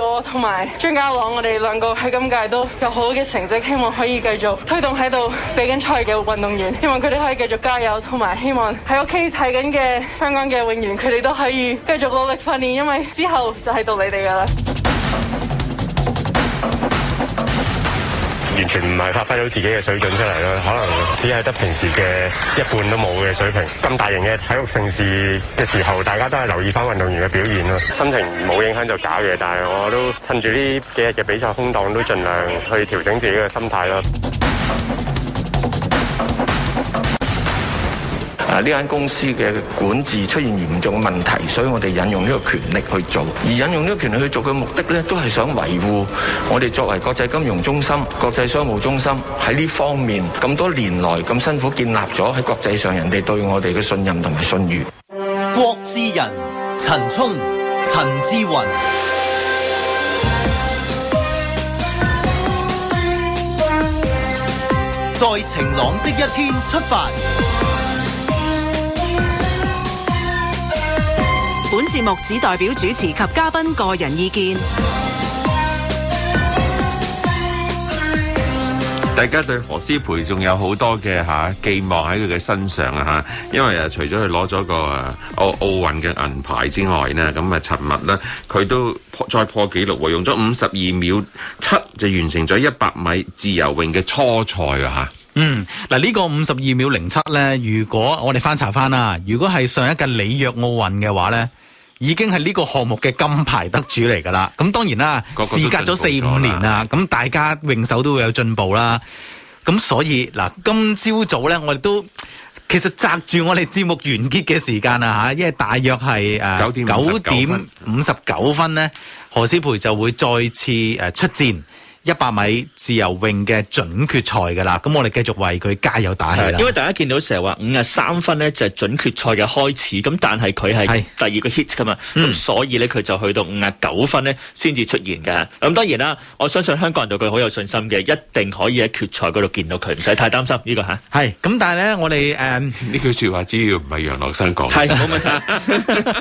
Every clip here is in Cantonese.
我同埋張家朗，我哋兩個喺今屆都有好好嘅成績，希望可以繼續推動喺度比緊賽嘅運動員，希望佢哋可以繼續加油，同埋希望喺屋企睇緊嘅香港嘅運動員，佢哋都可以繼續努力訓練，因為之後就係到你哋噶啦。完全唔係發揮到自己嘅水準出嚟咯，可能只係得平時嘅一半都冇嘅水平。咁大型嘅體育盛事嘅時候，大家都係留意返運動員嘅表現咯。心情冇影響就假嘅，但係我都趁住呢幾日嘅比賽空檔，都盡量去調整自己嘅心態咯。啊！呢間公司嘅管治出現嚴重嘅問題，所以我哋引用呢個權力去做，而引用呢個權力去做嘅目的呢都係想維護我哋作為國際金融中心、國際商務中心喺呢方面咁多年來咁辛苦建立咗喺國際上人哋對我哋嘅信任同埋信譽郭志仁：陳聰、陳志雲，在晴朗的一天出發。節目只代表主持及嘉賓個人意見。大家對何詩蓓仲有好多嘅，吓、啊、寄望喺佢嘅身上啊吓，因為啊除咗佢攞咗個啊奧奧運嘅銀牌之外呢，咁啊噚晚呢，佢都再破紀錄，用咗五十二秒七就完成咗一百米自由泳嘅初賽啊吓。嗯，嗱、這、呢個五十二秒零七呢，如果我哋翻查返啦，如果係上一屆里約奧運嘅話呢。已經係呢個項目嘅金牌得主嚟噶啦，咁當然啦，事隔咗四五年啦，咁大家泳手都會有進步啦。咁所以嗱，今朝早咧，我哋都其實擇住我哋節目完結嘅時間啊吓，因為大約係誒九點九點五十九分咧，何詩蓓就會再次誒出戰。一百米自由泳嘅準決賽噶啦，咁我哋繼續為佢加油打氣啦。因為大家見到成日話五十三分咧就係準決賽嘅開始，咁但係佢係第二個 heat 噶嘛，咁所以咧佢就去到五十九分咧先至出現嘅。咁當然啦，我相信香港人對佢好有信心嘅，一定可以喺決賽嗰度見到佢，唔使太擔心呢個吓。係，咁但係咧我哋誒呢句說話只要唔係楊樂生講嘅，係冇問題。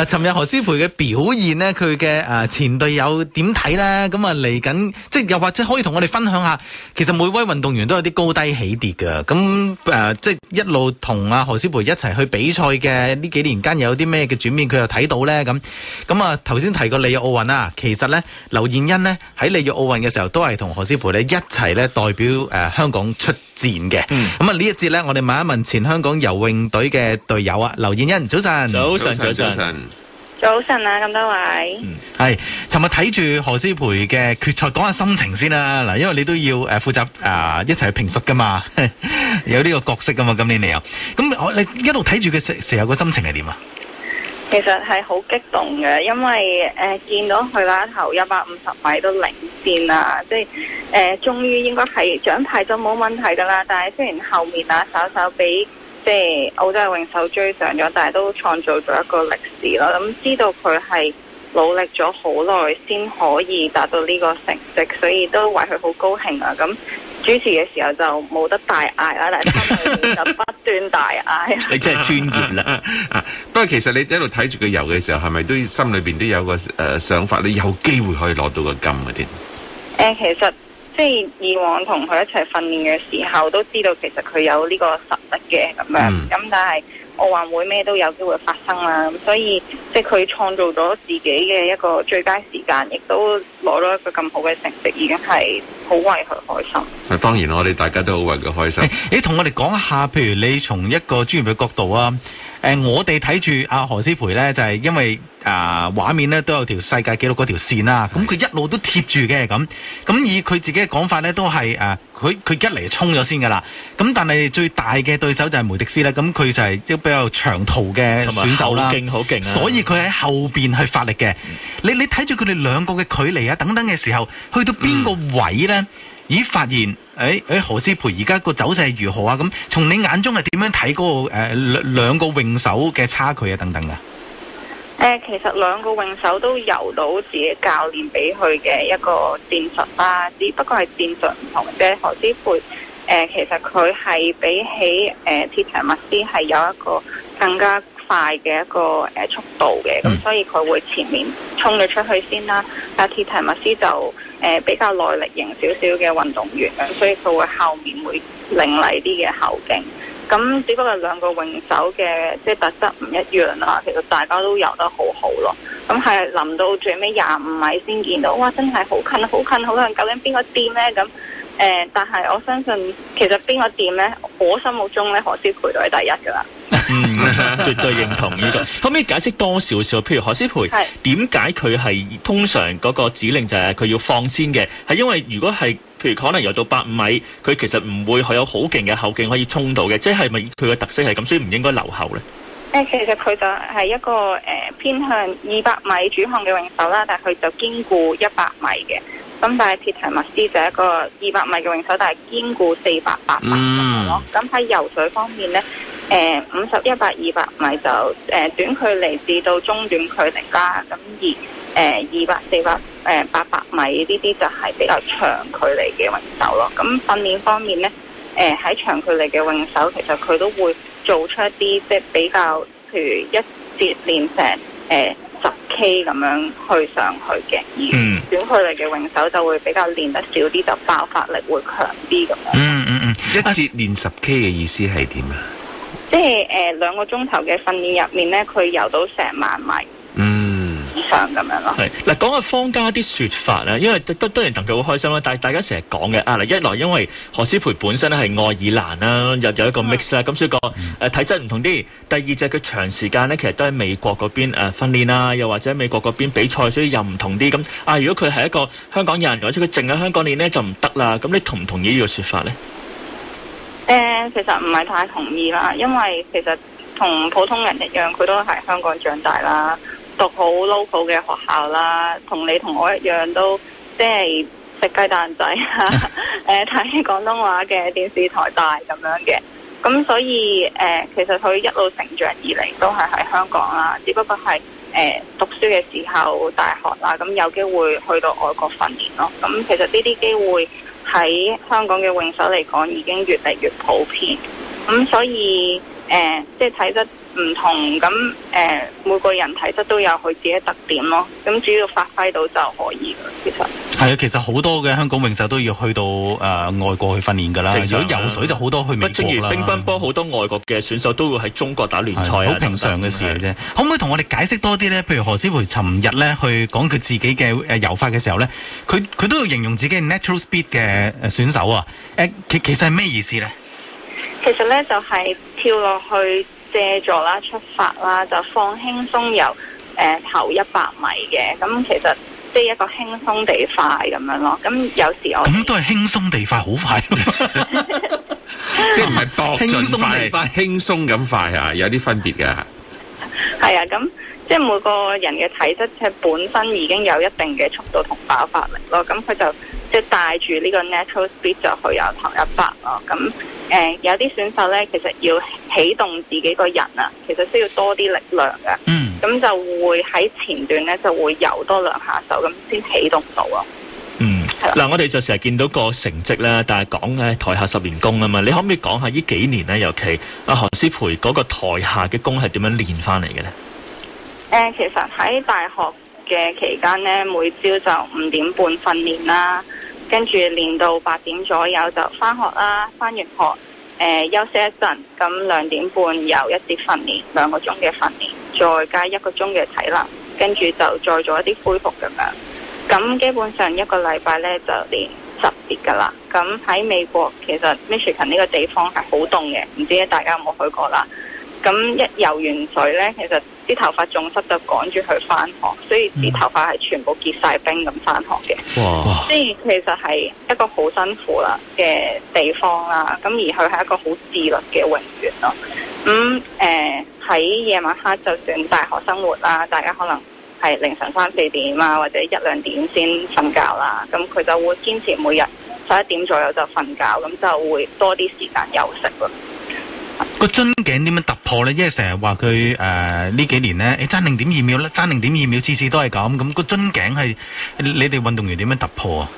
嗱，尋日何詩蓓嘅表現咧，佢嘅誒前隊友點睇咧？咁啊嚟緊。即係又或者可以同我哋分享下，其實每位運動員都有啲高低起跌嘅。咁誒、呃，即係一路同阿何詩蓓一齊去比賽嘅呢幾年間，有啲咩嘅轉變，佢又睇到呢咁。咁啊，頭先提過里約奧運啦，其實呢劉燕欣呢喺里約奧運嘅時候，都係同何詩蓓呢一齊呢代表誒、呃、香港出戰嘅。咁、嗯、啊呢一節呢我哋問一問前香港游泳隊嘅隊友啊，劉燕欣早晨，早、早晨。早晨早晨。早晨早晨啊，咁多位，係尋日睇住何詩蓓嘅決賽，講下心情先啦。嗱，因為你都要誒負、呃、責啊、呃、一齊評述噶嘛， 有呢個角色噶嘛。咁你你又咁，我你一路睇住佢時候個心情係點啊？其實係好激動嘅，因為誒、呃、見到佢啦頭一百五十米都領先啦，即係誒終於應該係獎牌都冇問題噶啦。但係雖然後面啊稍稍畀。即係澳洲泳手追上咗，但係都創造咗一個歷史啦。咁知道佢係努力咗好耐，先可以達到呢個成績，所以都為佢好高興啊。咁主持嘅時候就冇得大嗌啦，但係心裏邊就不斷大嗌。 你真係專業啦！啊， 不過其實你喺度睇住佢游嘅時候，係咪都心裏邊都有個誒想法？你有機會可以攞到個金嗰啲？誒，其實。即係以往同佢一齊訓練嘅時候，都知道其實佢有呢個實力嘅咁樣。咁、嗯、但係奧運會咩都有機會發生啦，所以即係佢創造咗自己嘅一個最佳時間，亦都攞到一個咁好嘅成績，已經係好為佢開心。當然我哋大家都好為佢開心。你同我哋講一下，譬如你從一個專業嘅角度啊。誒、嗯，我哋睇住阿何思培咧，就係、是、因為誒畫、呃、面咧都有條世界紀錄嗰條線啦，咁佢一路都貼住嘅咁，咁以佢自己嘅講法咧，都係誒，佢、呃、佢一嚟衝咗先噶啦，咁但係最大嘅對手就係梅迪斯啦，咁佢就係一比較長途嘅選手啦、勁好勁啊，所以佢喺後邊去發力嘅。你你睇住佢哋兩個嘅距離啊等等嘅時候，去到邊個位咧？嗯咦？發現誒誒、哎哎，何詩蓓而家個走勢如何啊？咁從你眼中係點樣睇嗰、那個誒兩、呃、個泳手嘅差距等等啊？等等噶？誒，其實兩個泳手都游到自己教練俾佢嘅一個戰術啦、啊，只不過係戰術唔同啫。何詩蓓誒、呃，其實佢係比起誒鐵提密斯係有一個更加快嘅一個誒速度嘅，咁、嗯、所以佢會前面衝咗出去先啦。但係鐵提密斯就。誒比較耐力型少少嘅運動員咁，所以佢會後面會凌厲啲嘅後勁。咁只不過兩個泳手嘅即係特質唔一樣啦，其實大家都游得好好咯。咁係臨到最尾廿五米先見到，哇！真係好近好近好近，究竟邊個店呢？咁？誒、呃，但係我相信，其實邊個點呢？我心目中呢，何詩蓓都係第一噶啦。 嗯，絕對認同呢、這個。可唔 可以解釋多少少，譬如何詩蓓，點解佢係通常嗰個指令就係佢要先放先嘅？係因為如果係，譬如可能游到百米，佢其實唔會佢有好勁嘅後勁可以衝到嘅，即係咪佢嘅特色係咁，所以唔應該留後呢？呃、其實佢就係一個誒、呃、偏向二百米主項嘅泳手啦，但係佢就兼顧一百米嘅。咁但係鐵提文斯就係一個二百米嘅泳手，但係兼顧四百、八百咯。咁喺游水方面呢，誒，五十一百二百米就誒、呃、短距離至到中短距離啦。咁而誒二百四百誒八百米呢啲就係比較長距離嘅泳手咯。咁訓練方面呢，誒、呃、喺長距離嘅泳手，其實佢都會做出一啲即係比較譬如一節練成。誒、呃。十 K 咁樣去上去嘅，嗯，短距離嘅泳手就會比較練得少啲，就爆發力會強啲咁樣。嗯嗯嗯，一節練十 K 嘅意思係點啊？即係誒，兩個鐘頭嘅訓練入面咧，佢游到成萬米。以上咁樣咯，係嗱講下方家啲說法咧，因為都當然等佢好開心啦。但係大家成日講嘅啊，嚟，一來因為何詩蓓本身咧係愛爾蘭啦，又有，有一個 mix 啦，嗯，咁所以講誒體質唔同啲。第二只佢長時間咧，其實都喺美國嗰邊誒，呃、訓練啦，又或者美國嗰邊比賽，所以又唔同啲。咁啊，如果佢係一個香港人，或者佢淨喺香港練呢，就唔得啦。咁你同唔同意呢個說法咧？誒，呃，其實唔係太同意啦，因為其實同普通人一樣，佢都係香港長大啦。讀好 local 嘅學校啦，同你同我一樣都即係食雞蛋仔啊！誒，睇廣東話嘅電視台大咁樣嘅，咁所以誒、呃，其實佢一路成長以嚟都係喺香港啦，只不過係誒、呃、讀書嘅時候大學啦，咁有機會去到外國訓練咯。咁其實呢啲機會喺香港嘅泳手嚟講，已經越嚟越普遍。咁所以。誒、呃，即係體質唔同，咁誒、呃，每個人體質都有佢自己嘅特點咯。咁主要發揮到就可以嘅，其實係啊。其實好多嘅香港泳手都要去到誒、呃、外國去訓練噶啦。如果游水就好多去美國，不如乒乓波好多外國嘅選手都會喺中國打聯賽，好平常嘅事啫、啊。可唔可以同我哋解釋多啲呢？譬如何詩蓓尋日呢去講佢自己嘅誒游法嘅時候呢，佢佢都要形容自己 natural speed 嘅選手啊。誒、欸，其其實係咩意思呢？其實咧就係跳落去借助啦，出發啦，就放輕鬆游，誒、呃，頭一百米嘅，咁其實即係一個輕鬆地快咁樣咯。咁有時我咁都係輕鬆地快，好快，即係唔係搏盡快，輕鬆咁快吓，有啲分別㗎。係啊，咁。即係每個人嘅體質，係本身已經有一定嘅速度同爆發力咯。咁佢就即係帶住呢個 natural speed 就去有頭一百咯。咁誒、呃，有啲選手咧，其實要啟動自己個人啊，其實需要多啲力量嘅。嗯。咁就會喺前段咧，就會游多兩下手，咁先啟動到咯。嗯，嗱，我哋就成日見到個成績咧，但係講咧台下十年功啊嘛。你可唔可以講下呢幾年咧、啊，尤其阿韓、啊、思培嗰個台下嘅功係點樣練翻嚟嘅咧？誒、呃，其實喺大學嘅期間呢，每朝就五點半訓練啦，跟住練到八點左右就翻學啦，翻完學誒、呃、休息一陣，咁兩點半有一啲訓練，兩個鐘嘅訓練，再加一個鐘嘅體能，跟住就再做一啲恢復咁樣。咁基本上一個禮拜呢，就練十節噶啦。咁喺美國其實 Michigan 呢個地方係好凍嘅，唔知大家有冇去過啦。咁一游完水呢，其實～啲頭髮仲濕就趕住去翻學，所以啲頭髮係全部結晒冰咁翻學嘅。哇！即係其實係一個好辛苦啦嘅地方啦，咁而佢係一個好自律嘅運動員咯。咁誒喺夜晚黑就算大學生活啦，大家可能係凌晨三四點啊，或者一兩點先瞓覺啦。咁佢就會堅持每日十一點左右就瞓覺，咁就會多啲時間休息咯。個樽頸點樣突破呢？因為成日話佢誒，呢幾年呢、欸那個，你爭零點二秒啦，爭零點二秒次次都係咁。咁個樽頸係你哋運動員點樣突破啊？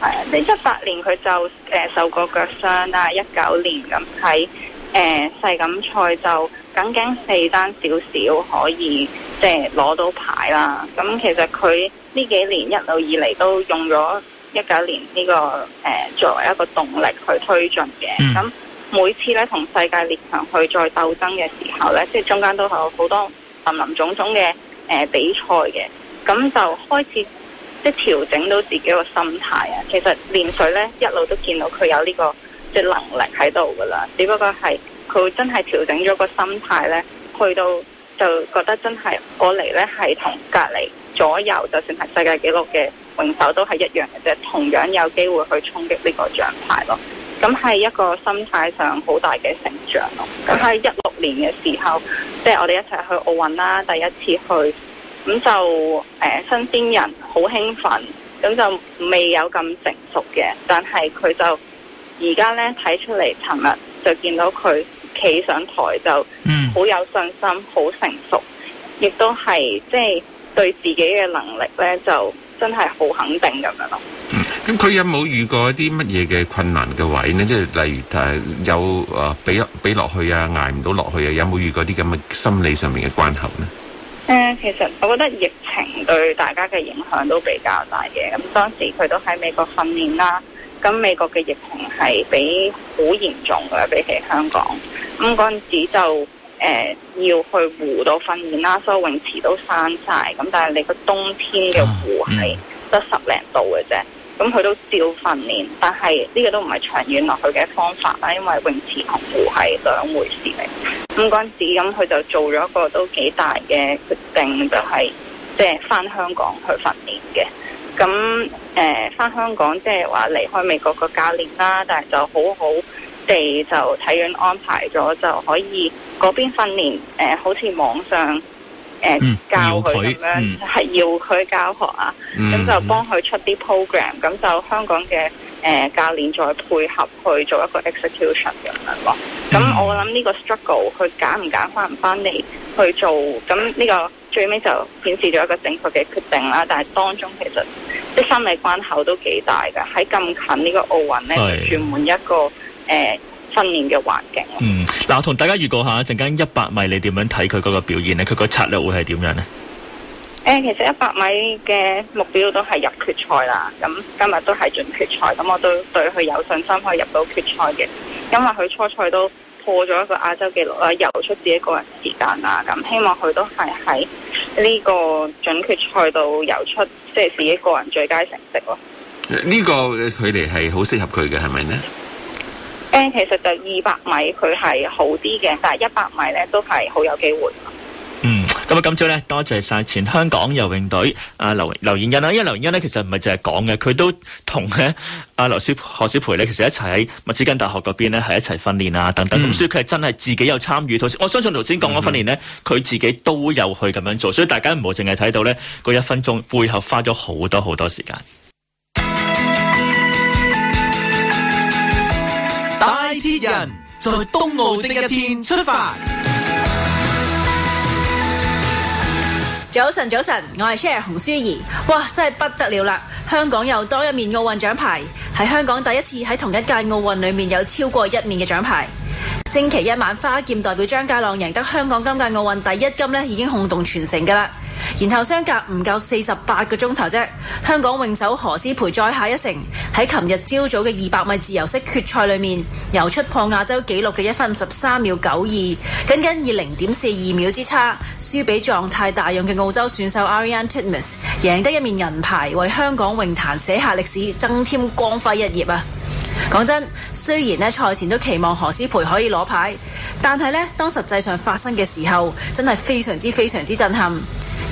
係啊，你一八年佢就誒、呃、受過腳傷啦，一九年咁喺誒世錦賽就僅僅四單少少可以即係攞到牌啦。咁其實佢呢幾年一路以嚟都用咗一九年呢、這個誒、呃、作為一個動力去推進嘅。咁、嗯。每次咧同世界列強去再鬥爭嘅時候呢，即係中間都係好多林林總總嘅誒、呃、比賽嘅，咁就開始即調整到自己個心態啊。其實練水呢一路都見到佢有呢個即能力喺度噶啦，只不過係佢真係調整咗個心態呢，去到就覺得真係我嚟，呢係同隔籬左右，就算係世界紀錄嘅泳手都係一樣嘅啫，同樣有機會去衝擊呢個獎牌咯。咁係一個心態上好大嘅成長咯。咁喺一六年嘅時候，即係我哋一齊去奧運啦，第一次去，咁就誒新鮮人，好興奮，咁就未有咁成熟嘅。但係佢就而家呢，睇出嚟，尋日就見到佢企上台就，好有信心，好、嗯、成熟，亦都係即係對自己嘅能力呢就。真係好肯定咁樣咯。咁、嗯、佢有冇遇過一啲乜嘢嘅困難嘅位呢？即係例如誒有啊，俾俾落去啊，捱唔到落去啊？有冇遇過啲咁嘅心理上面嘅關口呢？誒、嗯，其實我覺得疫情對大家嘅影響都比較大嘅。咁當時佢都喺美國訓練啦，咁美國嘅疫情係比好嚴重嘅，比起香港。咁嗰陣時就。誒、呃，要去湖度訓練啦，所有泳池都閂晒，咁但係你個冬天嘅湖係得十零度嘅啫，咁、啊、佢、嗯、都照訓練，但係呢個都唔係長遠落去嘅方法啦，因為泳池同湖係兩回事嚟。咁嗰陣時，咁佢就做咗一個都幾大嘅決定，就係即係翻香港去訓練嘅。咁誒，翻、呃、香港即係話離開美國個教練啦，但係就好好。地就體院安排咗，就可以嗰邊訓練、呃、好似網上、呃嗯、教佢咁樣，係要佢、嗯、教學啊。咁、嗯、就幫佢出啲 program，咁、嗯、就香港嘅、呃、教練再配合去做一個 execution 咁樣咯。咁、嗯、我諗呢個 struggle，佢揀唔揀翻唔翻嚟去做，咁呢個最尾就顯示咗一個正確嘅決定啦。但係當中其實即心理關口都幾大噶，喺咁近呢個奧運咧，就注滿一個。誒、呃，訓練嘅環境。嗯，嗱、啊，我同大家預告下，一陣間一百米，你點樣睇佢嗰個表現呢？佢個策略會係點樣呢？欸、其實一百米嘅目標都係入決賽啦。咁今日都係準決賽，咁我都對佢有信心可以入到決賽嘅。因為佢初賽都破咗一個亞洲紀錄啦，游出自己個人時間啦。咁希望佢都係喺呢個準決賽度游出，即係自己個人最佳成績咯。呢、呃這個距離係好適合佢嘅，係咪呢？其實就二百米佢係好啲嘅，但係一百米呢都係好有機會的。嗯，咁啊，今朝呢，多謝晒前香港游泳隊阿劉劉賢欣啦，因為劉賢欣呢，其實唔係淨係講嘅，佢都同呢阿劉小何小培呢，其實一齊喺墨子根大學嗰邊呢，係一齊訓練啊，等等。咁、嗯、所以佢係真係自己有參與到。才我相信頭先講嗰訓練呢，佢、嗯、自己都有去咁樣做，所以大家唔好淨係睇到呢嗰一分鐘，背後花咗好多好多時間。人在東澳的一天出發。早晨，早晨，我係 share 紅書怡。哇，真係不得了啦！香港又多一面奧運獎牌，係香港第一次喺同一屆奧運裏面有超過一面嘅獎牌。星期一晚花劍代表張家朗贏得香港今屆奧運第一金咧，已經轟動全城噶啦。然後相隔唔夠四十八個鐘頭啫，香港泳手何思培再下一城，喺琴日朝早嘅二百米自由式決賽裏面游出破亞洲紀錄嘅一分十三秒九二，僅僅以零點四二秒之差輸俾狀態大勇嘅。澳洲選手 Ariane Titmus 贏得一面銀牌，為香港泳壇寫下歷史，增添光輝一頁啊！講真，雖然呢賽前都期望何詩蓓可以攞牌，但係呢，當實際上發生嘅時候，真係非常之非常之震撼。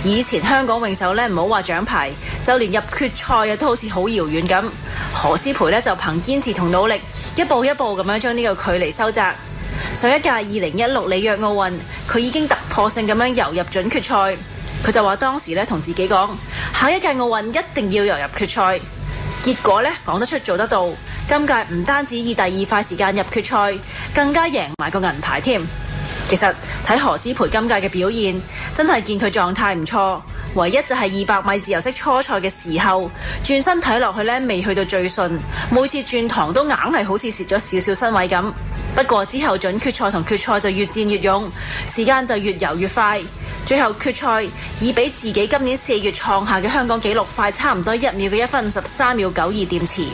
以前香港泳手呢，唔好話獎牌，就連入決賽啊都好似好遙遠咁。何詩蓓呢，就憑堅持同努力，一步一步咁樣將呢個距離收窄。上一屆二零一六里約奧運，佢已經突破性咁樣游入準決賽。佢就話當時咧同自己講，下一屆奧運一定要游入決賽。結果呢，講得出做得到，今屆唔單止以第二快時間入決賽，更加贏埋個銀牌添。其實睇何詩培今屆嘅表現，真係見佢狀態唔錯。唯一就係二百米自由式初賽嘅時候，轉身睇落去咧未去到最順，每次轉塘都硬係好似蝕咗少少身位咁。不過之後準決賽同決賽就越戰越勇，時間就越游越快。最後決賽以比自己今年四月創下嘅香港紀錄快差唔多一秒嘅一分五十三秒九二墊前。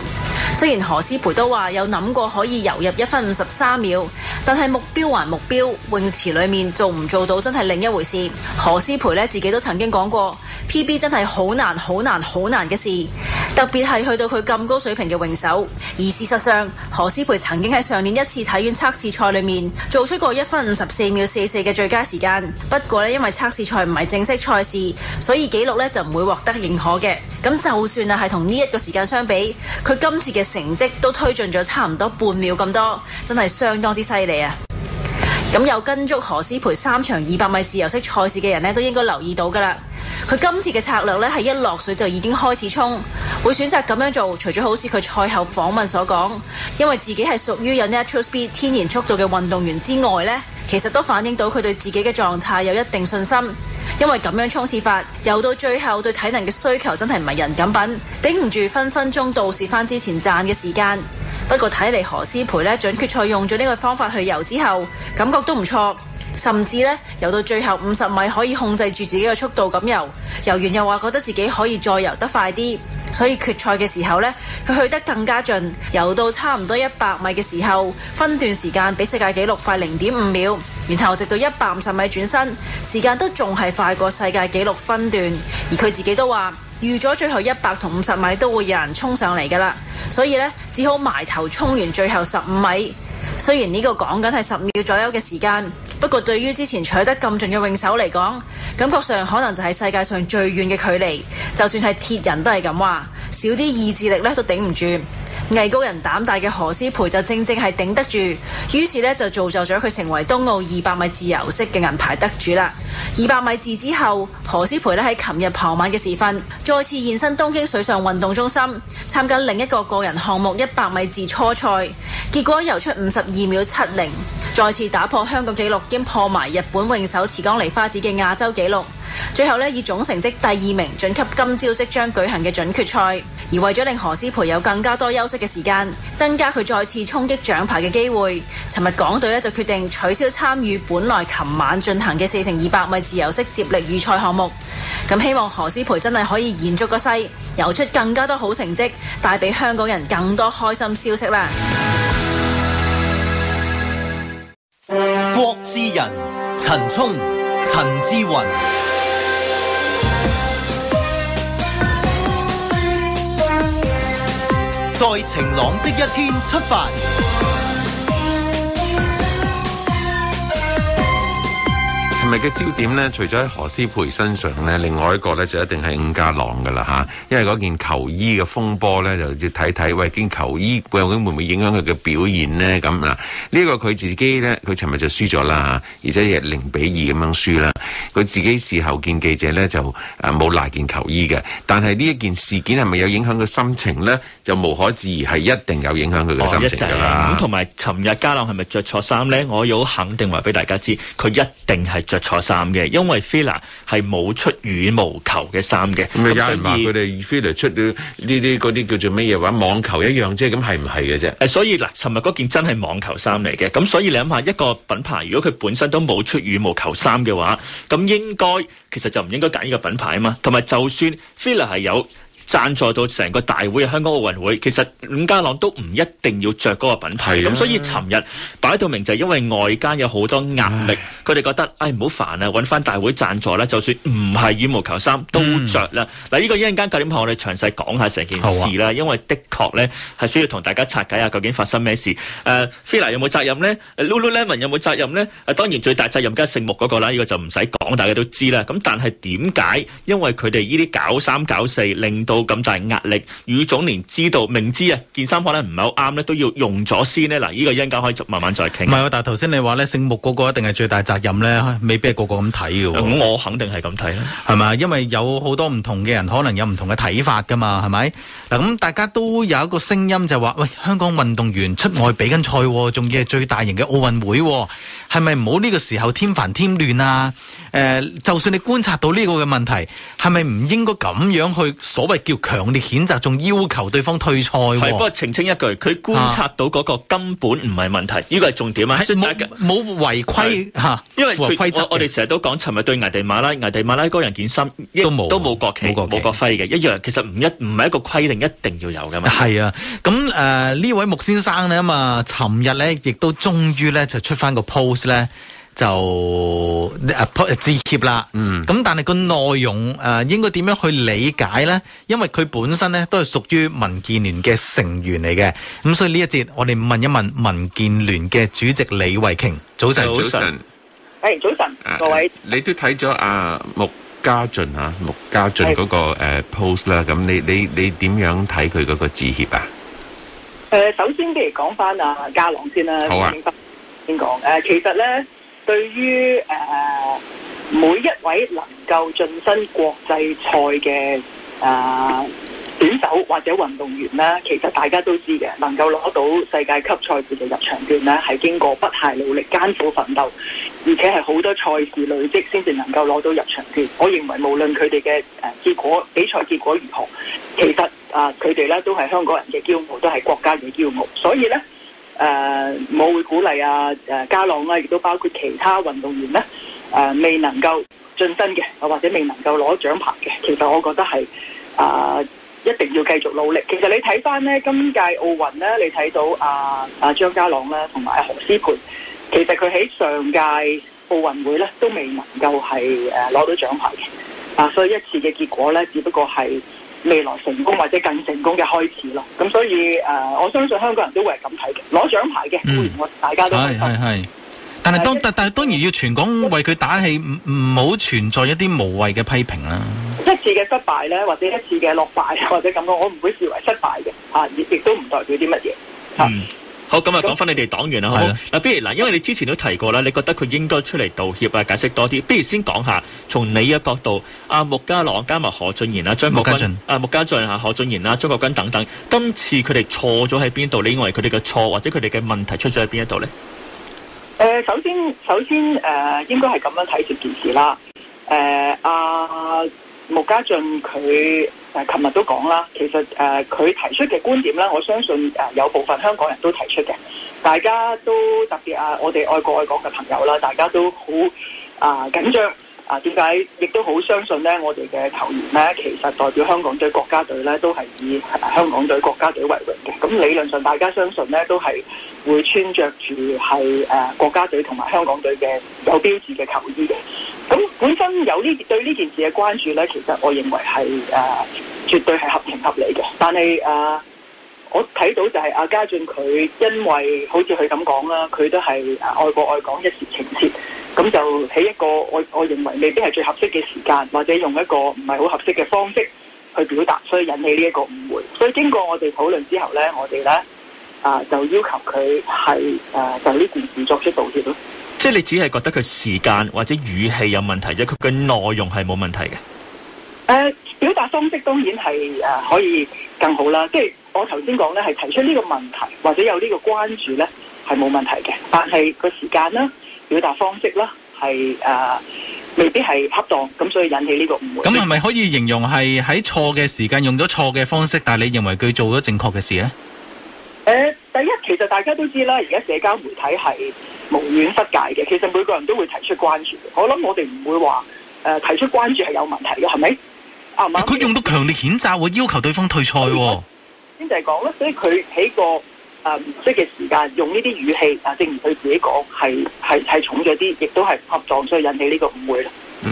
雖然何詩蓓都話有諗過可以游入一分五十三秒，但係目標還目標，泳池裏面做唔做到真係另一回事。何詩蓓呢自己都曾經講過，P B 真係好難、好難、好難嘅事，特別係去到佢咁高水平嘅泳手。而事實上，何詩蓓曾經喺上年一次體院測試賽裏面做出過一分五十四秒四四嘅最佳時間。不過呢因為測試賽唔係正式賽事，所以紀錄咧就唔會獲得認可嘅。咁就算啊，係同呢一個時間相比，佢今次嘅成績都推進咗差唔多半秒咁多，真係相當之犀利啊！咁有跟足何詩蓓三場二百米自由式賽事嘅人呢，都應該留意到㗎喇。佢今次嘅策略咧，係一落水就已經開始衝，會選擇咁樣做，除咗好似佢賽後訪問所講，因為自己係屬於有 natural speed 天然速度嘅運動員之外咧，其實都反映到佢對自己嘅狀態有一定信心，因為咁樣衝刺法游到最後對體能嘅需求真係唔係人咁品，頂唔住分分鐘倒蝕翻之前賺嘅時間。不過睇嚟何詩蓓咧，準決賽用咗呢個方法去游之後，感覺都唔錯。甚至呢，游到最後五十米可以控制住自己嘅速度咁游，游完又話覺得自己可以再游得快啲，所以決賽嘅時候呢，佢去得更加盡，游到差唔多一百米嘅時候，分段時間比世界紀錄快零點五秒，然後直到一百五十米轉身，時間都仲係快過世界紀錄分段，而佢自己都話預咗最後一百同五十米都會有人衝上嚟噶啦，所以呢，只好埋頭衝完最後十五米。雖然呢個講緊係十秒左右嘅時間，不過對於之前取得咁盡嘅泳手嚟講，感覺上可能就係世界上最遠嘅距離。就算係鐵人都係咁話，少啲意志力咧都頂唔住。藝高人膽大嘅何詩蓓就正正係頂得住，於是呢，就造就咗佢成為東奧二百米自由式嘅銀牌得主啦。二百米自之後，何詩蓓咧喺琴日傍晚嘅時分，再次現身東京水上運動中心，參加另一個個人項目一百米自初賽，結果游出五十二秒七零，再次打破香港紀錄兼破埋日本泳手池江璃花子嘅亞洲紀錄，最後呢，以總成績第二名晉級今朝即將舉行嘅準決賽。而為咗令何詩蓓有更加多休息嘅時間，增加佢再次衝擊獎牌嘅機會，尋日港隊就決定取消參與本來琴晚進行嘅四乘二百米自由式接力預賽項目。咁希望何詩蓓真係可以延續個勢，游出更加多好成績，帶俾香港人更多開心消息啦！郭志仁、陳聰、陳志雲。在晴朗的一天出發。今日嘅焦點呢？除咗喺何詩蓓身上呢，另外一個呢就一定係伍家朗噶啦吓，因為嗰件球衣嘅風波呢，就要睇睇喂，件球衣究竟會唔會影響佢嘅表現呢？咁啊，呢、這個佢自己呢，佢尋日就輸咗啦，而且亦係零比二咁樣輸啦。佢自己事後見記者呢就冇賴件球衣嘅，但係呢一件事件係咪有影響佢心情呢？就無可置疑係一定有影響佢嘅心情噶啦。同埋尋日家朗係咪着錯衫呢？我有肯定話俾大家知，佢一定係坐衫嘅，因為 fila 係冇出羽毛球嘅衫嘅。咁、嗯、有人話佢哋 fila 出咗呢啲嗰啲叫做咩嘢？話網球一樣啫，咁係唔係嘅啫？誒、呃，所以嗱，尋日嗰件真係網球衫嚟嘅。咁所以你諗下，一個品牌如果佢本身都冇出羽毛球衫嘅話，咁應該其實就唔應該揀呢個品牌啊嘛。同埋就算 fila 係有。讚助到成個大會嘅香港奧運會，其實伍家朗都唔一定要着嗰個品牌。咁所以，尋日擺到明就因為外間有好多壓力，佢哋覺得，唉唔好煩啊，揾翻大會讚助啦。就算唔係羽毛球衫都着啦。嗱、嗯，呢個一陣間九點半我哋詳細講下成件事啦、啊，因為的確呢係需要同大家拆解下究竟發生咩事。誒，菲娜有冇責任呢 Lululemon 有冇責任呢？當然最大責任梗係聖木嗰個啦，呢個就唔使講，大家都知啦。咁但係點解？因為佢哋呢啲搞三搞四，令到冇咁大壓力，羽總連知道明知啊件衫可能唔係好啱咧，都要用咗先呢嗱，依、這個因果可以慢慢再傾。唔係喎，但係頭先你話咧，聖木個個一定係最大責任咧，未必係個個咁睇嘅。咁我肯定係咁睇啦，係咪啊？因為有好多唔同嘅人，可能有唔同嘅睇法噶嘛，係咪？嗱，咁大家都有一個聲音就話：喂，香港運動員出外比緊賽、啊，仲要係最大型嘅奧運會、啊，係咪唔好呢個時候添煩添亂啊？誒、呃，就算你觀察到呢個嘅問題，係咪唔應該咁樣去所謂叫強烈譴責，仲要求對方退賽？係不過澄清一句，佢觀察到嗰個根本唔係問題，呢個係重點違規啊！冇違規吓，因為佢我我哋成日都講，尋日對危地馬拉，危地馬拉個人件衫都冇，都冇國旗，冇國徽嘅一樣，其實唔一唔係一個規定一定要有噶嘛？係啊，咁誒呢位木先生呢咁啊，尋日咧亦都終於咧就出翻個 post 咧。就啊 post 致歉啦，咁、嗯、但係個內容誒、呃、應該點樣去理解呢？因為佢本身咧都係屬於民建聯嘅成員嚟嘅，咁、嗯、所以呢一節我哋問一問民建聯嘅主席李慧瓊。早晨，早晨，誒、hey,，早晨，uh, 各位，你都睇咗阿穆家俊啊，穆家俊嗰個誒 post 啦，咁你你你點樣睇佢嗰個致歉啊？誒，啊 uh, 首先不如講翻啊，家郎先啦，好啊、先講誒、啊，其實呢。對於誒、呃，每一位能夠晉身國際賽嘅誒、呃、選手或者運動員呢，其實大家都知嘅，能夠攞到世界級賽事嘅入場券呢，係經過不懈努力、艱苦奮鬥，而且係好多賽事累積，先至能夠攞到入場券。我認為無論佢哋嘅誒結果比賽結果如何，其實啊，佢、呃、哋呢，都係香港人嘅驕傲，都係國家嘅驕傲。所以呢。誒，我會鼓勵啊！誒，家朗啊，亦都包括其他運動員咧，誒，未能夠晉身嘅，或者未能夠攞獎牌嘅，其實我覺得係啊，一定要繼續努力。其實你睇翻咧，今屆奧運咧，你睇到啊啊張家朗啦，同埋何詩蓓，其實佢喺上屆奧運會咧都未能夠係誒攞到獎牌嘅，啊，所以一次嘅結果咧，只不過係。未來成功或者更成功嘅開始咯，咁所以誒、呃，我相信香港人都會係咁睇嘅，攞獎牌嘅，嗯、我大家都係。係、嗯、係但係當但但係當然要全港為佢打氣，唔唔好存在一啲無謂嘅批評啦。一次嘅失敗咧，或者一次嘅落敗或者咁嘅，我唔會視為失敗嘅嚇，亦、啊、亦都唔代表啲乜嘢嚇。啊嗯好，咁啊，講翻你哋黨員啊，好嗱，不如嗱，因為你之前都提過啦，你覺得佢應該出嚟道歉啊，解釋多啲。不如先講下，從你嘅角度，阿、啊、穆家朗加埋何俊賢啊，張國軍，阿穆家俊啊家俊，何俊賢啊，張國軍等等，今次佢哋錯咗喺邊度？你認為佢哋嘅錯，或者佢哋嘅問題出咗喺邊一度呢？誒、呃，首先，首先，誒、呃，應該係咁樣睇住件事啦。誒、呃，阿、啊、穆家俊佢。琴日都講啦，其實誒，佢、呃、提出嘅觀點咧，我相信誒、呃、有部分香港人都提出嘅，大家都特別啊，我哋愛國愛港嘅朋友啦，大家都好啊、呃、緊張啊，點解？亦都好相信咧，我哋嘅球員咧，其實代表香港隊國家隊咧，都係以香港隊國家隊為榮嘅。咁理論上，大家相信咧，都係會穿着住係誒國家隊同埋香港隊嘅有標誌嘅球衣嘅。咁本身有呢對呢件事嘅關注呢，其實我認為係誒、呃、絕對係合情合理嘅。但係誒、呃，我睇到就係阿嘉俊佢因為好似佢咁講啦，佢都係愛國愛港一時情切，咁就起一個我我認為未必係最合適嘅時間，或者用一個唔係好合適嘅方式去表達，所以引起呢一個誤會。所以經過我哋討論之後呢，我哋呢啊、呃、就要求佢係誒就呢件事作出道歉咯。即係你只係覺得佢時間或者語氣有問題啫，佢嘅內容係冇問題嘅。誒、呃，表達方式當然係誒、呃、可以更好啦。即、就、係、是、我頭先講咧，係提出呢個問題或者有呢個關注咧，係冇問題嘅。但係個時間啦，表達方式啦，係、呃、誒未必係恰當，咁所以引起呢個誤會。咁係咪可以形容係喺錯嘅時間用咗錯嘅方式，但係你認為佢做咗正確嘅事咧？誒、呃。第一，其實大家都知啦，而家社交媒體係無遠弗屆嘅，其實每個人都會提出關注。我諗我哋唔會話誒、呃、提出關注係有問題嘅，係咪？啊嘛，佢用到強烈譴責喎，會要求對方退賽喎。先就係講啦，所以佢喺個誒唔適嘅時間，用呢啲語氣啊，正如佢自己講，係係係重咗啲，亦都係合作，所以引起呢個誤會。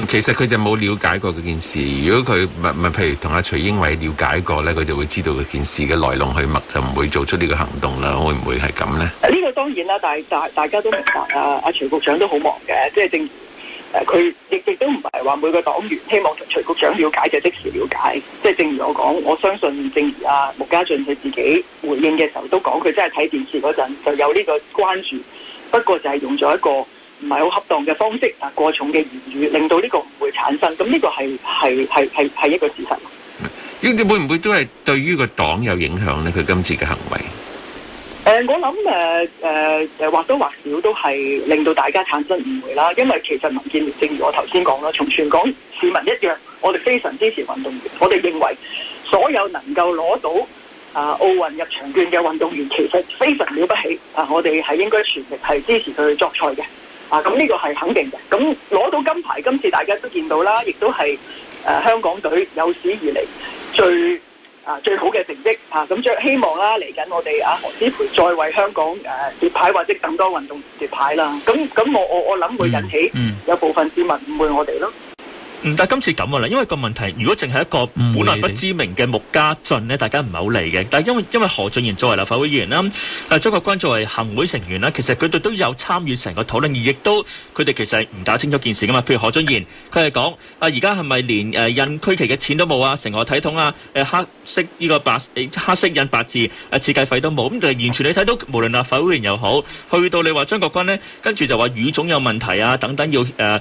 其實佢就冇了解過嗰件事，如果佢唔唔，譬如同阿徐英偉了解過咧，佢就會知道嗰件事嘅來龍去脈，就唔會做出呢個行動啦。會唔會係咁咧？呢個當然啦，但係大大家都明白啊。阿徐局長都好忙嘅，即係正誒，佢亦亦都唔係話每個黨員希望同徐局長了解就即時了解。即係正如我講，我相信正如啊，穆家駿佢自己回應嘅時候都講，佢真係睇電視嗰陣就有呢個關注，不過就係用咗一個。唔係好恰當嘅方式，啊過重嘅言語，令到呢個唔會產生。咁呢個係係係係係一個事實。咁會唔會都係對於個黨有影響呢？佢今次嘅行為。呃、我諗誒誒或多或少都係令到大家產生誤會啦。因為其實民建聯，正如我頭先講啦，同全港市民一樣，我哋非常支持運動員。我哋認為所有能夠攞到啊奧運入場券嘅運動員，其實非常了不起。啊，我哋係應該全力係支持佢哋去作賽嘅。啊，咁呢個係肯定嘅。咁攞到金牌，今次大家都見到啦，亦都係誒香港隊有史以嚟最啊最好嘅成績。啊，咁即係希望啦，嚟緊我哋啊何詩蓓再為香港誒奪牌或者更多運動員奪牌啦。咁咁我我我諗會引起有部分市民誤會我哋咯。唔但今次咁噶啦，因為個問題，如果淨係一個本來不知名嘅穆家俊咧，大家唔係好理嘅。但因為因為何俊賢作為立法會議員啦，啊張國軍作為行會成員啦，其實佢哋都有參與成個討論，而亦都佢哋其實唔打清楚件事噶嘛。譬如何俊賢，佢係講啊，而家係咪連誒印區旗嘅錢都冇啊？成個體統啊，誒黑色呢個白黑色印白字誒設計費都冇。咁就完全你睇到，無論立法會議員又好，去到你話張國軍咧，跟住就話語種有問題啊，等等要誒。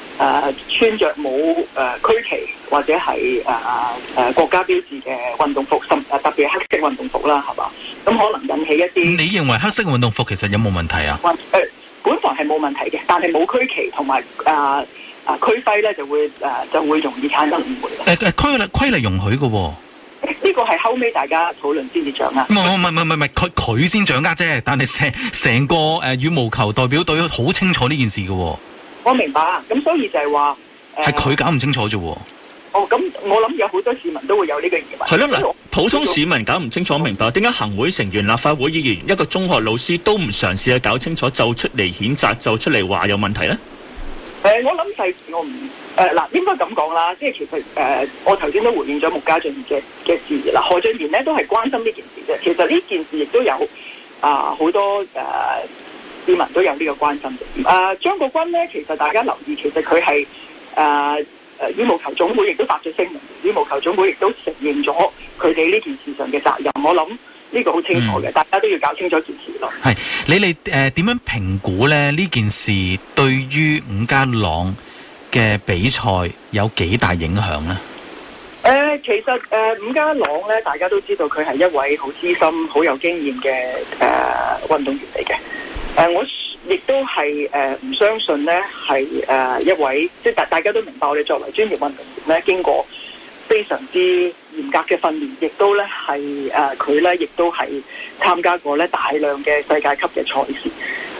誒、呃，穿着冇誒區旗或者係誒誒國家標誌嘅運動服，甚、呃、特別係黑色運動服啦，係嘛？咁可能引起一啲。你認為黑色運動服其實有冇問題啊？誒、呃，本房係冇問題嘅，但係冇區旗同埋誒誒區徽咧，就會誒、呃、就會容易產生誤會。誒、呃、誒，規例規例容許嘅、哦，呢個係後尾大家討論先至掌握。唔唔唔唔唔佢佢先掌握啫，但係成成個誒、呃、羽毛球代表隊好清楚呢件事嘅、哦。我明白啊，咁所以就係話係佢搞唔清楚啫。哦，咁我諗有好多市民都會有呢個疑問。係咯，嗱，普通市民搞唔清楚，我明白點解，嗯、行會成員、立法會議員、一個中學老師都唔嘗試去搞清楚，就出嚟譴責，就出嚟話有問題咧？誒、呃，我諗細節我唔誒，嗱，應該咁講啦。即係其實誒、呃，我頭先都回應咗穆家駿嘅嘅事啦。何俊賢呢都係關心呢件事嘅。其實呢件事亦都有啊，好、呃、多誒。呃市民都有呢個關心嘅。啊，張國軍呢，其實大家留意，其實佢係誒誒羽毛球總會亦都發咗聲明，羽毛球總會亦都承認咗佢哋呢件事上嘅責任。我諗呢個好清楚嘅、嗯，大家都要搞清楚這件事咯。係你哋誒點樣評估呢？呢件事對於伍家朗嘅比賽有幾大影響呢？誒、呃，其實誒伍、呃、家朗呢，大家都知道佢係一位好資深、好有經驗嘅誒運動員嚟嘅。誒，我亦都係誒，唔相信呢係誒一位，即係大大家都明白，我哋作為專業運動員咧，經過非常之嚴格嘅訓練，亦都咧係誒佢咧，亦都係參加過咧大量嘅世界級嘅賽事。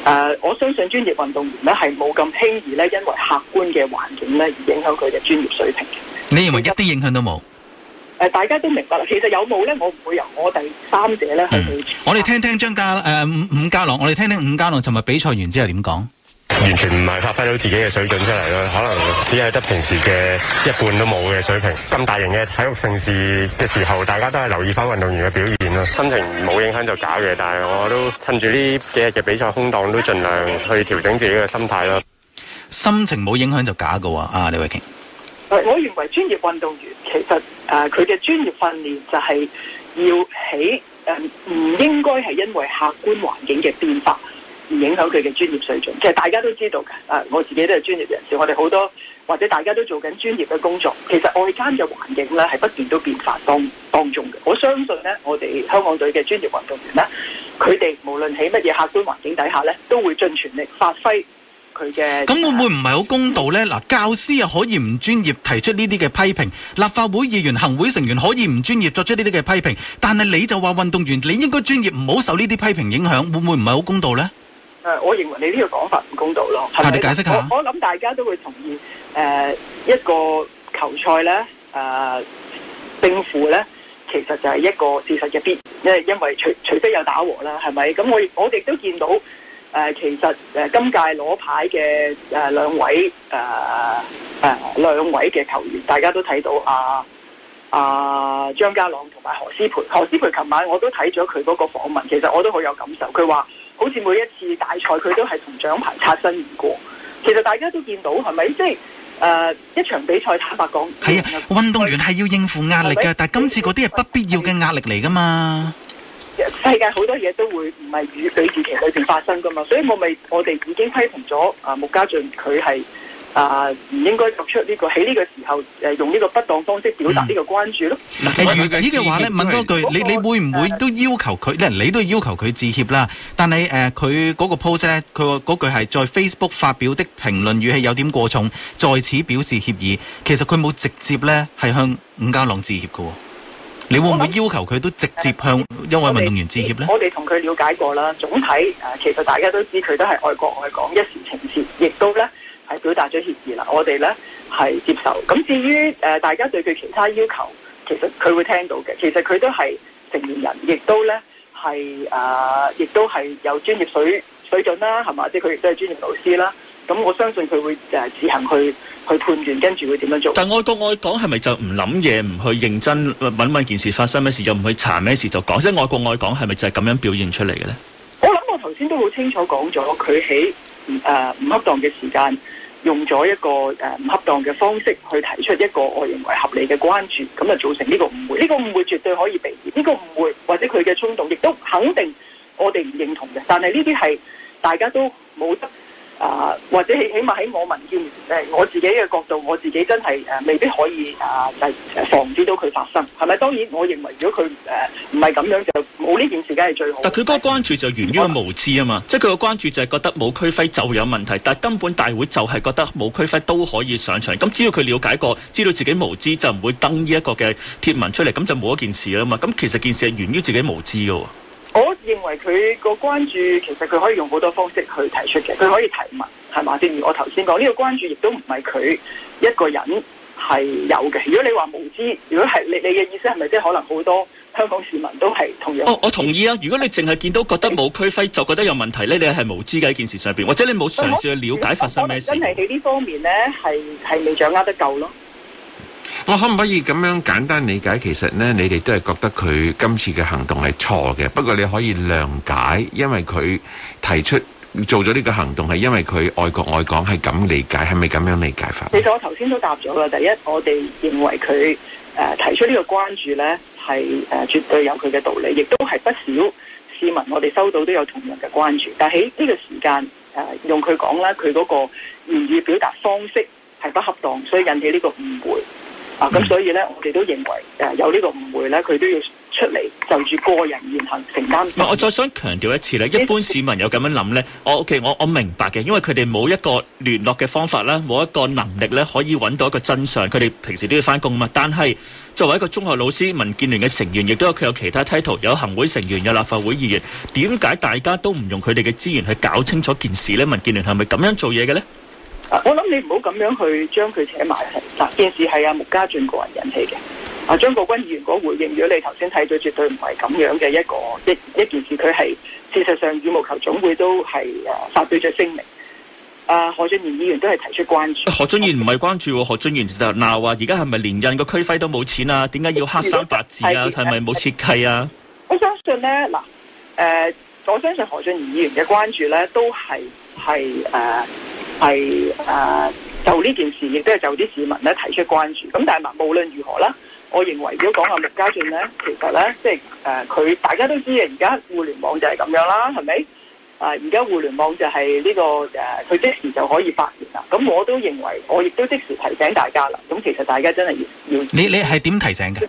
誒，我相信專業運動員咧係冇咁輕易咧，因為客觀嘅環境咧而影響佢嘅專業水平。你認為一啲影響都冇？大家都明白啦。其實有冇咧，我唔會由我第三者咧去去。嗯、我哋聽聽張家誒伍伍家朗，我哋聽聽伍家朗，尋日比賽完之後點講？完全唔係發揮到自己嘅水準出嚟咯，可能只係得平時嘅一半都冇嘅水平。咁大型嘅體育盛事嘅時候，大家都係留意翻運動員嘅表現咯。心情冇影響就假嘅，但係我都趁住呢幾日嘅比賽空檔，都盡量去調整自己嘅心態咯。心情冇影響就假嘅，啊李偉強。我認為專業運動員其實誒，佢嘅專業訓練就係要喺誒唔應該係因為客觀環境嘅變化而影響佢嘅專業水準。其實大家都知道嘅，誒、呃、我自己都係專業人士，我哋好多或者大家都做緊專業嘅工作。其實外間嘅環境咧係不斷都變化當當中嘅。我相信咧，我哋香港隊嘅專業運動員咧，佢哋無論喺乜嘢客觀環境底下咧，都會盡全力發揮。咁會唔會唔係好公道咧？嗱，教師啊可以唔專業提出呢啲嘅批評，立法會議員、行會成員可以唔專業作出呢啲嘅批評，但係你就話運動員你應該專業，唔好受呢啲批評影響，會唔會唔係好公道咧？誒，我認為你呢個講法唔公道咯。但你解釋下。我我諗大家都會同意誒，一個球賽咧誒，勝負咧其實就係一個事實嘅必然，因為因為除除非有打和啦，係咪？咁我我哋都見到。誒、呃，其實誒、呃，今屆攞牌嘅誒兩位誒誒兩位嘅球員，大家都睇到啊啊張家朗同埋何詩蓓，何詩蓓琴晚我都睇咗佢嗰個訪問，其實我都好有感受。佢話好似每一次大賽佢都係同獎牌擦身而過。其實大家都見到係咪？即係誒、呃、一場比賽坦白講係啊，運動員係要應付壓力㗎，但係今次嗰啲係不必要嘅壓力嚟噶嘛。世界好多嘢都會唔係與對峙期裏邊發生噶嘛，所以我咪我哋已經批評咗啊，穆家俊佢係啊唔應該作出呢個喺呢個時候誒用呢個不當方式表達呢個關注咯。嗱，如此嘅話咧，問多句，你你會唔會都要求佢咧？你都要求佢致歉啦？但係誒，佢嗰個 post 咧，佢嗰句係在 Facebook 發表的評論語氣有點過重，在此表示歉意。其實佢冇直接咧係向伍家朗致歉噶。你會唔會要求佢都直接向一位運動員致歉呢？我哋同佢了解過啦，總體誒，其實大家都知佢都係愛國愛港，一時情切，亦都咧係表達咗歉意啦。我哋咧係接受。咁至於誒、呃，大家對佢其他要求，其實佢會聽到嘅。其實佢都係成年人，亦都咧係誒，亦、呃、都係有專業水水準啦，係嘛？即係佢亦都係專業老師啦。咁我相信佢會誒、呃、自行去。去判斷跟住會點樣做？但愛國愛港係咪就唔諗嘢，唔去認真問問件事發生咩事，又唔去查咩事就講？即係愛國愛港係咪就係咁樣表現出嚟嘅呢？我諗我頭先都好清楚講咗，佢喺誒唔恰當嘅時間用咗一個誒、呃、唔恰當嘅方式去提出一個，我認為合理嘅關注，咁啊造成呢個誤會。呢個誤會絕對可以避免。呢個誤會或者佢嘅衝動，亦都肯定我哋唔認同嘅。但係呢啲係大家都冇得。啊、uh，或者起起碼喺我民建聯我自己嘅角度，我自己真係誒未必可以啊，嚟、uh, 防止到佢發生，係咪？當然，我認為如果佢誒唔係咁樣，就冇呢件事，梗係最好。但佢嗰個關注就源於佢無知啊嘛，即係佢個關注就係覺得冇區徽就有問題，但係根本大會就係覺得冇區徽都可以上場。咁只要佢了解過，知道自己無知，就唔會登呢一個嘅貼文出嚟，咁就冇一件事啊嘛。咁其實件事係源於自己無知噶喎。我認為佢個關注其實佢可以用好多方式去提出嘅，佢可以提問係嘛？正如我頭先講，呢個關注亦都唔係佢一個人係有嘅。如果你話無知，如果係你，你嘅意思係咪即係可能好多香港市民都係同樣的？哦，我同意啊！如果你淨係見到覺得冇區分就覺得有問題呢，你係無知嘅一件事上邊，或者你冇嘗試去了解發生咩事。真係喺呢方面呢，係係未掌握得夠咯。我可唔可以咁樣簡單理解？其實呢，你哋都係覺得佢今次嘅行動係錯嘅。不過你可以諒解，因為佢提出做咗呢個行動係因為佢愛國愛港，係咁理解，係咪咁樣理解法？其實我頭先都答咗啦。第一，我哋認為佢誒提出呢個關注呢係誒絕對有佢嘅道理，亦都係不少市民我哋收到都有同樣嘅關注。但喺呢個時間誒，用佢講呢，佢嗰個言語表達方式係不恰當，所以引起呢個誤會。啊！咁所以咧，我哋都認為誒有呢個誤會咧，佢都要出嚟就住個人言行承擔。唔係，我再想強調一次咧，一般市民有咁樣諗咧，我 OK，我我明白嘅，因為佢哋冇一個聯絡嘅方法啦，冇一個能力咧可以揾到一個真相。佢哋平時都要返工嘛，但係作為一個中學老師、民建聯嘅成員，亦都有佢有其他 title，有行會成員、有立法會議員，點解大家都唔用佢哋嘅資源去搞清楚件事咧？民建聯係咪咁樣做嘢嘅咧？我諗你唔好咁樣去將佢扯埋一齊。嗱，件事係阿伍家朗個人引起嘅。阿、啊、張國鈞議員嗰回應，如果你頭先睇咗，絕對唔係咁樣嘅一個一一件事。佢係事實上羽毛球總會都係誒、啊、發表咗聲明。阿、啊、何俊賢議員都係提出關注。何俊賢唔係關注、啊，何俊賢就鬧話、啊，而家係咪連印個區徽都冇錢啊？點解要黑三白字啊？係咪冇設計啊？我相信咧，嗱，誒、呃，我相信何俊賢議員嘅關注咧，都係係誒。係誒、呃，就呢件事亦都係就啲市民咧提出關注。咁但係，無論如何啦，我認為如果講下木家俊咧，其實咧即係誒，佢、呃、大家都知嘅。而家互聯網就係咁樣啦，係咪？啊、呃，而家互聯網就係呢、這個誒，佢、呃、即時就可以發現啦。咁我都認為，我亦都即時提醒大家啦。咁其實大家真係要要你你係點提醒嘅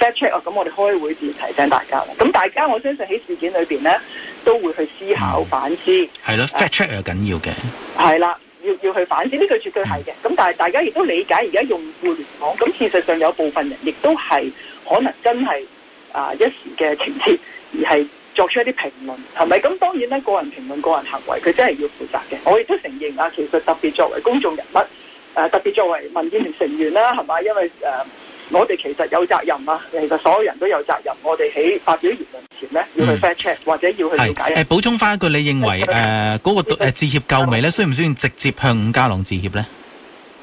？fact check 啊，咁、哦哦哦、我哋開會時提醒大家啦。咁大家我相信喺事件裏邊咧，都會去思考反思。係咯，fact check 又緊要嘅。係啦，要要去反思呢句絕對係嘅，咁但係大家亦都理解而家用互聯網，咁事實上有部分人亦都係可能真係啊、呃、一時嘅情節而係作出一啲評論，係咪？咁當然咧，個人評論、個人行為，佢真係要負責嘅。我亦都承認啊，其實特別作為公眾人物，誒、呃，特別作為民建聯成員啦，係嘛，因為誒。呃我哋其實有責任啊，其實所有人都有責任。我哋喺發表言論前呢，要去 fact check 或者要去了解。誒、嗯，補、呃、充翻一句，你認為誒嗰、嗯呃嗯那個誒致歉夠未咧？需唔需要直接向伍家朗致歉呢？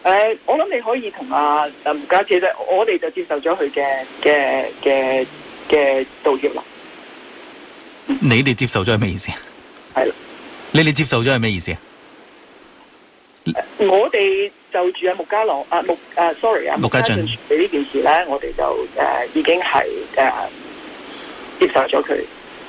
誒、呃，我諗你可以同阿伍家其實我哋就接受咗佢嘅嘅嘅嘅道歉啦。你哋接受咗係咩意思？係你哋接受咗係咩意思啊、呃？我哋。就住喺伍家朗啊伍，啊，sorry 啊，伍家俊，你呢件事咧，我哋就誒、呃、已經係誒、呃、接受咗佢。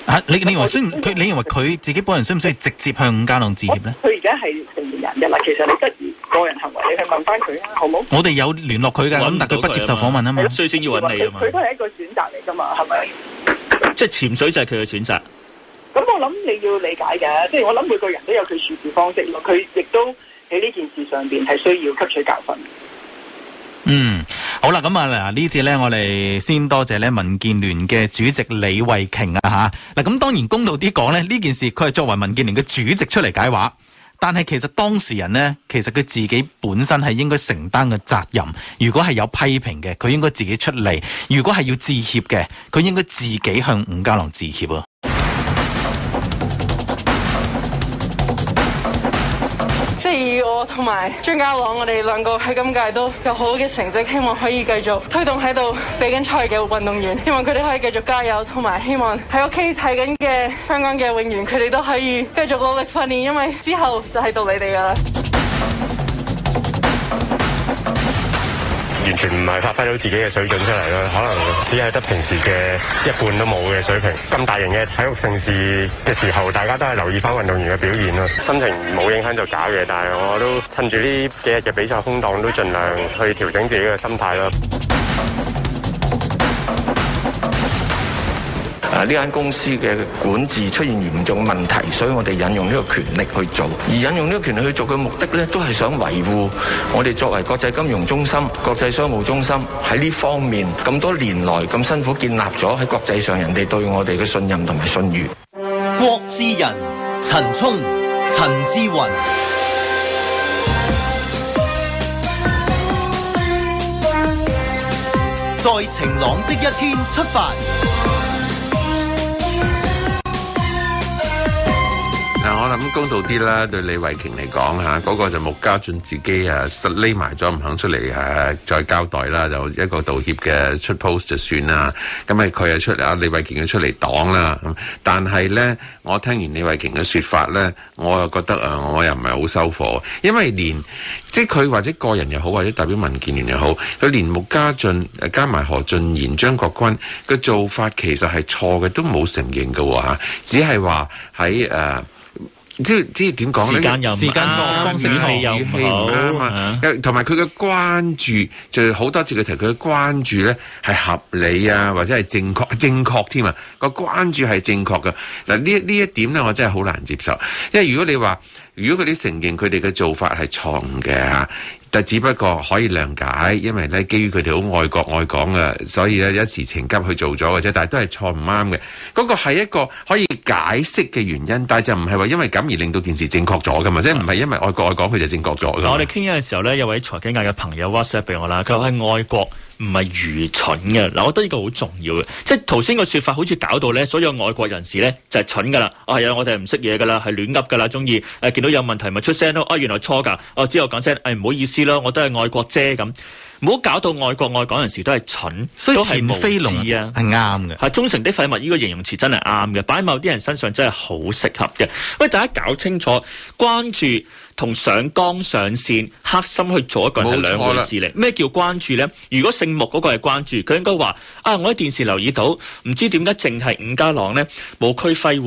吓、啊、你你認為需唔佢？你認為佢 自己本人需唔需要直接向伍家朗致歉咧？佢而家係成年人嘅啦，其實你質疑個人行為，你去問翻佢啦，好唔好？我哋有聯絡佢噶，咁但佢不接受訪問啊嘛，所以先要搵你啊嘛。佢都係一個選擇嚟噶嘛，係咪？即係潛水就係佢嘅選擇。咁我諗你要理解嘅，即、就、係、是、我諗每個人都有佢處事方式佢亦都。喺呢件事上邊係需要吸取教訓。嗯，好啦，咁啊嗱，呢次呢，我哋先多謝咧民建聯嘅主席李慧瓊啊吓嗱，咁、啊、當然公道啲講呢，呢件事佢係作為民建聯嘅主席出嚟解話，但係其實當事人呢，其實佢自己本身係應該承擔嘅責任。如果係有批評嘅，佢應該自己出嚟；如果係要致歉嘅，佢應該自己向伍嘉龍致歉。同埋張家朗，我哋兩個喺今屆都有好嘅成績，希望可以繼續推動喺度比緊賽嘅運動員，希望佢哋可以繼續加油。同埋希望喺屋企睇緊嘅香港嘅泳員，佢哋都可以繼續努力訓練，因為之後就喺度你哋噶啦。完全唔係發揮到自己嘅水準出嚟咯，可能只係得平時嘅一半都冇嘅水平。咁大型嘅體育盛事嘅時候，大家都係留意返運動員嘅表現咯。心情冇影響就假嘅，但係我都趁住呢幾日嘅比賽空檔，都盡量去調整自己嘅心態咯。呢間公司嘅管治出現嚴重問題，所以我哋引用呢個權力去做，而引用呢個權力去做嘅目的呢都係想維護我哋作為國際金融中心、國際商務中心喺呢方面咁多年來咁辛苦建立咗喺國際上人哋對我哋嘅信任同埋信譽。郭志仁、陳聰、陳志雲，在晴朗的一天出發嗱、啊，我諗公道啲啦，對李慧瓊嚟講吓，嗰、啊那個就木家俊自己啊，實匿埋咗唔肯出嚟誒、啊，再交代啦，就一個道歉嘅出 post 就算啦。咁咪佢又出嚟啊，李慧瓊又出嚟擋啦。但係咧，我聽完李慧瓊嘅說法咧，我又覺得啊，我又唔係好收貨，因為連即係佢或者個人又好，或者代表民建聯又好，佢連木家俊加埋何俊賢、張國軍嘅做法其實係錯嘅，都冇承認㗎吓、啊，只係話喺誒。呃即係即係點講呢，時間唔啱，方語氣又唔好，同埋佢嘅關注，就好多次佢提佢嘅關注咧，係合理啊、嗯，或者係正確，正確添啊！個關注係正確嘅。嗱，呢呢一點咧，我真係好難接受，因為如果你話，如果佢哋承認佢哋嘅做法係錯誤嘅啊。但只不過可以諒解，因為咧基於佢哋好愛國愛港啊，所以咧一時情急去做咗嘅啫。但都係錯唔啱嘅。嗰、嗰個係一個可以解釋嘅原因，但就唔係話因為咁而令到件事正確咗㗎嘛，即係唔係因為愛國愛港佢就正確咗嘅。我哋傾嘅時候呢，有位財經界嘅朋友 WhatsApp 俾我啦，佢話係愛國。唔係愚蠢嘅嗱，我覺得呢個好重要嘅，即係頭先個說法好似搞到咧，所有外國人士咧就係蠢噶啦，係、哎、啊，我哋唔識嘢噶啦，係亂噏噶啦，中意誒見到有問題咪出聲咯，啊、哎、原來錯㗎，我之後講聲誒唔、哎、好意思啦，我都係外國啫咁，唔好搞到外國外港人士都係蠢，所以非都係無知啊，係啱嘅，係忠誠的廢物呢個形容詞真係啱嘅，擺喺某啲人身上真係好適合嘅。喂，大家搞清楚關注。同上綱上線，黑心去做一個人係兩回事嚟。咩叫關注呢？如果姓木嗰個係關注，佢應該話：啊，我喺電視留意到，唔知點解淨係伍家朗呢，冇區徽，係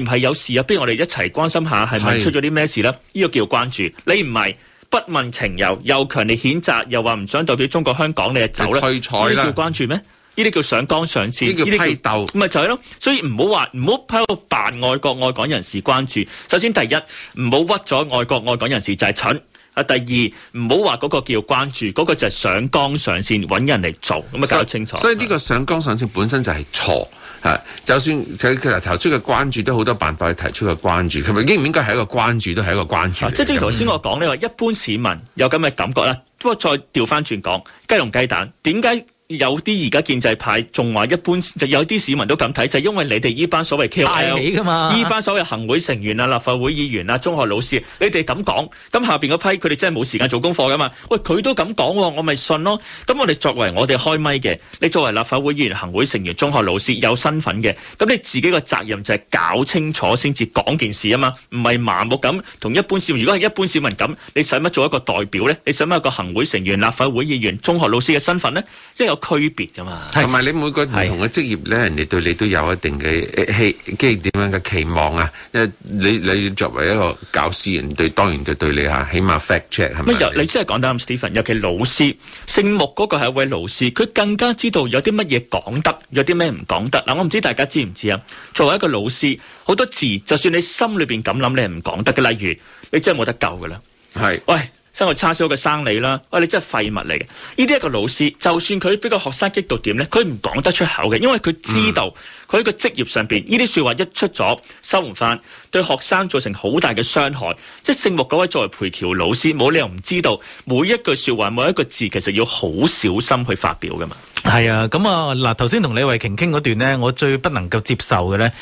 唔係有事啊？不如我哋一齊關心下，係咪出咗啲咩事呢？呢、呢個叫關注。你唔係不問情由，又強烈譴責，又話唔想代表中國香港，你係走啦！你叫關注咩？呢啲叫上綱上線，呢啲叫批鬥。咁咪就係咯，所以唔好話唔好喺度扮愛國愛港人士關注。首先第一，唔好屈咗愛國愛港人士，就係、是、蠢啊。第二，唔好話嗰個叫關注，嗰、那個就係上綱上線揾人嚟做，咁咪搞清楚。所以呢個上綱上線本身就係錯、嗯、就算就其實提出嘅關注都好多辦法去提出嘅關注，係咪應唔應該係一個關注都係一個關注。關注嗯、即係正如頭先我講呢話一般市民有咁嘅感覺啦。不過再調翻轉講雞同雞蛋，點解？有啲而家建制派仲話一般就有啲市民都咁睇，就係因為你哋依班所謂 KOL，依班所謂行會成員啊、立法會議員啊、中學老師你哋咁講，咁下邊嗰批佢哋真係冇時間做功課噶嘛？喂，佢都咁講、哦，我咪信咯。咁我哋作為我哋開咪嘅，你作為立法會議員行會成員中學老師有身份嘅，咁你自己個責任就係搞清楚先至講件事啊嘛，唔係盲目咁同一般市民。如果係一般市民咁，你使乜做一個代表咧？你使乜一個行會成員立法會議員中學老師嘅身份咧？因為區別噶嘛，同埋你每個唔同嘅職業咧，人哋對你都有一定嘅期，即係點樣嘅期望啊！因為你你要作為一個教師人，對當然就對你吓，起碼 fact check 係咪？乜？你真係講得啱，Stephen，尤其老師，姓木嗰個係一位老師，佢更加知道有啲乜嘢講得，有啲咩唔講得。嗱，我唔知大家知唔知啊？作為一個老師，好多字，就算你心裏邊咁諗，你係唔講得嘅。例如，你真係冇得救噶啦。係，喂。生活叉燒嘅生理啦，喂、哎，你真係廢物嚟嘅。呢啲一個老師，就算佢俾個學生激到點咧，佢唔講得出口嘅，因為佢知道佢喺個職業上面呢啲、嗯、說話一出咗收唔翻，對學生造成好大嘅傷害。即係聖木嗰位作為培僑老師，冇理由唔知道每一句說話，每一個字其實要好小心去發表噶嘛。係啊，咁啊嗱，頭先同李慧瓊傾嗰段咧，我最不能夠接受嘅咧，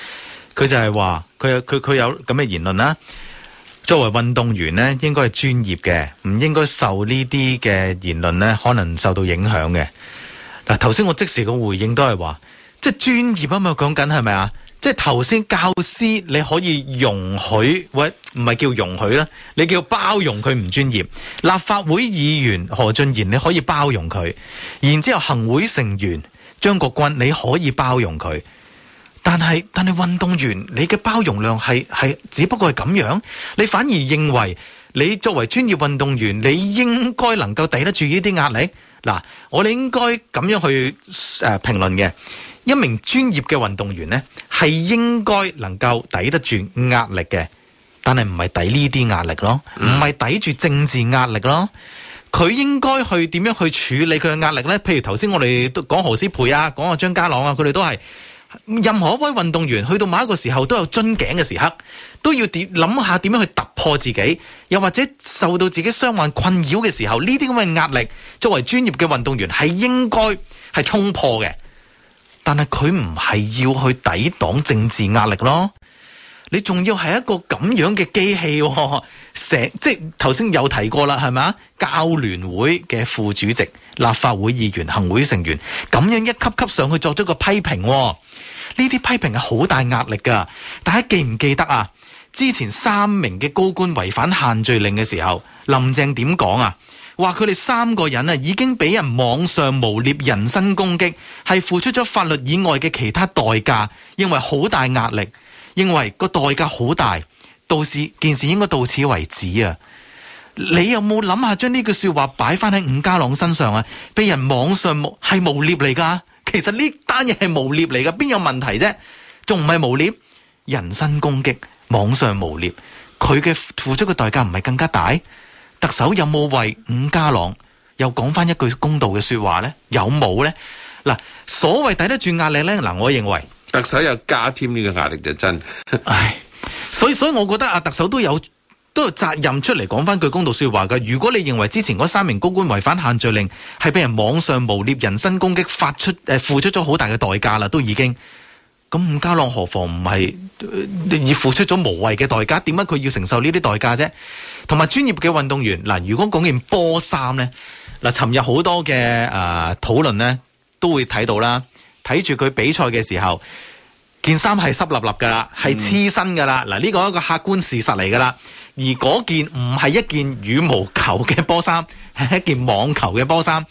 佢就係話佢佢佢有咁嘅言論啦。作為運動員呢，應該係專業嘅，唔應該受呢啲嘅言論呢可能受到影響嘅。嗱，頭先我即時個回應都係話，即係專業啊嘛，講緊係咪啊？即係頭先教師你可以容許，喂，唔係叫容許啦，你叫包容佢唔專業。立法會議員何俊賢你可以包容佢，然之後行會成員張國軍你可以包容佢。但係，但係運動員你嘅包容量係係只不過係咁樣，你反而認為你作為專業運動員你應該能夠抵得住呢啲壓力。嗱，我哋應該咁樣去誒評論嘅一名專業嘅運動員咧，係應該能夠抵得住壓力嘅，但係唔係抵呢啲壓力咯，嗯，唔係抵住政治壓力咯。佢應該去點樣去處理佢嘅壓力咧？譬如頭先我哋都講何詩蓓啊，講阿張家朗啊，佢哋都係。任何一位運動員去到某一個時候都有樽頸嘅時刻，都要點諗下點樣去突破自己，又或者受到自己傷患困擾嘅時候，呢啲咁嘅壓力，作為專業嘅運動員係應該係衝破嘅。但係佢唔係要去抵擋政治壓力咯。你仲要係一個咁樣嘅機器、喎，成即係頭先有提過啦，係咪啊？教聯會嘅副主席、立法會議員、行會成員咁樣一級級上去作咗個批評、喎，呢啲批評係好大壓力噶。大家記唔記得啊？之前三名嘅高官違反限聚令嘅時候，林鄭點講啊？話佢哋三個人啊，已經俾人網上誣蔑、人身攻擊，係付出咗法律以外嘅其他代價，認為好大壓力。認為個代價好大，到時件事應該到此為止啊！你有冇諗下將呢句說話擺翻喺伍家朗身上啊？俾人網上無係誣衊嚟噶，其實呢單嘢係誣衊嚟噶，邊有問題啫？仲唔係誣衊？人身攻擊，網上誣衊，佢嘅付出嘅代價唔係更加大？特首有冇為伍家朗又講翻一句公道嘅說話咧？有冇咧？嗱，所謂抵得住壓力咧？嗱，我認為。特首又加添呢個壓力就真， 唉，所以所以我覺得阿特首都有都有責任出嚟講翻句公道說話噶。如果你認為之前嗰三名高官違反限聚令，係俾人網上誣衊、人身攻擊，發出誒付出咗好大嘅代價啦，都已經。咁伍家朗何妨唔係已付出咗無謂嘅代價？點解佢要承受呢啲代價啫？同埋專業嘅運動員嗱，如果講件波衫呢，嗱，尋日好多嘅誒討論呢都會睇到啦。睇住佢比賽嘅時候，件衫係濕笠笠噶啦，係黐身噶啦。嗱，嗯，呢個一個客觀事實嚟噶啦。而嗰件唔係一件羽毛球嘅波衫，係一件網球嘅波衫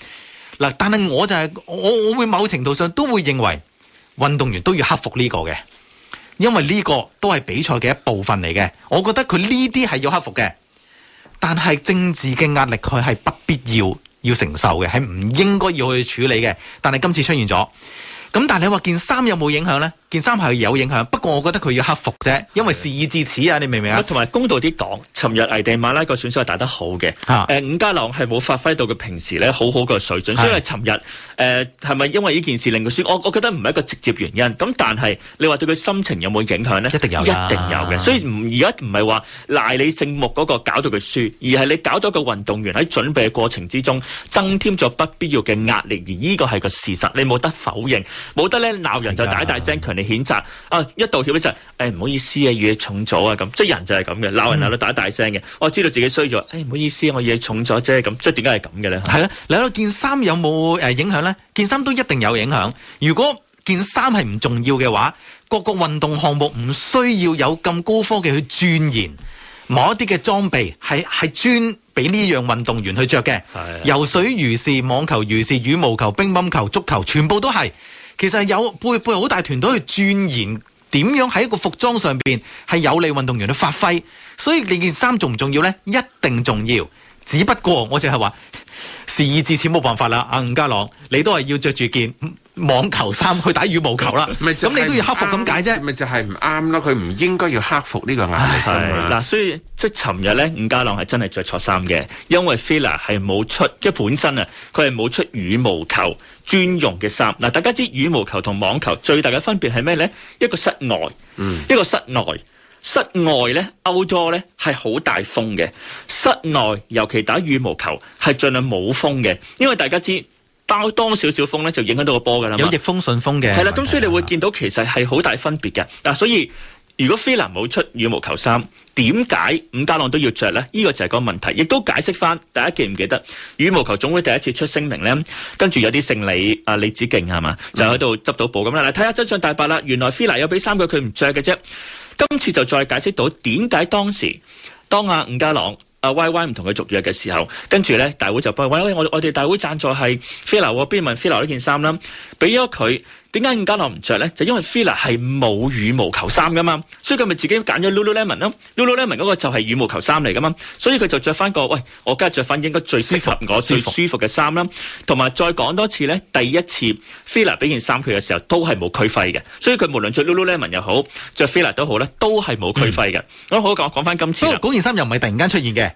嗱。但係我就係，我我會某程度上都會認為運動員都要克服呢個嘅，因為呢個都係比賽嘅一部分嚟嘅。我覺得佢呢啲係要克服嘅，但係政治嘅壓力佢係不必要要承受嘅，係唔應該要去處理嘅。但係今次出現咗。咁但係你話件衫有冇影響咧？件衫係有影響，不過我覺得佢要克服啫，因為事已至此啊！你明唔明啊？同埋公道啲講，尋日危地馬拉個選手係打得好嘅，嚇誒伍家朗係冇發揮到佢平時咧好好嘅水準，所以尋日誒係咪因為呢件事令佢輸？我我覺得唔係一個直接原因，咁但係你話對佢心情有冇影響呢？一定有、啊，一定有嘅。所以唔而家唔係話賴你勝目嗰個搞到佢輸，而係你搞咗個運動員喺準備過程之中增添咗不必要嘅壓力，而呢個係個事實，你冇得否認，冇得咧鬧人就大大聲強譴責啊，一道歉就誒、是、唔、哎、好意思啊，嘢重咗啊。咁，即係人就係咁嘅，鬧人鬧到大大聲嘅、嗯，我知道自己衰咗，誒、哎、唔好意思，我嘢重咗。即係咁，即係點解係咁嘅咧？係啦，嗱，件衫有冇誒影響咧？件衫都一定有影響。如果件衫係唔重要嘅話，各個運動項目唔需要有咁高科技去鑽研某一啲嘅裝備，係係專俾呢樣運動員去着嘅。游水如是，網球如是，羽毛球、乒乓球、足球，全部都係。其實有背背好大團隊去鑽研點樣喺一個服裝上邊係有利運動員嘅發揮，所以你件衫重唔重要咧？一定重要。只不過我淨係話事已至此冇辦法啦，阿、啊、吳家朗，你都係要着住件。網球衫去打羽毛球啦，咁、嗯就是、你都要克服咁解啫？咪、嗯、就係唔啱咯，佢唔應該要克服呢個壓力。嗱，所以即係尋日咧，伍家朗係真係着錯衫嘅，因為 fila 係冇出，因為本身啊，佢係冇出羽毛球專用嘅衫。嗱，大家知羽毛球同網球最大嘅分別係咩咧？一個室外、嗯，一個室內。室外咧，歐洲咧係好大風嘅；室內尤其打羽毛球係盡量冇風嘅，因為大家知。包多少少風咧，就影響到個波噶啦。有逆風順風嘅。係啦，咁所以你會見到其實係好大分別嘅。嗱、啊，所以如果 FILA 冇出羽毛球衫，點解伍家朗都要着呢？呢、這個就係個問題，亦都解釋翻。大家記唔記得羽毛球總會第一次出聲明呢，跟住有啲姓李啊，李子勁係嘛，就喺度執到寶咁啦。睇、嗯、下真相大白啦。原來 FILA 有俾三個佢唔着嘅啫。今次就再解釋到點解當時當下伍家朗。啊，Y Y 唔同佢續約嘅時候，跟住咧，大會就幫佢喂喂，我我哋大會贊助係飛流 𠮶 邊問飛流呢件衫啦，俾咗佢。點解更加耐唔着咧？就因為 Fila 係冇羽毛球衫噶嘛，所以佢咪自己揀咗 Lululemon 咯。Lululemon 嗰個就係羽毛球衫嚟噶嘛，所以佢就着翻個喂，我今日着翻應該最適合我最舒服嘅衫啦。同埋再講多次咧，第一次 Fila 俾件衫佢嘅時候都係冇區費嘅，所以佢無論着 Lululemon 又好，着 Fila 都好咧，都係冇區費嘅。好，我講翻今次。嗰件衫又唔係突然間出現嘅。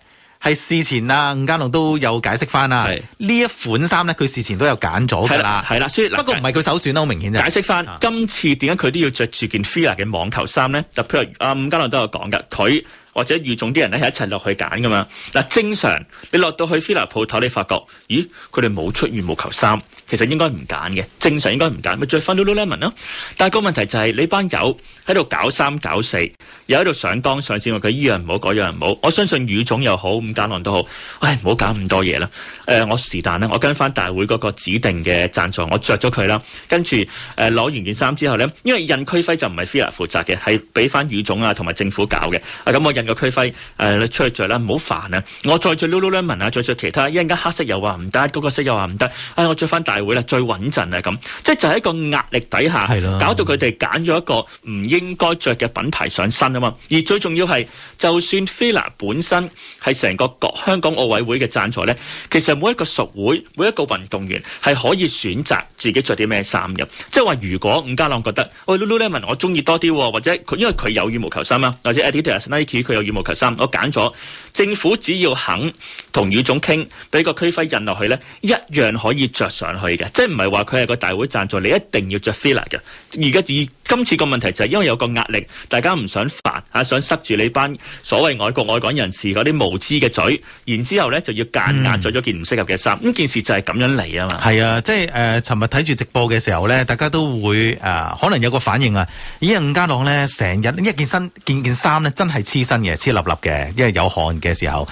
係事前啊，伍家朗都有解釋翻啦。呢一款衫咧，佢事前都有揀咗噶啦。係啦，所以不過唔係佢首選啦，好明顯啫。解釋翻、啊，今次點解佢都要着住件 fila 嘅網球衫咧？就譬如啊，伍家朗都有講噶，佢或者預中啲人咧係一齊落去揀噶嘛。嗱，正常你落到去 fila 鋪頭，你發覺，咦，佢哋冇出羽毛球衫。其實應該唔揀嘅，正常應該唔揀，咪著翻 Lululemon 咯。但係個問題就係、是、你班友喺度搞三搞四，又喺度上綱上線話佢依樣唔好，嗰樣唔好。我相信羽總又好，五間浪都好，唉，唔好搞咁多嘢啦。誒、呃，我是但咧，我跟翻大會嗰個指定嘅贊助，我着咗佢啦。跟住誒攞完件衫之後呢，因為印區徽就唔係菲亞負責嘅，係俾翻羽總啊同埋政府搞嘅。啊，咁我印個區徽誒，你、呃、出去着啦，唔好煩啊。我再着 Lululemon 啊，再着其他，一陣間黑色又話唔得，嗰個色又話唔得。唉、哎，我着翻大大會啦，最穩陣啊，咁即係就喺、是、一個壓力底下，搞到佢哋揀咗一個唔應該着嘅品牌上身啊嘛。而最重要係，就算 Fila 本身係成個港香港奧委會嘅贊助咧，其實每一個屬會每一個運動員係可以選擇自己着啲咩衫嘅。即係話，如果伍家朗覺得喂、哦、Lululemon 我中意多啲，或者佢因為佢有羽毛球衫啊，或者 Adidas Nike 佢有羽毛球衫，我揀咗。政府只要肯同羽總傾，俾個區徽印落去呢一樣可以着上去嘅。即係唔係話佢係個大會贊助，你一定要着 fila 嘅。而家自今次個問題就係因為有個壓力，大家唔想煩，想塞住你班所謂愛國愛港人士嗰啲無知嘅嘴，然之後呢就要夾硬着咗件唔適合嘅衫。咁、嗯、件事就係咁樣嚟啊嘛。係啊，即係誒，尋日睇住直播嘅時候呢，大家都會誒、呃，可能有個反應啊。咦？伍家朗呢成日呢一件身件件衫呢，衫衫真係黐身嘅，黐笠笠嘅，因為有汗。嘅時候，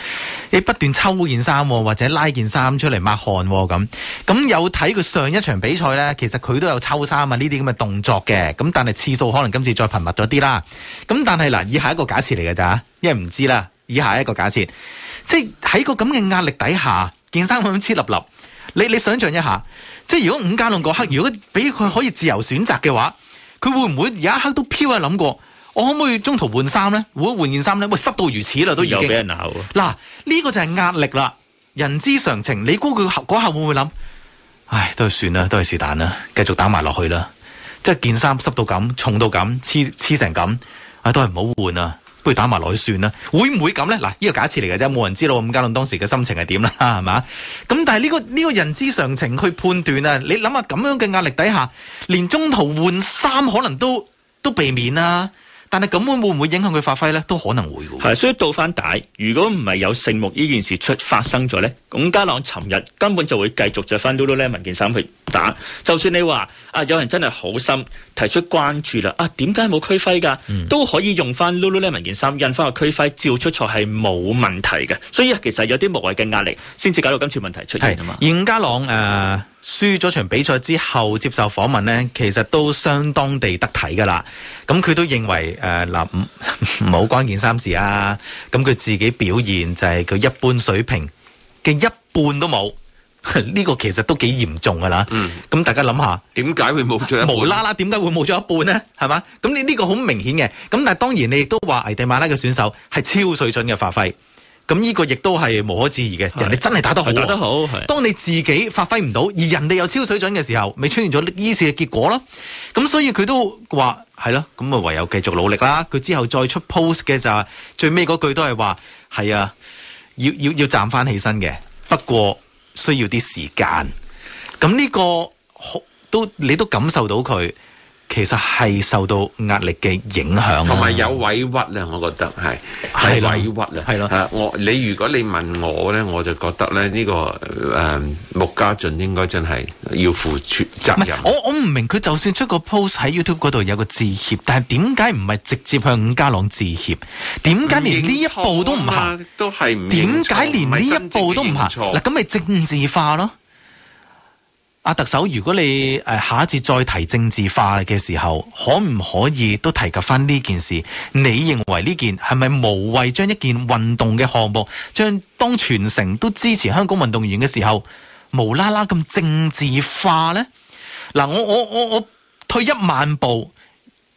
你不斷抽件衫或者拉件衫出嚟抹汗咁，咁有睇佢上一場比賽咧，其實佢都有抽衫啊呢啲咁嘅動作嘅，咁但係次數可能今次再頻密咗啲啦。咁但係嗱，以下一個假設嚟㗎咋，因為唔知啦。以下一個假設，即係喺個咁嘅壓力底下，件衫咁樣黐笠笠，你你想象一下，即係如果五加六個黑，如果俾佢可以自由選擇嘅話，佢會唔會有一刻都飄下諗過？我可唔可以中途換衫咧？會換件衫咧？喂，濕到如此啦，都已經。又俾人鬧啊！嗱，呢個就係壓力啦，人之常情。你估佢嗰下會唔會諗？唉，都係算啦，都係是但啦，繼續打埋落去啦。即係件衫濕到咁，重到咁，黐黐成咁，啊都係唔好換啊，不如打埋落去算啦。會唔會咁咧？嗱，呢個假設嚟嘅啫，冇人知道伍家朗當時嘅心情係點啦，係 嘛？咁但係呢個呢個人之常情去判斷啊，你諗下咁樣嘅壓力底下，連中途換衫可能都都避免啦。但係咁會會唔會影響佢發揮咧？都可能會喎。係，所以倒翻帶，如果唔係有聖目呢件事出發生咗咧，伍家朗尋日根本就會繼續着翻 Lululemon 件衫去打。就算你話啊，有人真係好心提出關注啦，啊點解冇區徽㗎？都、嗯、可以用翻 Lululemon 件衫印翻個區徽，照出錯係冇問題嘅。所以其實有啲無謂嘅壓力，先至搞到今次問題出現啊嘛。伍家朗誒。輸咗場比賽之後接受訪問咧，其實都相當地得體噶啦。咁佢都認為誒嗱，唔好，呃呃、關鍵三事啊。咁佢自己表現就係佢一般水平嘅一半都冇。呢 個其實都幾嚴重噶啦。嗯。咁大家諗下，點解會冇咗？無啦啦，點解會冇咗一半呢？係嘛？咁呢呢個好明顯嘅。咁但係當然你亦都話，危地馬拉嘅選手係超水準嘅發揮。咁、這、呢個亦都係無可置疑嘅，人哋真係打得好，打得好。當你自己發揮唔到，而人哋又超水準嘅時候，咪出現咗呢次嘅結果咯。咁所以佢都話係咯，咁啊唯有繼續努力啦。佢之後再出 post 嘅就係最尾嗰句都係話，係啊，要要要站返起身嘅，不過需要啲時間。咁呢、這個都你都感受到佢。其實係受到壓力嘅影響，同、嗯、埋有委屈啦，我覺得係係委屈啦，係咯、啊。我你如果你問我咧，我就覺得咧、這、呢個誒、嗯、穆家俊應該真係要負全責任。不我我唔明佢就算出個 post 喺 YouTube 嗰度有個致歉，但係點解唔係直接向伍家朗致歉？點解連呢一步都唔行？都係唔點解連呢一步都唔行？嗱，咁咪政治化咯？阿特首，如果你誒下一次再提政治化嘅時候，可唔可以都提及翻呢件事？你認為呢件係咪無謂將一件運動嘅項目，將當全城都支持香港運動員嘅時候，無啦啦咁政治化咧？嗱、啊，我我我我退一萬步，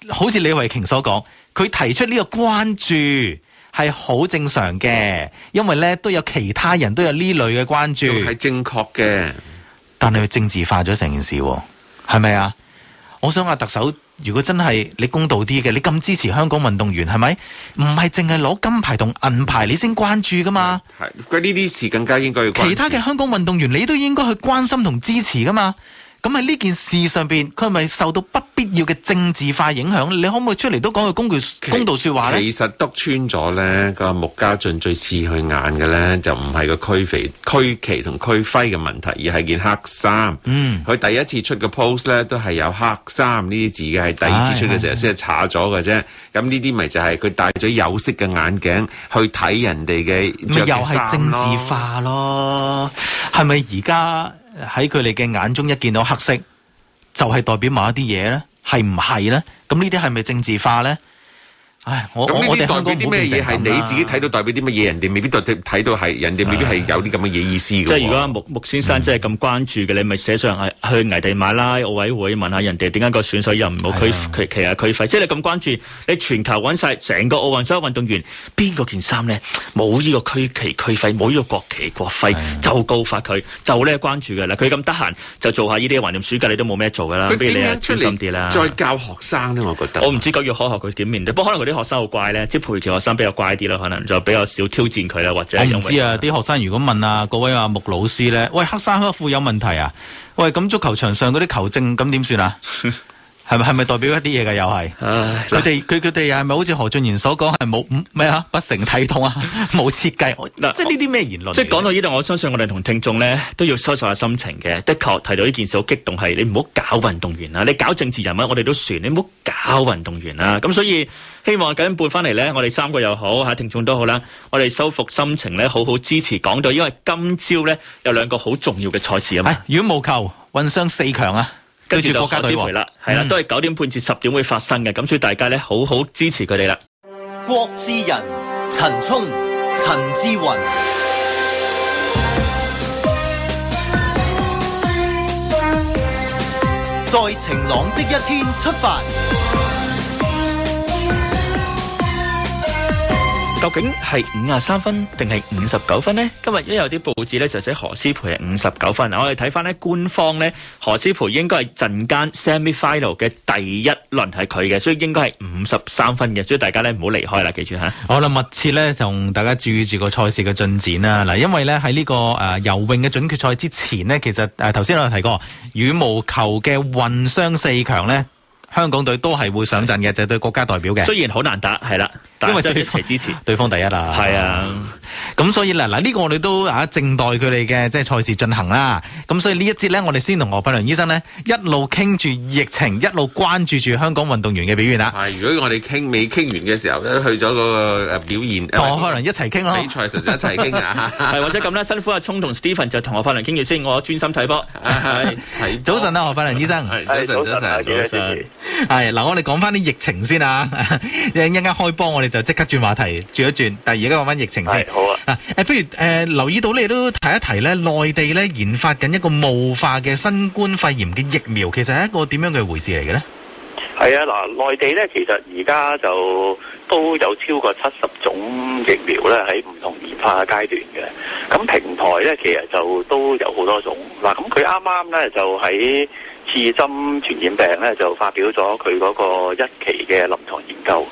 好似李慧瓊所講，佢提出呢個關注係好正常嘅，因為咧都有其他人都有呢類嘅關注係正確嘅。但係佢政治化咗成件事，係咪啊？我想阿特首，如果真係你公道啲嘅，你咁支持香港運動員，係咪？唔係淨係攞金牌同銀牌，你先關注噶嘛？係、嗯，佢呢啲事更加應該要。其他嘅香港運動員，你都應該去關心同支持噶嘛？咁喺呢件事上邊，佢咪受到不必要嘅政治化影響，你可唔可以出嚟都講句公道說話咧？其實篤穿咗咧，個穆家俊最刺佢眼嘅咧，就唔係個區肥、區旗同區徽嘅問題，而係件黑衫。嗯，佢第一次出嘅 post 咧，都係有黑衫呢啲字嘅，係第二次出嘅時候先係查咗嘅啫。咁呢啲咪就係佢戴咗有色嘅眼鏡去睇人哋嘅著嘅衫咯。又係政治化咯？係咪而家？喺佢哋嘅眼中，一見到黑色就係代表某一啲嘢咧，係唔係咧？咁呢啲係咪政治化咧？我我哋代表啲咩嘢？係你自己睇到代表啲乜嘢？人哋未必代睇到係、啊，人哋未必係、啊、有啲咁嘅嘢意思，即係如果木木、啊、先生真係咁關注嘅、嗯，你咪寫上係去危地馬拉奧委會問下人哋點解個選手又唔佢佢旗啊區費、啊啊？即係你咁關注，你全球揾曬成個奧運所有運動員，邊個件衫咧冇呢個區旗區費，冇呢個國旗、啊、國費，就告發佢，就呢關注㗎啦。佢咁得閒就做下呢啲橫掂暑假你，你都冇咩做㗎啦。佢點樣出嚟？再教學生我覺得、啊、我唔知九月開學佢點面對，不、啊、可能學生好乖咧，即係培僑學生比較乖啲啦，可能就比較少挑戰佢啦，或者我唔知啊。啲學生如果問啊，各位阿木老師咧，喂，黑衫黑褲有問題啊，喂咁足球場上嗰啲球證咁點算啊？ 係咪係咪代表一啲嘢嘅又係？佢哋佢佢哋係咪好似何俊賢所講，係冇咩啊？不成體統啊！冇設計，即係呢啲咩言論？即係講到呢度，我相信我哋同聽眾咧都要收拾下心情嘅。的確提到呢件事好激動，係你唔好搞運動員啦，你搞政治人物我哋都算，你唔好搞運動員啦。咁所以希望緊背翻嚟咧，我哋三個又好吓，聽眾都好啦，我哋收復心情咧，好好支持港隊。講到因為今朝咧有兩個好重要嘅賽事啊嘛，羽毛球混雙四強啊！跟住國家支持啦，係、嗯、啦，都係九點半至十點會發生嘅，咁所以大家咧，好好支持佢哋啦。郭之仁、陳聰、陳志雲，在晴朗的一天出發。究竟係五十三分定係五十九分呢？今日一有啲報紙咧，就寫何詩蓓係五十九分。嗱，我哋睇翻呢官方呢，何詩蓓應該係陣間 semi final 嘅第一輪係佢嘅，所以應該係五十三分嘅。所以大家呢唔好離開啦，記住吓、啊。好啦密切咧就同大家注意住個賽事嘅進展啦。嗱，因為呢喺呢、這個誒、呃、游泳嘅準決賽之前呢，其實誒頭先我哋提過羽毛球嘅混雙四強呢，香港隊都係會上陣嘅，就對國家代表嘅。雖然好難打，係啦。就一因為即係支持對方第一啦，係、嗯、啊，咁所以嗱嗱呢個我哋都啊靜待佢哋嘅即係賽事進行啦。咁所以呢一節呢，我哋先同何柏良醫生呢一路傾住疫情，一路關注住香港運動員嘅表現啦。如果我哋傾未傾完嘅時候咧，去咗個表現同何柏良一齊傾咯。比賽實在一齊傾啊！或者咁咧，辛苦阿聰同 Stephen 就同何柏良傾住先，我專心睇 波。早晨啦、啊，何柏良醫生。係早晨，早晨，早晨、啊。係嗱、啊，我哋講翻啲疫情先啊，一陣間開波我哋。就即刻轉話題，轉一轉，但係而家講翻疫情先。好啊，嗱，不如誒、呃，留意到你都提一提咧，內地咧研發緊一個霧化嘅新冠肺炎嘅疫苗，其實係一個點樣嘅回事嚟嘅咧？係啊，嗱，內地咧其實而家就都有超過七十種疫苗咧喺唔同研發階段嘅，咁平台咧其實就都有好多種。嗱，咁佢啱啱咧就喺刺針傳染病咧就發表咗佢嗰個一期嘅臨床研究。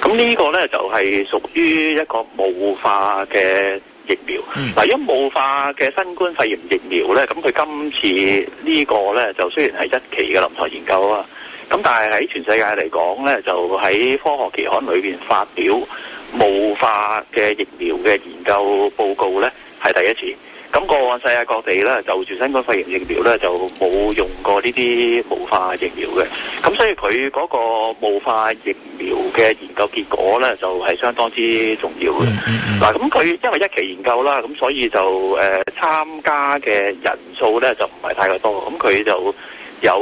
咁呢個呢，就係、是、屬於一個霧化嘅疫苗。嗱，因霧化嘅新冠肺炎疫苗呢，咁佢今次呢個呢，就雖然係一期嘅臨床研究啊，咁但係喺全世界嚟講呢，就喺科學期刊裏面發表霧化嘅疫苗嘅研究報告呢，係第一次。咁、那、過、個、世界各地咧，就新冠肺炎疫苗咧，就冇用過呢啲霧化疫苗嘅。咁所以佢嗰個霧化疫苗嘅研究結果咧，就係、是、相當之重要嘅。嗱、mm -hmm.，咁佢因為一期研究啦，咁所以就誒、呃、參加嘅人數咧，就唔係太過多。咁佢就有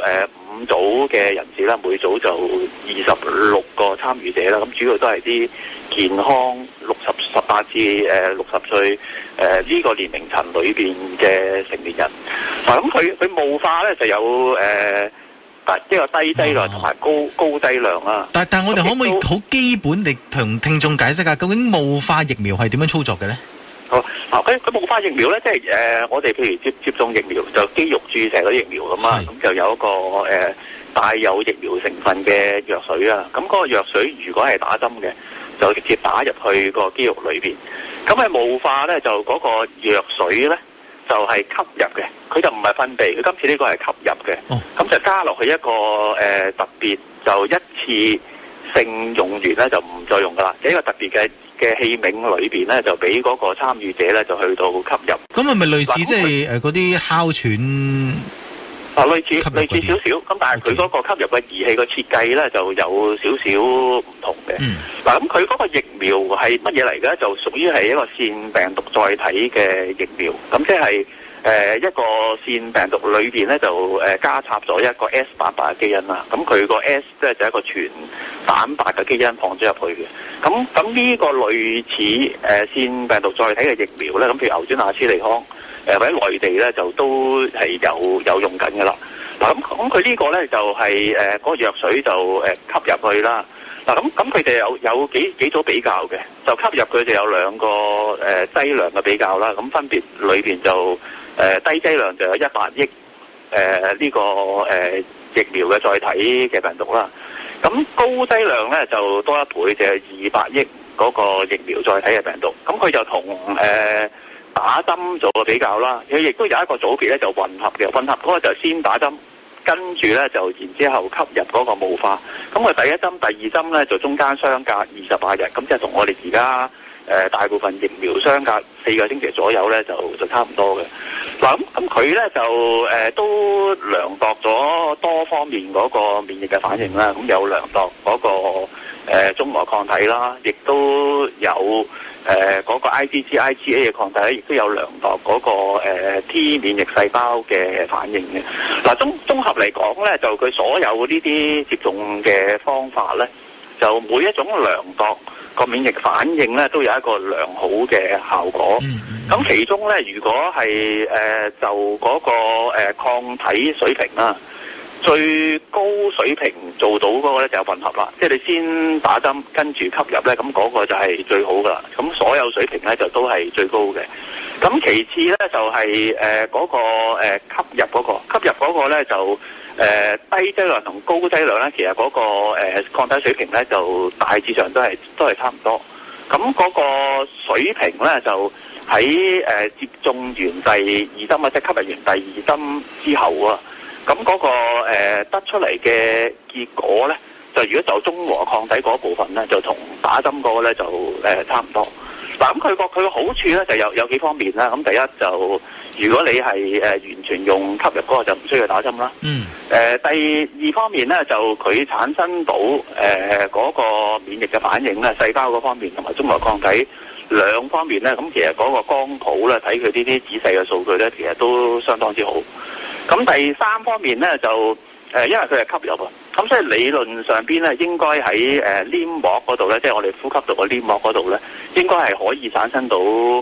誒。呃五組嘅人士啦，每組就二十六個參與者啦，咁主要都係啲健康六十十八至誒六十歲誒呢個年齡層裏邊嘅成年人。咁佢佢霧化咧就有誒，即、呃、係低低量同埋高、嗯、高低量啊。但但，我哋可唔可以好基本地同聽眾解釋下，究竟霧化疫苗係點樣操作嘅咧？嗱、哦，佢佢霧化疫苗咧，即係誒、呃，我哋譬如接接種疫苗，就肌肉注射啲疫苗咁嘛，咁就有一個誒、呃、帶有疫苗成分嘅藥水啊。咁嗰個藥水如果係打針嘅，就直接打入去個肌肉裏邊。咁係霧化咧，就嗰個藥水咧就係、是、吸入嘅，佢就唔係分泌。佢今次呢個係吸入嘅，咁、嗯、就加落去一個誒、呃、特別，就一次性用完咧就唔再用噶啦，係、這、一個特別嘅嘅器皿裏邊咧，就俾嗰個參與者咧，就去到吸入。咁係咪類似、啊、即係誒嗰啲哮喘？啊，類似，類似少少。咁但係佢嗰個吸入嘅儀器個設計咧，就有少少唔同嘅。嗱、嗯，咁佢嗰個疫苗係乜嘢嚟嘅？就屬於係一個腺病毒載體嘅疫苗。咁即係。誒一個腺病毒裏面咧就誒加插咗一個 S 八八嘅基因啦，咁佢個 S 呢，就係一個全蛋白嘅基因放咗入去嘅。咁咁呢個類似誒、呃、腺病毒載體嘅疫苗咧，咁譬如牛津阿斯利康誒或者內地咧就都係有有用緊嘅啦。嗱，咁咁佢呢個咧就係誒嗰個藥水就誒吸入去啦。嗱，咁咁佢哋有有幾幾組比較嘅，就吸入佢哋有兩個誒劑、呃、量嘅比較啦，咁分別裏面就。誒低劑量就有一百億誒呢、呃呢個誒、呃、疫苗嘅載體嘅病毒啦，咁高劑量咧就多一倍，就係二百億嗰個疫苗載體嘅病毒。咁佢就同誒、呃、打針做個比較啦，佢亦都有一個組別咧就混合嘅混合，嗰、嗰個、就先打針，跟住咧就然之後吸入嗰個霧化。咁佢第一針、第二針咧就中間相隔二十八日，咁即係同我哋而家。誒、呃、大部分疫苗相隔四個星期左右咧，就就差唔多嘅。嗱咁咁佢咧就誒、呃、都量度咗多方面嗰個免疫嘅反應啦。咁、嗯嗯、有量度嗰、嗰個、呃、中和抗體啦，亦都有誒嗰、呃嗰個 IgG、IgA 嘅抗體，亦都有量度嗰、嗰個、呃、T 免疫細胞嘅反應嘅。嗱綜綜合嚟講咧，就佢所有呢啲接種嘅方法咧，就每一種量度。個免疫反應咧，都有一個良好嘅效果。咁其中咧，如果係誒、呃、就嗰、嗰個、呃、抗體水平啦，最高水平做到嗰個咧就有混合啦，即係你先打針跟住吸入咧，咁嗰個就係最好噶啦。咁所有水平咧就都係最高嘅。咁其次咧就係誒嗰個、呃、吸入嗰、嗰個吸入嗰個咧就。誒、呃、低劑量同高劑量咧，其實嗰個、那個、呃、抗體水平咧就大致上都係都係差唔多。咁嗰個水平咧就喺誒、呃、接種完第二針或者即係吸入完第二針之後啊，咁嗰個、那個、呃、得出嚟嘅結果咧，就如果就中和抗體嗰部分咧，就同打針嗰個咧就誒、呃、差唔多。咁佢個佢個好處咧就有有幾方面啦，咁第一就如果你係誒、呃、完全用吸入嗰、那個就唔需要打針啦。嗯。誒、呃，第二方面咧就佢產生到誒嗰、呃那個免疫嘅反應咧，細胞嗰方面同埋中和抗體兩方面咧，咁、嗯、其實嗰個光譜咧，睇佢呢啲仔細嘅數據咧，其實都相當之好。咁第三方面咧就。誒，因為佢係吸入啊，咁所以理論上邊咧、就是，應該喺誒黏膜嗰度咧，即係我哋呼吸道嘅黏膜嗰度咧，應該係可以產生到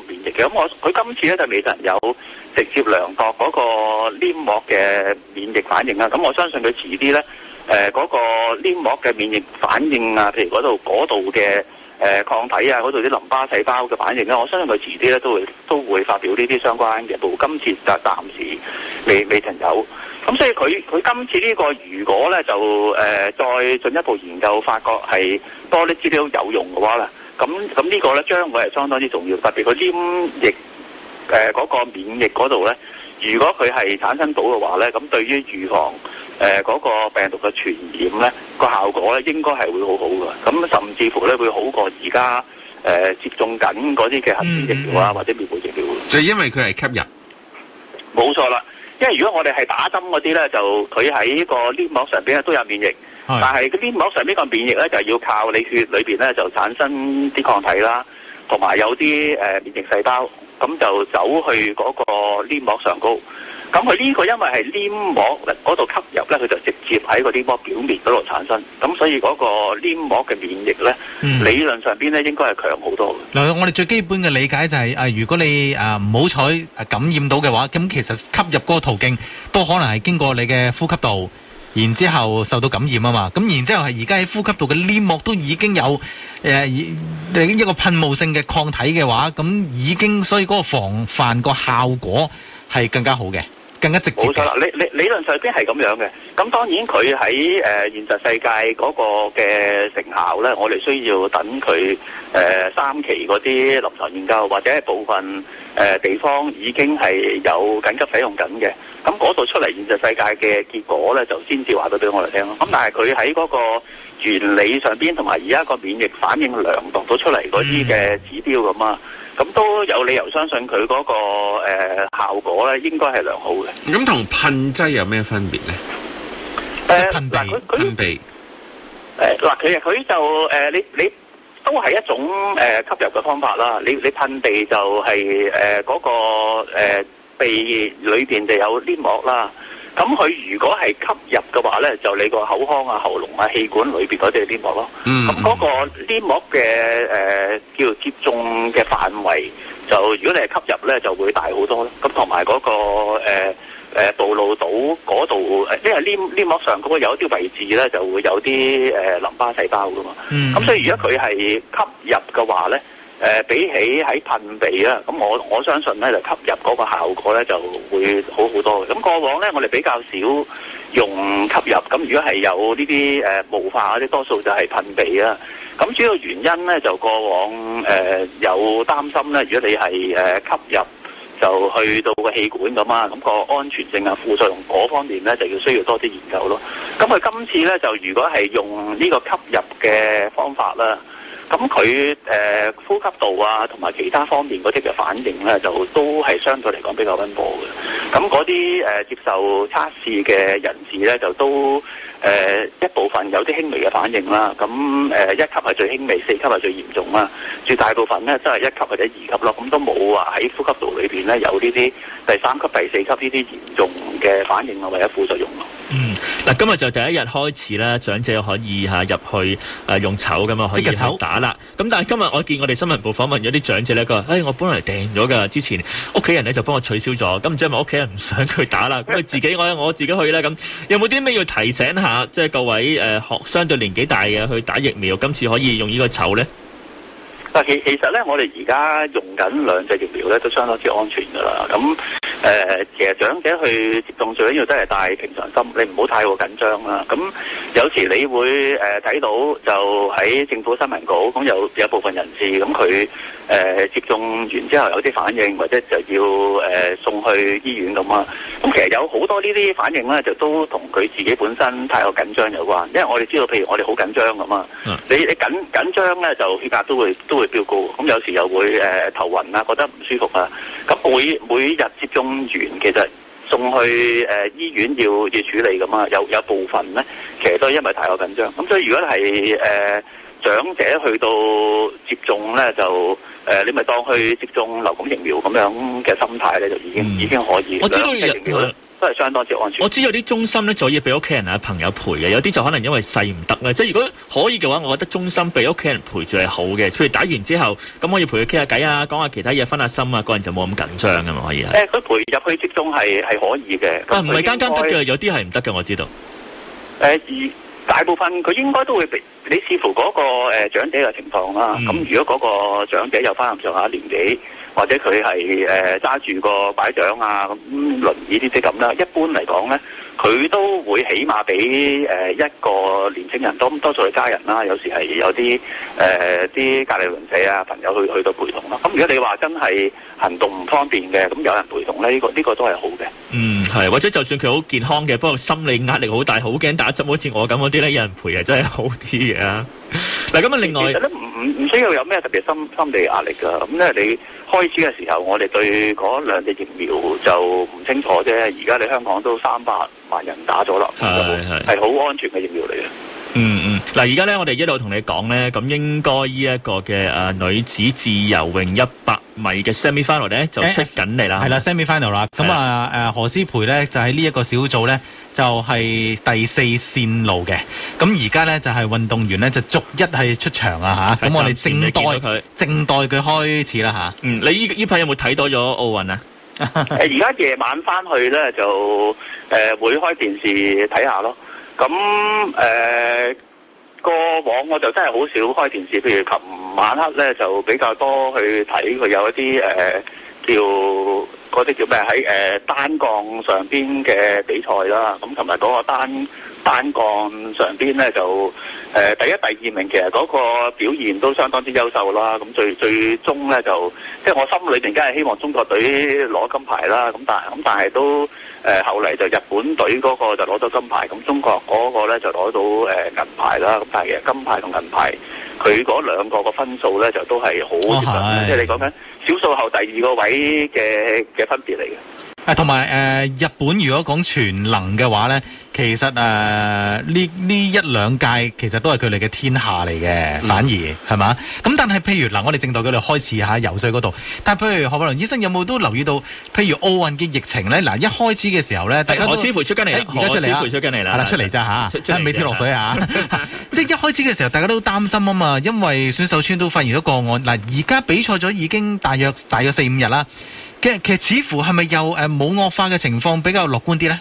免疫嘅。咁我佢今次咧就未曾有直接量度嗰個黏膜嘅免疫反應啊。咁我相信佢遲啲咧，誒、那、嗰個黏膜嘅免疫反應啊，譬如嗰度嗰度嘅。那裡的誒、呃、抗體啊，嗰度啲淋巴細胞嘅反應咧，我相信佢遲啲咧都會都會發表呢啲相關嘅報告。但今次暫暫時未未曾有。咁所以佢佢今次呢個如果咧就、呃、再進一步研究，發覺係多啲資料有用嘅話咧，咁咁呢個咧將會係相當之重要，特別佢啲黏液、呃、嗰個免疫嗰度咧，如果佢係產生到嘅話咧，咁對於預防。誒、呃、嗰、那個病毒嘅傳染咧，那個效果咧應該係會好好嘅。咁甚至乎咧會好過而家誒接種緊嗰啲嘅核酸疫苗啊，嗯嗯或者面部疫苗。就因為佢係吸入，冇錯啦。因為如果我哋係打針嗰啲咧，就佢喺個黏膜上邊都有免疫，但係嗰黏膜上邊個免疫咧就要靠你血裏邊咧就產生啲抗體啦，同埋有啲誒、呃、免疫細胞，咁就走去嗰個黏膜上高。咁佢呢個因為係黏膜嗰度吸入咧，佢就直接喺個黏膜表面嗰度產生，咁所以嗰個黏膜嘅免疫咧、嗯，理論上邊咧應該係強好多嘅。嗱，我哋最基本嘅理解就係、誒、如果你誒唔好彩感染到嘅話，咁其實吸入嗰個途徑都可能係經過你嘅呼吸道，然之後受到感染啊嘛。咁然之後係而家喺呼吸道嘅黏膜都已經有、啊、一個噴霧性嘅抗體嘅話，咁已經所以嗰個防範個效果係更加好嘅。更加直接冇錯啦，理理理論上邊係咁樣嘅，咁當然佢喺誒現實世界嗰個嘅成效咧，我哋需要等佢誒三期嗰啲臨床研究或者係部分誒地方已經係有緊急使用緊嘅，咁嗰度出嚟現實世界嘅結果咧，就先至話到俾我哋聽咯。咁但係佢喺嗰個原理上邊同埋而家個免疫反應量度到出嚟嗰啲嘅指標咁啊。嗯咁都有理由相信佢嗰個誒效果咧，應該係良好嘅。咁同噴劑有咩分別咧？誒、呃，嗱，佢佢嗱，其實佢就誒、呃，你你都係一種誒吸入嘅方法啦。你你噴鼻就係誒嗰個誒鼻裏邊就有黏膜啦。咁佢如果係吸入嘅話咧，就你個口腔啊、喉嚨啊、氣管裏邊嗰啲黏膜咯。咁、嗯、嗰個黏膜嘅誒叫接種嘅範圍，就如果你係吸入咧，就會大好多咯。咁同埋嗰個誒暴露到嗰度，因、呃、為、呃呃、黏黏膜上嗰有一啲位置咧，就會有啲誒、呃、淋巴細胞噶嘛。咁、嗯、所以如果佢係吸入嘅話咧，誒、呃、比起喺噴鼻啊，咁我我相信咧就吸入嗰個效果咧就會好好多嘅。咁過往咧，我哋比較少用吸入。咁如果係有呢啲誒霧化嗰啲，多數就係噴鼻啊。咁主要原因咧就過往誒、呃、有擔心咧，如果你係誒吸入，就去到個氣管咁啊，咁、那個安全性啊、副作用嗰方面咧，就要需要多啲研究咯。咁佢今次咧就如果係用呢個吸入嘅方法啦。咁佢、呃、呼吸道啊，同埋其他方面嗰啲嘅反應咧，就都係相對嚟講比較溫和嘅。咁嗰啲呃、接受測試嘅人士咧，就都。誒、呃、一部分有啲輕微嘅反應啦，咁誒、呃、一級係最輕微，四級係最嚴重啦。絕大部分呢真係一級或者二級咯，咁都冇話喺呼吸道裏邊呢，有呢啲第三級、第四級呢啲嚴重嘅反應啊或者副作用咯。嗯，嗱今日就第一日開始咧，長者可以嚇入、啊、去誒、啊、用籌咁啊，可以去打啦。咁但係今日我見我哋新聞部訪問咗啲長者呢，佢話：，哎，我本嚟訂咗㗎，之前屋企人呢就幫我取消咗，咁唔知係咪屋企人唔想佢打啦？咁佢自己 我我自己去咧，咁有冇啲咩要提醒一下？啊！即係各位誒，學、呃、相對年紀大嘅去打疫苗，今次可以用這個呢個籌咧。但係其實咧，我哋而家用緊兩隻疫苗咧，都相當之安全噶啦。咁誒、呃，其實長者去接種最緊要都係帶平常心，你唔好太過緊張啦。咁有時你會誒睇、呃、到就喺政府新聞稿，咁有有部分人士咁，佢誒接種完之後有啲反應，或者就要誒、呃、送去醫院咁啊。咁其實有好多呢啲反應咧，就都同佢自己本身太過緊張有關。因為我哋知道，譬如我哋好緊張咁嘛，你你緊緊張咧就血壓都會都會飆高，咁 有時又會誒頭暈啊，覺得唔舒服啊。咁每每日接種完，其實送去誒醫院要要處理噶嘛。有有部分咧，其實都係因為太過緊張。咁所以如果係誒、呃、長者去到接種咧，就誒、呃、你咪當去接種流感疫苗咁樣嘅心態咧，就已經已經可以。嗯、我知疫苗都係相當之安全。我知道啲中心咧，就可以俾屋企人啊朋友陪嘅，有啲就可能因為細唔得咧。即係如果可以嘅話，我覺得中心俾屋企人陪住係好嘅。譬如打完之後，咁可以陪佢傾下偈啊，講下其他嘢，分下心啊，個人就冇咁緊張咁啊，可以，、呃、他可以啊。誒，佢陪入去接種係係可以嘅。但唔係間間得嘅，有啲係唔得嘅，我知道。誒、呃，大部分佢應該都會俾你視乎嗰、那個誒長者嘅情況啦、啊。咁、嗯、如果嗰個長者又翻咁上下年紀。或者佢係誒揸住個擺掌啊咁輪椅呢啲即咁啦。一般嚟講咧，佢都會起碼畀誒、呃、一個年青人多多數係家人啦、啊。有時係有啲誒啲隔離鄰舍啊朋友去去到陪同咯、啊。咁、嗯、如果你話真係行動唔方便嘅，咁有人陪同咧，呢、呢個呢、呢個都係好嘅。嗯，係或者就算佢好健康嘅，不過心理壓力好大，好驚打針，好似我咁嗰啲咧，有人陪係真係好啲嘅。嗱咁啊，另外其實咧唔唔需要有咩特別心心理壓力㗎。咁因為你開始嘅時候，我哋對嗰兩隻疫苗就唔清楚啫。而家你香港都三百萬人打咗啦，係好安全嘅疫苗嚟嘅。嗯嗯，嗱而家咧，我哋一路同你講咧，咁應該呢一個嘅誒女子自由泳一百米嘅 semi final 咧，就出緊嚟啦，係啦 semi final 啦，咁啊誒何詩蓓咧就喺呢一個小組咧就係第四線路嘅，咁而家咧就係運動員咧就逐一係出場啊吓，咁我哋靜待靜待佢開始啦吓，嗯，你依依排有冇睇到咗奧運啊？誒而家夜晚翻去咧就誒會開電視睇下咯。咁誒、呃，過往我就真係好少開電視，譬如琴晚黑咧就比較多去睇佢有一啲誒、呃、叫嗰啲叫咩喺誒單槓上邊嘅比賽啦。咁同埋嗰個單單槓上邊咧就誒、呃、第一、第二名，其實嗰個表現都相當之優秀啦。咁最最終咧就即係我心裏邊梗係希望中國隊攞金牌啦。咁但係咁但係都。誒、呃、後嚟就日本隊嗰個就攞到金牌，咁中國嗰個咧就攞到、呃、銀牌啦，咁但係其實金牌同銀牌佢嗰、哦、兩個個分數咧就都係好接近，即係你講緊小數後第二個位嘅嘅分別嚟嘅。同埋誒日本，如果講全能嘅話咧，其實誒呢呢一,一兩屆其實都係佢哋嘅天下嚟嘅、嗯，反而係嘛？咁但係譬如嗱，我哋正待佢哋開始吓游水嗰度，但係譬如何柏良醫生有冇都留意到？譬如奧運嘅疫情咧，嗱一開始嘅時候咧，大家都我先回出嚟嚟，我先回出嚟啦，啦，出嚟咋嚇？未跳落水啊！即係一開始嘅時候，大家都、啊啊啊啊、 大家都擔心啊嘛，因為選手村都發現咗個案。嗱，而家比賽咗已經大約大約四五日啦。其實似乎係咪又誒冇惡化嘅情況比較樂觀啲呢？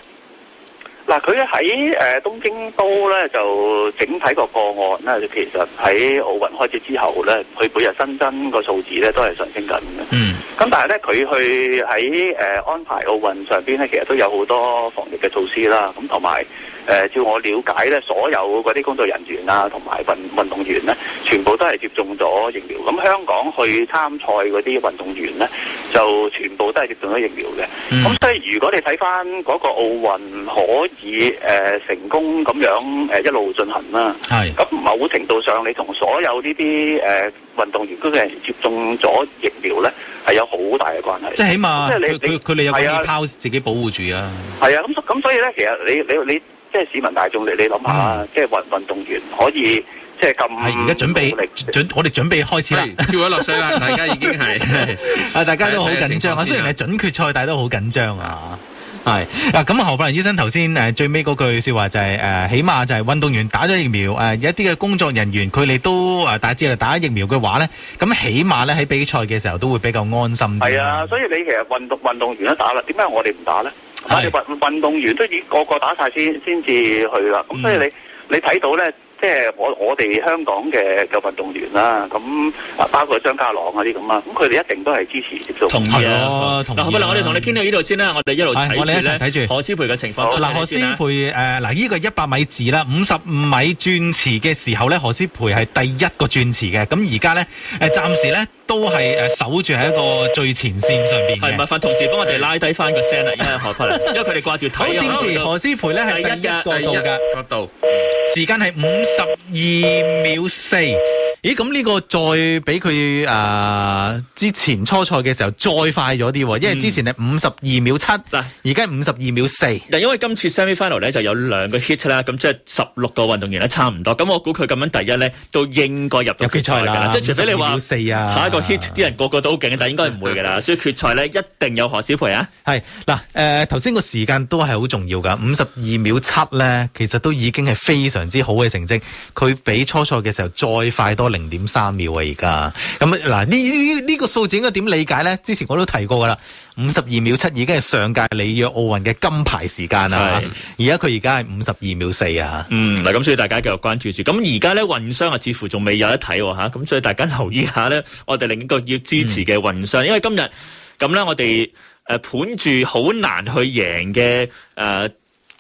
嗱，佢喺誒東京都咧，就整體個個案咧，其實喺奧運開始之後咧，佢每日新增個數字咧都係上升緊嘅。嗯，咁但係咧佢，去喺誒安排奧運上面咧，其實都有好多防疫嘅措施啦。咁同埋誒，照我了解咧，所有嗰啲工作人員啊，同埋運運動員咧。全部都係接種咗疫苗，咁香港去參賽嗰啲運動員咧，就全部都係接種咗疫苗嘅。咁、嗯、所以如果你睇翻嗰個奧運可以誒、呃、成功咁樣誒、呃、一路進行啦，係咁某程度上你同所有呢啲誒運動員都係接種咗疫苗咧，係有好大嘅關係。即係起碼，即係你佢哋有一個氣泡自己保護住啊。係、嗯、啊，咁咁所以咧，其實你你你即係市民大眾，你你諗下，即係運運動員可以。即係咁，而家準備準備，我哋準備開始啦，跳咗落水啦， 大家已經係，啊 大家都好緊張啊，雖然係準決賽， 但係都好緊張啊，係嗱，咁何柏良醫生頭先誒最尾嗰句話說話就係、是、誒，起碼就係運動員打咗疫苗誒，有一啲嘅工作人員佢哋都誒，打之後打咗疫苗嘅話咧，咁起碼咧喺比賽嘅時候都會比較安心啲啊。所以你其實運動運動員都打啦，點解我哋唔打咧？係運動員都已個個打晒先先至去啦，咁所以你你睇到咧。即係我我哋香港嘅嘅運動員啦，咁啊包括張家朗嗰啲咁啊，咁佢哋一定都係支持接受。同意啊，同意、啊。好啦、啊，我哋同你傾到呢度先啦，我哋一路睇住我哋一齊睇住何詩蓓嘅情況。嗱，何詩蓓誒嗱，呢個一百米字啦，五十五米轉池嘅時候咧，何詩蓓係第一個轉池嘅。咁而家咧誒，暫時咧。都係誒守住喺一個最前線上邊，係，唔係，同時幫我哋拉低翻個聲啊！因為佢哋掛住睇邊次何思培咧係第一度角度，時間係五十二秒四。咦？咁呢個再俾佢誒之前初賽嘅時候再快咗啲喎，因為之前係五十二秒七嗱、嗯，而家五十二秒四嗱。因為今次 semi final 咧就有兩個 heat 啦，咁即係十六個運動員咧差唔多，咁我估佢咁樣第一咧都應該入到決賽啦。即係、就是、除非你話、啊、下一個啲 人個個都好勁，但係應該唔會㗎啦。所以決賽咧一定有何小培啊。係嗱，誒頭先個時間都係好重要㗎。五十二秒七咧，其實都已經係非常之好嘅成績。佢比初賽嘅時候再快多零點三秒啊！而家咁嗱，呢呢呢個數字應該點理解咧？之前我都提過㗎啦。五十二秒七已經係上屆里約奧運嘅金牌時間啦，而家佢而家係五十二秒四啊，嗯，嗱咁所以大家繼續關注住，咁而家咧運商啊，似乎仲未有得睇吓，哦，咁所以大家留意下咧，我哋另一個要支持嘅運商，嗯，因為今日咁咧，我哋誒盤住好難去贏嘅誒。呃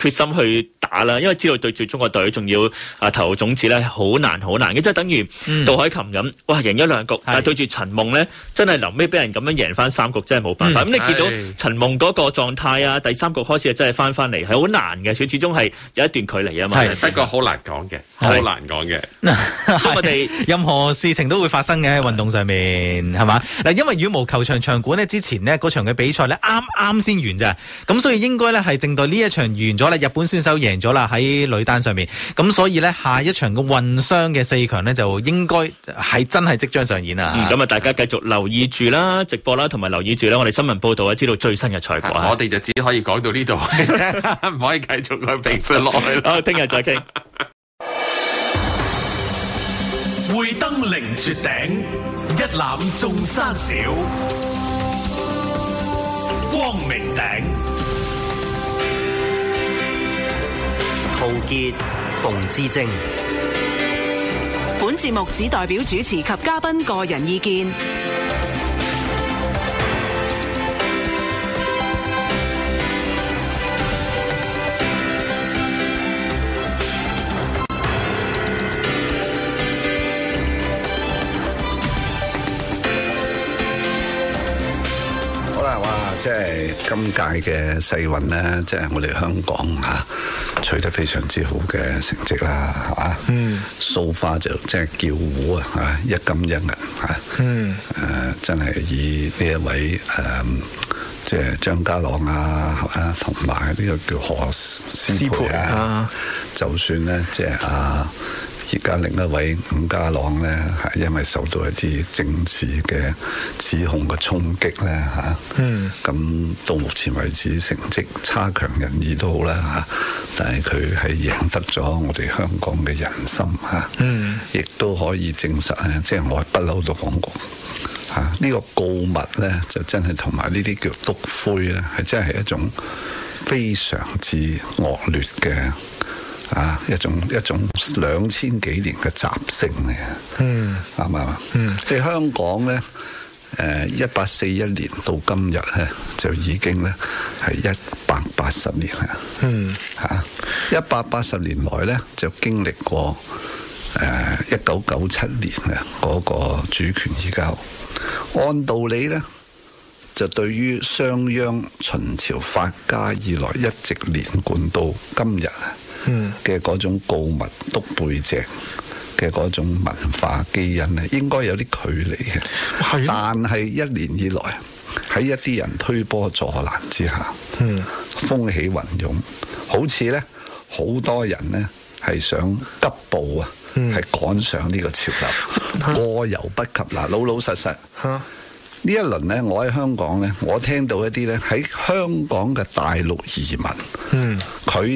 決心去打啦，因為知道對住中國隊仲要啊頭號種子咧，好難好難嘅，即係等於杜海琴咁、嗯，哇贏一兩局，但係對住陳夢呢，真係臨尾俾人咁樣贏翻三局，真係冇辦法。咁、嗯嗯、你見到陳夢嗰個狀態啊，第三局開始真係翻翻嚟係好難嘅，佢始終係有一段距離啊嘛。不過好難講嘅，好難講嘅。咁 我哋任何事情都會發生嘅，運動上面係嘛？嗱，因為羽毛球場場館呢，之前呢，嗰場嘅比賽呢，啱啱先完咋，咁所以應該呢，係正待呢一場完咗。日本選手贏咗啦，喺女單上面，咁所以呢，下一場嘅混雙嘅四強呢，就應該係真係即將上演啦。咁、嗯、啊，大家繼續留意住啦，直播啦，同埋留意住啦，我哋新聞報道啊，知道最新嘅賽果。的我哋就只可以講到呢度，唔 可以繼續下 再披露落去咯。聽日再傾。會當凌絕頂，一覽眾山小。光明頂。陶傑、馮志正，本節目只代表主持及嘉賓個人意見。即係今屆嘅世運咧，即係我哋香港吓取得非常之好嘅成績啦，係嘛？嗯，蘇花就即係叫胡啊，一金一銀吓，嗯，誒，真係以呢一位誒、嗯，即係張家朗啊，係同埋呢個叫何詩蓓啊，就算咧，即係啊。而家另一位伍家朗咧，係因為受到一啲政治嘅指控嘅衝擊咧嚇，咁、mm. 到目前為止成績差強人意都好啦嚇，但係佢係贏得咗我哋香港嘅人心嚇，亦、mm. 都可以證實啊！即、就、係、是、我不嬲都講過嚇，呢、呢個告密咧就真係同埋呢啲叫篤灰啊，係真係一種非常之惡劣嘅。啊！一種一種兩千幾年嘅習性嚟嘅，啱唔啱？喺、嗯、香港呢，誒一八四一年到今日呢就已經呢係一百八十年啦。嗯，嚇一百八十年來呢，就經歷過誒一九九七年嘅嗰個主權移交。按道理呢，就對於商鞅、秦朝法家以來一直連貫到今日。嗯嘅嗰種告密督背脊嘅嗰種文化基因咧，應該有啲距離嘅。但係一年以來喺一啲人推波助瀾之下，嗯，風起雲湧，好似呢，好多人呢係想急步啊，係、嗯、趕上呢個潮流，過猶不及。嗱，老老實實呢一輪呢，我喺香港呢，我聽到一啲呢，喺香港嘅大陸移民，佢、嗯、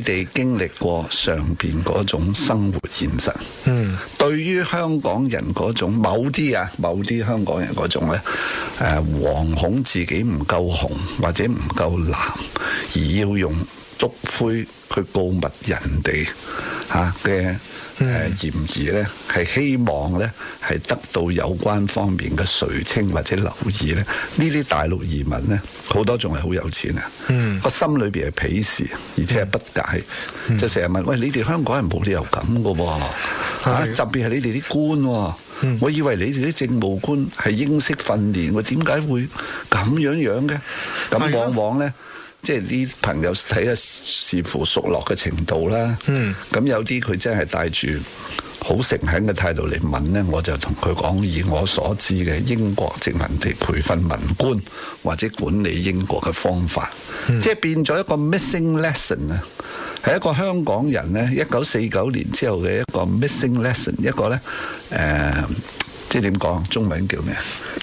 哋經歷過上邊嗰種生活現實。嗯、對於香港人嗰種某啲啊，某啲香港人嗰種咧、呃，惶恐自己唔夠紅或者唔夠藍，而要用篤灰去告密人哋嚇嘅。啊。誒、mm. 嫌疑咧，係希望咧，係得到有關方面嘅垂青或者留意咧。呢啲大陸移民咧，好多仲係好有錢啊！嗯，個心裏邊係鄙視，而且係不解，mm. 就成日問：喂，你哋香港人冇理由咁嘅喎，特別係你哋啲官、啊，mm. 我以為你哋啲政務官係英式訓練，我點解會咁樣樣、啊、嘅？咁往往咧。即係啲朋友睇下視乎熟絡嘅程度啦。咁、嗯、有啲佢真係帶住好誠懇嘅態度嚟問咧，我就同佢講，以我所知嘅英國殖民地培訓文官或者管理英國嘅方法，嗯、即係變咗一個 missing lesson 啊！係一個香港人咧，一九四九年之後嘅一個 missing lesson，一個咧誒、呃，即係點講？中文叫咩？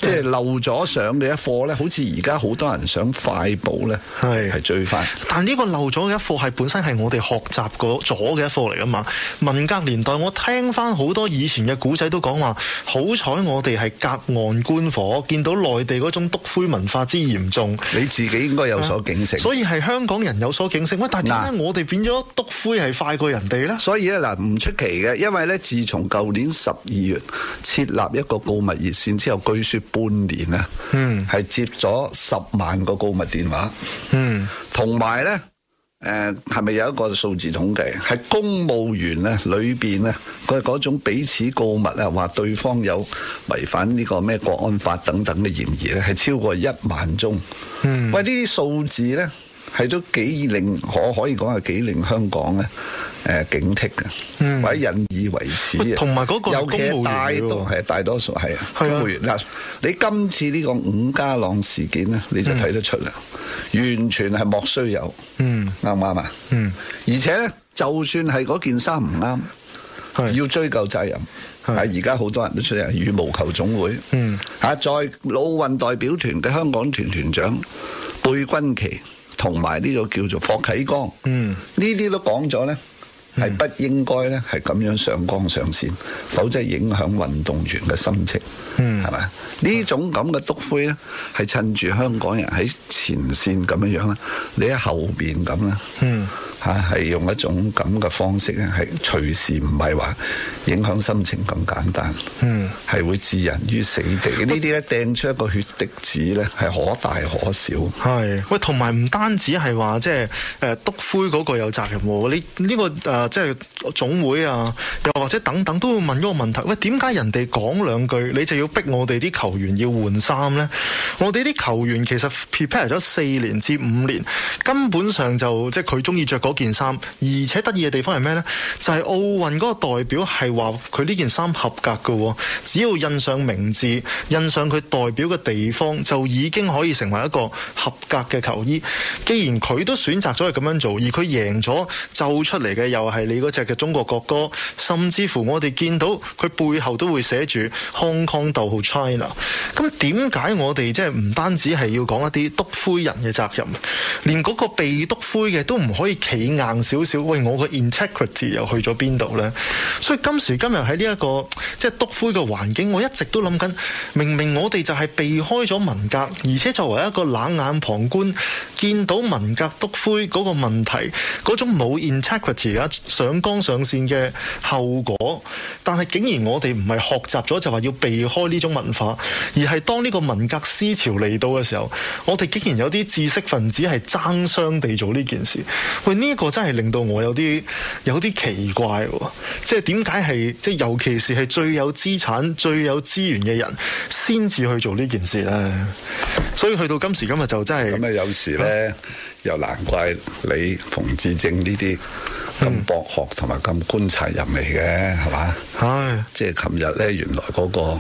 即係漏咗上嘅一課呢，好似而家好多人想快補呢，係最快。但呢個漏咗嘅一課係本身係我哋學習過咗嘅一課嚟㗎嘛。文革年代，我聽翻好多以前嘅古仔都講話，好彩我哋係隔岸觀火，見到內地嗰種篤灰文化之嚴重。你自己應該有所警醒。啊，所以係香港人有所警醒。喂，但係點解我哋變咗篤灰係快過人哋呢？所以咧嗱，唔出奇嘅，因為呢，自從舊年十二月設立一個告密熱線之後，據説。半年啊，係、嗯、接咗十萬個告密電話，嗯，同埋呢，誒，係咪有一個數字統計？係公務員咧，裏邊咧，佢嗰種彼此告密咧，話對方有違反呢個咩國安法等等嘅嫌疑咧，係超過一萬宗，嗯，喂，呢啲數字呢？係都幾令我可以講係幾令香港咧誒警惕嘅，或者引以為恥嘅。同埋嗰個尤其大多係大多數係公務員嗱，你今次呢個伍家朗事件咧，你就睇得出啦，完全係莫須有。嗯，啱唔啱啊？嗯，而且咧，就算係嗰件衫唔啱，要追究責任。係而家好多人都出嚟羽毛球總會。嗯，吓在奧運代表團嘅香港團團長貝鈞奇。同埋呢個叫做霍啟剛，呢、嗯、啲都講咗呢係不應該咧，係咁樣上綱上線，嗯，否則影響運動員嘅心情，嗯，係咪？呢種咁嘅篤灰呢係趁住香港人喺前線咁樣樣啦，你喺後邊咁咧，嗯。係、啊、用一種咁嘅方式咧，係隨時唔係話影響心情咁簡單，嗯，係會置人於死地。呢啲咧掟出一個血滴子咧，係可大可小。係，喂，同埋唔單止係話即係誒篤灰嗰個有責任，你呢、呢個誒即係總會啊，又或者等等都會問呢個問題。喂，點解人哋講兩句，你就要逼我哋啲球員要換衫咧？我哋啲球員其實 prepare 咗四年至五年，根本上就即係佢中意着個。件衫，而且得意嘅地方係咩咧？就係奧運嗰個代表係話佢呢件衫合格嘅，哦，只要印上名字、印上佢代表嘅地方，就已經可以成為一個合格嘅球衣。既然佢都選擇咗係咁樣做，而佢贏咗奏出嚟嘅又係你嗰隻嘅中國國歌，甚至乎我哋見到佢背後都會寫住 Hong Kong 逗號 China。咁點解我哋即係唔單止係要講一啲督灰人嘅責任，連嗰個被督灰嘅都唔可以企幾硬少少，喂！我個 integrity 又去咗邊度咧？所以今時今日喺呢一個即係督灰嘅環境，我一直都諗緊，明明我哋就係避開咗文革，而且作為一個冷眼旁觀，見到文革督灰嗰個問題，嗰種冇 integrity 啊、上綱上線嘅後果，但係竟然我哋唔係學習咗就話、是、要避開呢種文化，而係當呢個文革思潮嚟到嘅時候，我哋竟然有啲知識分子係爭相地做呢件事，喂呢？呢、這個真係令到我有啲有啲奇怪，即係點解係即係尤其是係最有資產、最有資源嘅人，先至去做呢件事咧？所以去到今時今日就真係咁啊！有時咧，又難怪你馮志正呢啲咁博學同埋咁觀察入微嘅，係、嗯、嘛？係即係琴日咧，原來嗰個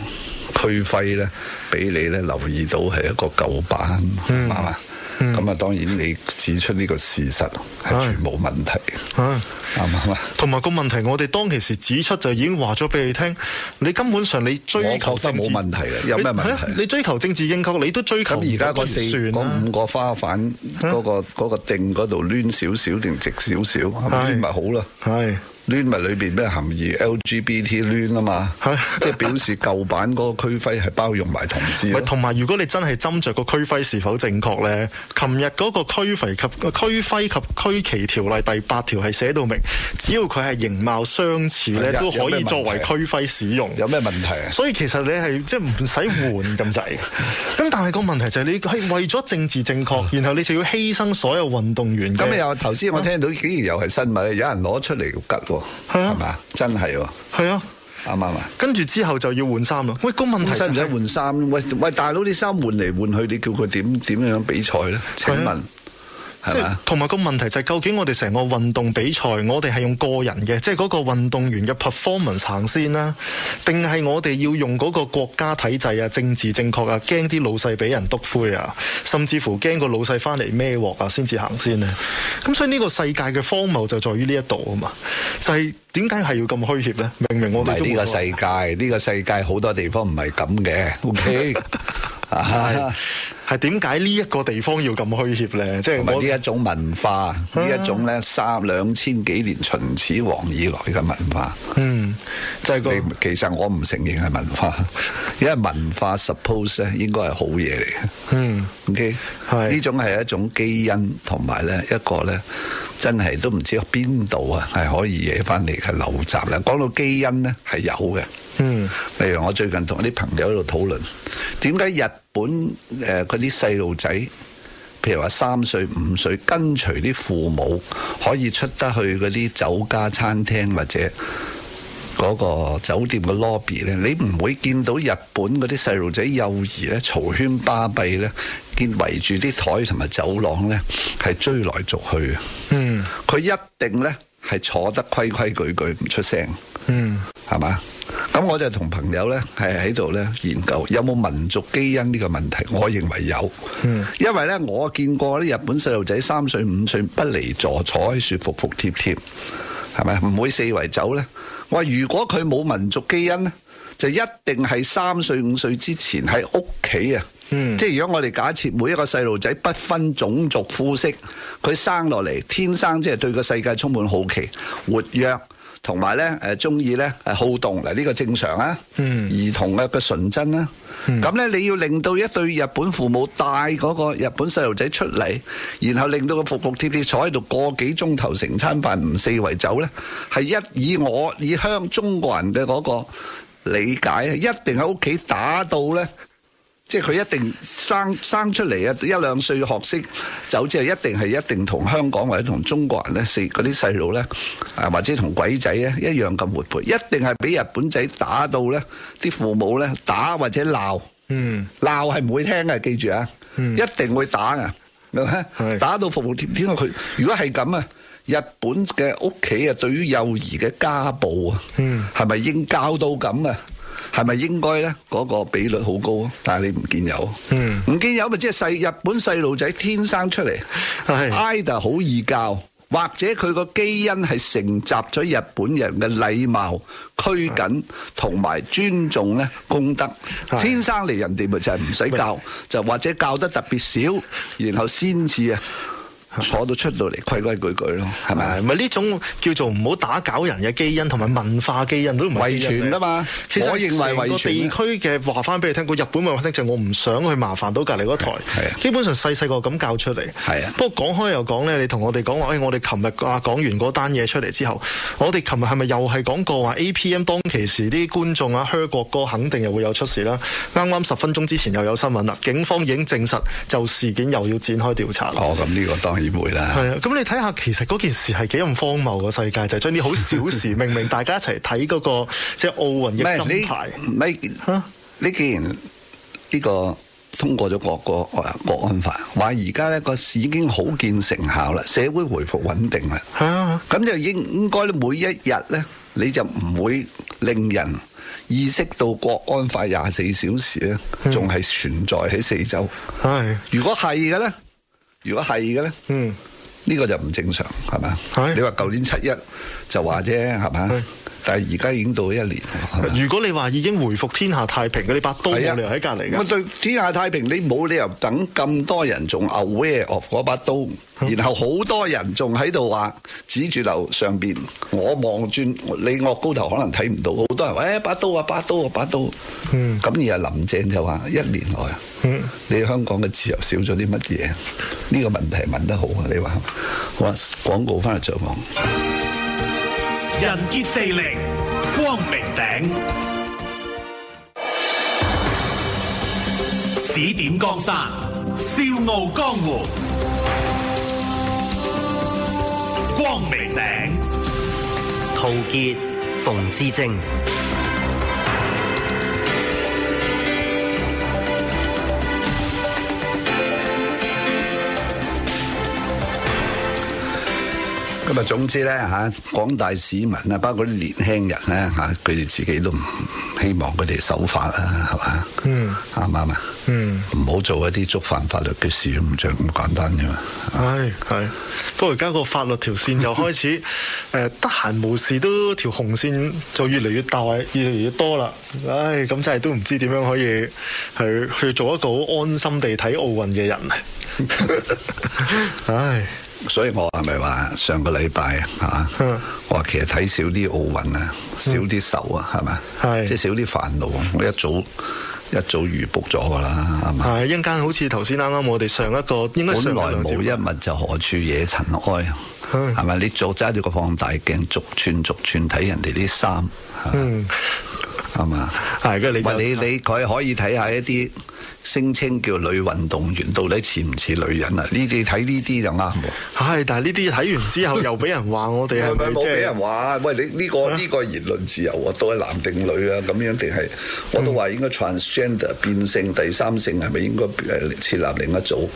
區徽咧，俾你咧留意到係一個舊版啊嘛。嗯咁、嗯、啊，當然你指出呢個事實係全冇問題，啱唔啱啊？同埋個問題，我哋當其時指出就已經話咗俾你聽，你根本上你追求政治，冇問題嘅，有咩問題你、啊？你追求政治正確，你都追求咁而家嗰四、嗰五個花瓣，嗰、嗰個、嗰個定嗰度攣少少定直少少，咁咪好啦。是是亂物裏邊咩含義？LGBT 攣啊嘛， 即係表示舊版嗰個區徽係包容埋同志。同埋，如果你真係斟酌個區徽是否正確咧，琴日嗰個區徽及區徽及區旗條例第八條係寫到明，只要佢係形貌相似咧，都可以作為區徽使用。有咩問題啊？所以其實你係即係唔使換咁滯。咁 但係個問題就係你係為咗政治正確，然後你就要犧牲所有運動員。咁又頭先我聽到竟然又係新聞，有人攞出嚟係啊，係嘛真係喎，哦。係啊，啱啱啊。跟住之後就要換衫啦。喂，個問題使唔使換衫？喂喂，大佬，啲衫換嚟換去，你叫佢點點樣比賽咧？請問。即同埋個問題就係究竟我哋成個運動比賽，我哋係用個人嘅，即係嗰個運動員嘅 performance 行先啦，定係我哋要用嗰個國家體制啊、政治正確啊，驚啲老細俾人督灰啊，甚至乎驚個老細翻嚟孭鑊啊，先至行先呢？咁所以呢個世界嘅荒謬就在於呢一度啊嘛，就係點解係要咁虛協呢？明明我哋呢、呢個世界，呢、呢個世界好多地方唔係咁嘅，OK 係點解呢一個地方要咁虛怯咧？即係呢一種文化，呢、嗯、一種咧三兩千幾年秦始皇以來嘅文化。嗯，即、就、係、是、其實我唔承認係文化，因為文化 suppose 咧應該係好嘢嚟嘅。嗯，OK，係呢種係一種基因，同埋咧一個咧真係都唔知邊度啊，係可以惹翻嚟嘅陋習啦。講到基因咧，係有嘅。嗯，例如我最近同啲朋友喺度討論，點解日本誒嗰啲細路仔，譬如話三歲、五歲，跟隨啲父母可以出得去嗰啲酒家、餐廳或者嗰個酒店嘅 lobby 咧，你唔會見到日本嗰啲細路仔幼兒咧嘈喧巴閉咧，見圍住啲台同埋走廊咧係追來逐去。嗯，佢一定咧係坐得規規矩矩，唔出聲。嗯，係嘛？咁我就同朋友咧，係喺度咧研究有冇民族基因呢個問題。我認為有，嗯、因為咧我見過啲日本細路仔三歲五歲不離坐坐，喺雪服服帖帖，係咪？唔會四圍走咧。我話如果佢冇民族基因咧，就一定係三歲五歲之前喺屋企啊，嗯、即係如果我哋假設每一個細路仔不分種族膚色，佢生落嚟天生即係對個世界充滿好奇、活躍。同埋咧，誒中意咧，誒好動，嗱呢個正常啊。兒童嘅個純真啦，咁咧你要令到一對日本父母帶嗰個日本細路仔出嚟，然後令到佢服服帖帖坐喺度個幾鐘頭成餐飯唔四圍走咧，係一，以我以香港中國人嘅嗰個理解，一定喺屋企打到咧。即係佢一定生生出嚟啊！一兩歲學識走之後，一定係一定同香港或者同中國人咧細嗰啲細路咧，啊或者同鬼仔咧一樣咁活潑，一定係俾日本仔打到咧，啲父母咧打或者鬧，嗯鬧係唔會聽嘅，記住啊，一定會打啊，係咪？打到服服帖帖。佢如果係咁啊，日本嘅屋企啊，對於幼兒嘅家暴啊，係咪應教到咁啊？係咪應該咧？嗰、那個比率好高，但係你唔見有，唔、嗯、見有咪即係細日本細路仔天生出嚟，挨得好易教，或者佢個基因係承襲咗日本人嘅禮貌、拘謹同埋尊重咧，公德天生嚟，人哋咪就係唔使教，就或者教得特別少，然後先至啊。坐到出到嚟，規規矩矩咯，係咪啊？呢種叫做唔好打攪人嘅基因同埋文化基因都唔係遺傳啊嘛。其實我認為個地區嘅話翻俾你聽，個日本咪話咧，就係、我唔想去麻煩到隔離嗰台係係。基本上細細個咁教出嚟。係啊。不過講開又講呢，你同我哋講話，誒、哎，我哋琴日啊講完嗰單嘢出嚟之後，我哋琴日係咪又係講過話 A P M 當其時啲觀眾啊，靴國歌肯定又會有出事啦。啱啱十分鐘之前又有新聞啦，警方已經證實就事件又要展開調查。哦，咁呢個當姊啦，係啊！咁你睇下，其實嗰件事係幾咁荒謬嘅世界，就將啲好小事 明明大家一齊睇嗰個即係奧運嘅金牌。咪、啊、既然呢個通過咗國國啊安法，話而家呢個市已經好見成效啦，社會回復穩定啦。嚇、啊！咁就應應該每一日呢，你就唔會令人意識到國安法廿四小時呢，仲係存在喺四周。係、啊，如果係嘅呢。如果係嘅呢，嗯，呢個就唔正常，係嘛？你話舊年七一就話啫，係嘛？是但係而家已經到一年了。如果你話已經回復天下太平的，嗰把刀在我哋又喺隔籬。對天下太平，你冇理由等咁多人仲 aware of 嗰把刀，嗯，然後好多人仲喺度話指住樓上邊，我望轉你我高頭可能睇唔到，好多人誒、哎、把刀啊把刀啊把刀。嗯，咁而係林鄭就話一年內，嗯，你香港嘅自由少咗啲乜嘢？呢、呢個問題問得好啊！你話我啊，廣告返嚟著忙。人傑地靈，光明頂，指點江山，笑傲江湖。光明頂，陶傑、馮志正。咁日總之咧吓，廣大市民啊，包括啲年輕人咧吓，佢哋自己都唔希望佢哋守法啦，係嘛？嗯，啱唔啱啊？嗯，唔好做一啲觸犯法律嘅事，唔像咁簡單噶嘛。唉，係，不過而家個法律條線又開始誒，得 閒、呃、無事都條紅線就越嚟越大，越嚟越多啦。唉，咁真係都唔知點樣可以去去做一個好安心地睇奧運嘅人啊！ 唉。所以我係咪話上個禮拜啊？嗯，我話其實睇少啲奧運啊，少啲愁啊，係、嗯、咪？係即係少啲煩惱。我一早一早預卜咗噶啦，係嘛？係一陣間好似頭先啱啱我哋上一個應該本來無一物，就何處惹塵埃？係咪？你做揸住個放大鏡，逐寸逐寸睇人哋啲衫，係嘛？係、嗯、你，你，係你你佢可以睇下一啲。聲稱叫女運動員，到底似唔似女人啊？呢啲睇呢啲就啱喎。係，但係呢啲睇完之後 又俾人話我哋係、即係，咪？冇俾人話。喂，你、呢、呢個呢、呢個言論自由啊，都係男定女啊咁樣定係？我都話應該 transgender 變性第三性係咪應該誒設立另一組？嗱、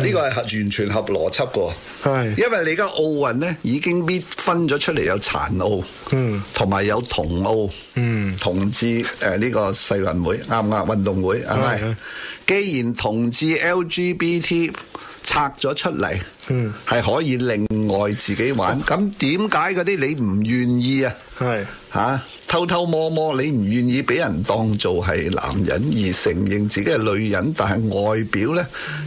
嗯、呢個係完全合邏輯嘅。係，因為你而家奧運咧已經分咗出嚟有殘奧，嗯，同埋有同奧，嗯，同志。誒呢個世運會啱唔啱？運動會係咪。既然同志 LGBT 拆咗出嚟，係、嗯、可以另外自己玩，咁點解嗰啲你唔願意啊？係吓偷偷摸摸，你唔願意俾人當做係男人而承認自己係女人，但係外表呢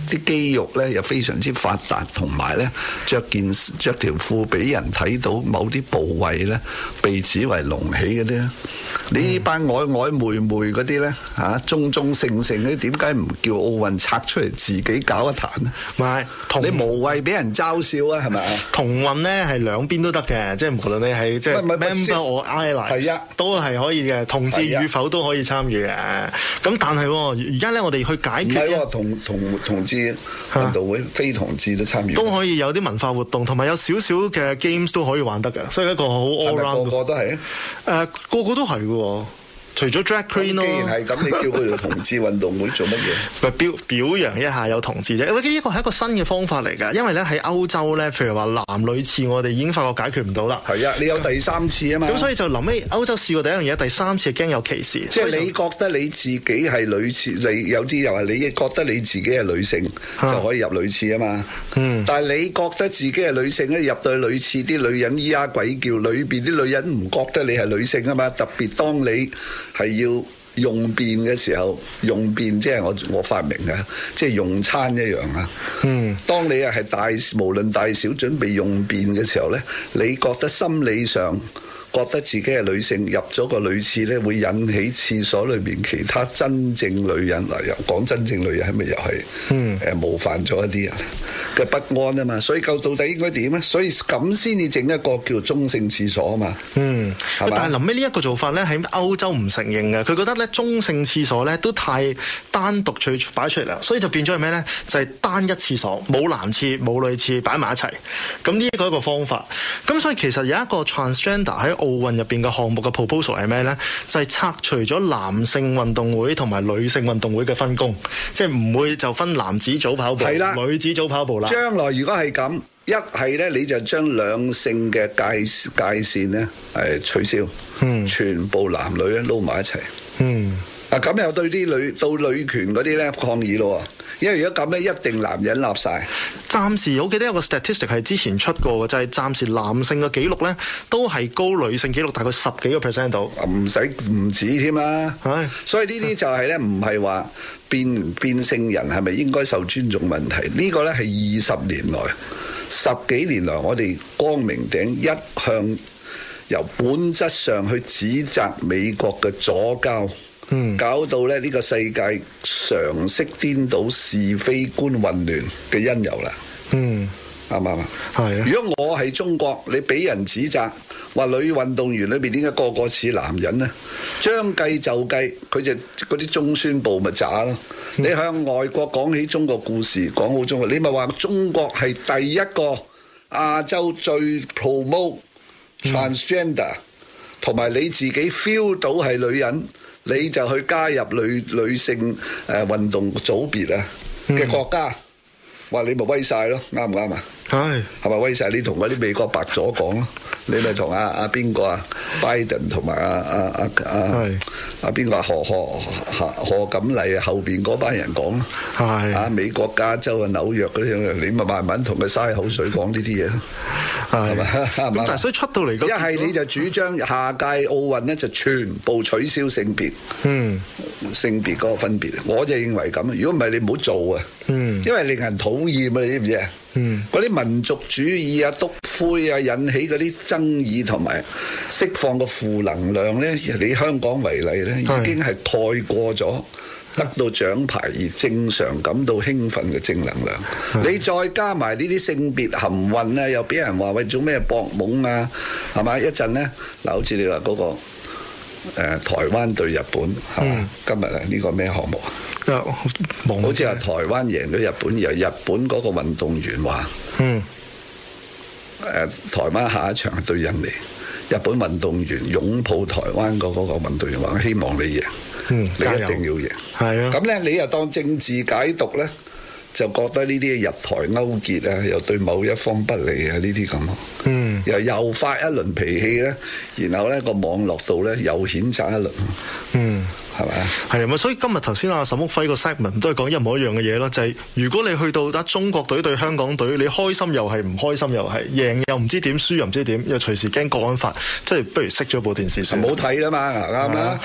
啲肌肉呢，又非常之發達，同埋呢，着件着條褲俾人睇到某啲部位呢，被指為隆起嗰啲，你呢班曖曖昧昧嗰啲呢，嚇、啊、中中性性嗰啲點解唔叫奧運拆出嚟自己搞一壇啊？唔係，你無謂俾人嘲笑啊？係咪啊？同運呢係兩邊都得嘅，即係無論你係即係。我都係可以嘅，同志與否都可以參與嘅。咁但係而而家咧，我哋去解決唔係一個同同同志運動會、啊，非同志都參與都可以有啲文化活動，同埋有少少嘅 games 都可以玩得㗎，所以一個好 all round。係咪個個都係啊？誒，個個都係嘅。除咗 Drag Queen 既然係咁， 你叫佢做同志運動會做乜嘢？表表揚一下有同志啫，喂，呢個係一個新嘅方法嚟㗎，因為咧喺歐洲咧，譬如話男女廁，我哋已經發覺解決唔到啦。係啊，你有第三次啊嘛。咁所以就諗起歐洲試過第一樣嘢，第三次係驚有歧視。即係你覺得你自己係女廁，你有啲又話你亦覺得你自己係女性就可以入女廁啊嘛。嗯，但係你覺得自己係女性咧，入到去女廁啲女人咿呀鬼叫，裏邊啲女人唔覺得你係女性啊嘛，特別當你。係要用便嘅時候，用便即係我我發明嘅，即係用餐一樣啊。嗯，當你啊係大，無論大小準備用便嘅時候咧，你覺得心理上。覺得自己係女性入咗個女廁咧，會引起廁所裏邊其他真正女人嚟遊，講真正女人係咪又係？嗯，誒冒犯咗一啲人嘅不安啊嘛，所以究到底應該點啊？所以咁先至整一個叫中性廁所啊嘛。嗯，係嘛？但係臨尾呢一個做法咧，喺歐洲唔承認嘅，佢覺得咧中性廁所咧都太單獨，佢擺出嚟啦，所以就變咗係咩咧？就係單一廁所，冇男廁，冇女廁，擺埋一齊。咁呢個一個方法，咁所以其實有一個 transgender 喺奧運入邊嘅項目嘅 proposal 係咩呢？就係、是、拆除咗男性運動會同埋女性運動會嘅分工，即係唔會就分男子組跑步，係啦，女子組跑步啦。將來如果係咁，一係呢，你就將兩性嘅界界線呢係取消，嗯，全部男女咧撈埋一齊，嗯。啊，咁又對啲女到女權嗰啲咧，抗議咯，因為如果咁咧一定男人立晒。暫時我記得有個 statistic 係之前出過嘅，就係暫時男性嘅記錄咧，都係高女性記錄大概十幾個 percent 度，唔使唔止添啦。所以呢啲就係咧，唔係話變變性人係咪應該受尊重問題？呢個咧係二十年來十幾年來我哋光明頂一向由本質上去指責美國嘅左膠。嗯，搞到咧呢個世界常識顛倒，是非觀混亂嘅因由啦。嗯，啱唔啱啊？係啊。如果我係中國，你俾人指責話女運動員裏邊點解個個似男人呢？將計就計，佢就嗰啲中宣部咪渣咯。你向外國講起中國故事，講好中國，你咪話中國係第一個亞洲最 promote transgender，同埋，嗯，你自己 feel 到係女人。你就去加入女女性運、呃、運動組別啊嘅國家，話、嗯、你咪威晒咯，啱唔啱啊？係，係咪威晒？你同嗰啲美國白左講咯，你咪同阿阿邊個啊,啊,啊拜登，同埋阿阿阿阿阿邊個啊何何何錦麗後邊嗰班人講咯。係，啊,啊,啊,啊,啊,啊,係啊美國加州啊紐約嗰啲，你咪慢慢同佢嘥口水講呢啲嘢咯。係咪？但係所以出到嚟，一係你就主張下屆奧運咧就全部取消性別，嗯，性別嗰個分別，我就認為咁。如果唔係，你唔好做啊，嗯，因為令人討厭啊，你知唔知啊？嗰、嗯、啲民族主義啊、篤灰啊，引起嗰啲爭議同埋釋放個負能量咧。以香港為例咧，已經係太過咗得到獎牌而正常感到興奮嘅正能量。嗯、你再加埋呢啲性別含混咧、啊，又俾人話為做咩博懵啊？係咪？一陣咧，嗱、嗰個，好似你話嗰個台灣對日本，嗯、今日啊，呢、呢個咩項目啊？好似係台灣贏咗日本，而係日本嗰個運動員話，嗯，誒，台灣下一場對印尼，日本運動員擁抱台灣嗰個運動員話，希望你贏，嗯，你一定要贏，係啊。咁咧，你又當政治解讀咧？就覺得呢啲日台勾結啊，又對某一方不利啊，呢啲咁咯。嗯，又又發一輪脾氣咧，然後咧個網絡度咧又譴責一輪。嗯，係咪啊？係啊，咪所以今日頭先阿沈旭暉個 segment 都係講一模一樣嘅嘢咯，就係、是、如果你去到得中國隊對香港隊，你開心又係唔開心又係，贏又唔知點，輸又唔知點，又隨時驚國安法，即、就、係、是、不如熄咗部電視算。唔好睇啊嘛，啱啦、啊。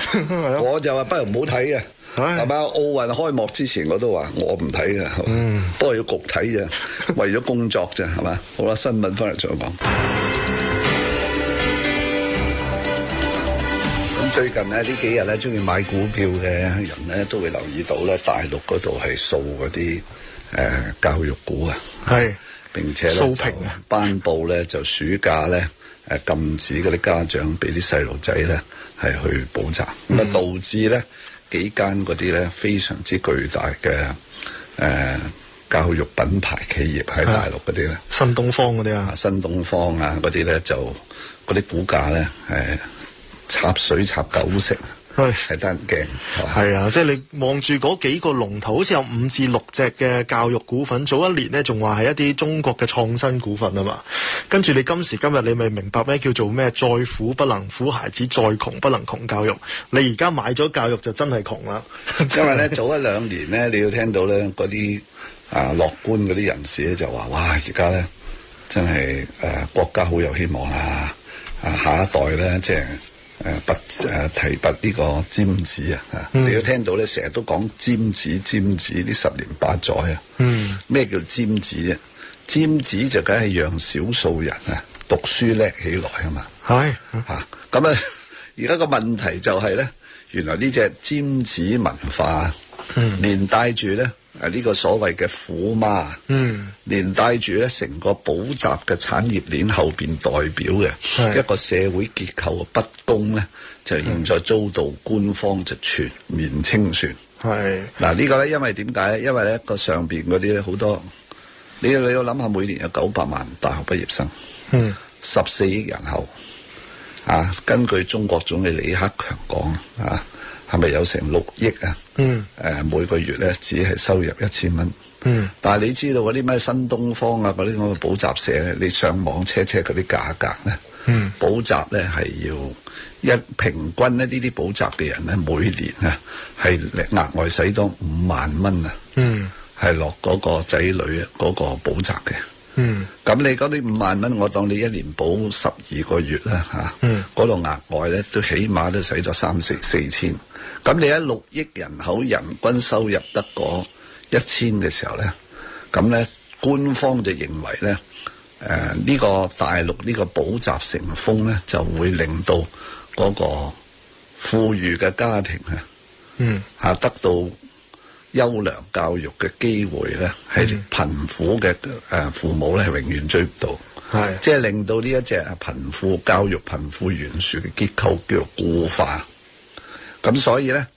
我就話不如唔好睇啊。係嘛？奧運開幕之前我都話我唔睇嘅，不過要局睇啫， 為咗工作啫，係嘛？好啦，新聞翻嚟再講。咁 最近呢幾日咧，中意買股票嘅人咧都會留意到啦，大陸嗰度係掃嗰啲誒教育股啊，係，並且掃平啊，頒布咧就暑假咧誒禁止嗰啲家長俾啲細路仔咧係去補習，咁、嗯、啊導致咧。幾間嗰啲咧，非常之巨大嘅誒教育品牌企業喺大陸嗰啲咧，新東方嗰啲啊，新東方啊嗰啲咧就嗰啲股價咧誒插水插九成。係得人驚，係啊！即、就、係、是、你望住嗰幾個龍頭，好似有五至六隻嘅教育股份。早一年咧，仲話係一啲中國嘅創新股份啊嘛。跟住你今時今日，你咪明白咩叫做咩？再苦不能苦孩子，再窮不能窮教育。你而家買咗教育就真係窮啦。因為咧， 早一兩年咧，你要聽到咧嗰啲啊樂觀嗰啲人士咧，就話哇！而家咧真係誒、啊，國家好有希望啦！啊，下一代咧即係。就是誒不誒提拔呢個尖子啊！嚇，你要聽到咧，成日都講尖子，尖子呢十年八載啊！嗯，咩叫尖子啊？尖子就梗係讓少數人啊讀書叻起來啊嘛！係嚇，咁啊！而家個問題就係咧，原來呢隻尖子文化、啊嗯、連帶住咧。呢、這個所謂嘅虎媽，嗯，連帶住咧成個補習嘅產業鏈後邊代表嘅一個社會結構嘅不公咧、嗯，就現在遭到官方就全面清算，係、嗯、嗱、這個、呢個咧，因為點解咧？因為咧個上邊嗰啲咧好多，你要你要諗下，每年有九百萬大學畢業生，嗯，十四億人口，啊，根據中國總理李克強講啊。係咪有成六億啊？嗯，誒，每個月咧只係收入一千蚊。嗯，但係你知道嗰啲咩新東方啊，嗰啲咁嘅補習社咧，你上網 check check 嗰啲價格咧，嗯，補習咧係要一平均咧呢啲補習嘅人咧每年啊係額外使多五萬蚊啊，嗯，係落嗰個仔女嗰個補習嘅，嗯，咁你嗰啲五萬蚊，我當你一年補十二個月啦，啊，吓，嗯，嗰度額外咧都起碼都使咗三四四千，咁你喺六億人口人均收入得嗰一千嘅時候咧，咁咧官方就認為咧，誒呢個大陸呢個補習成風咧，就會令到嗰個富裕嘅家庭啊，嗯，得到優良教育嘅機會咧，係貧富嘅誒父母咧，係永遠追唔到，即係令到呢一隻貧富教育貧富懸殊嘅結構叫做固化。咁所以呢，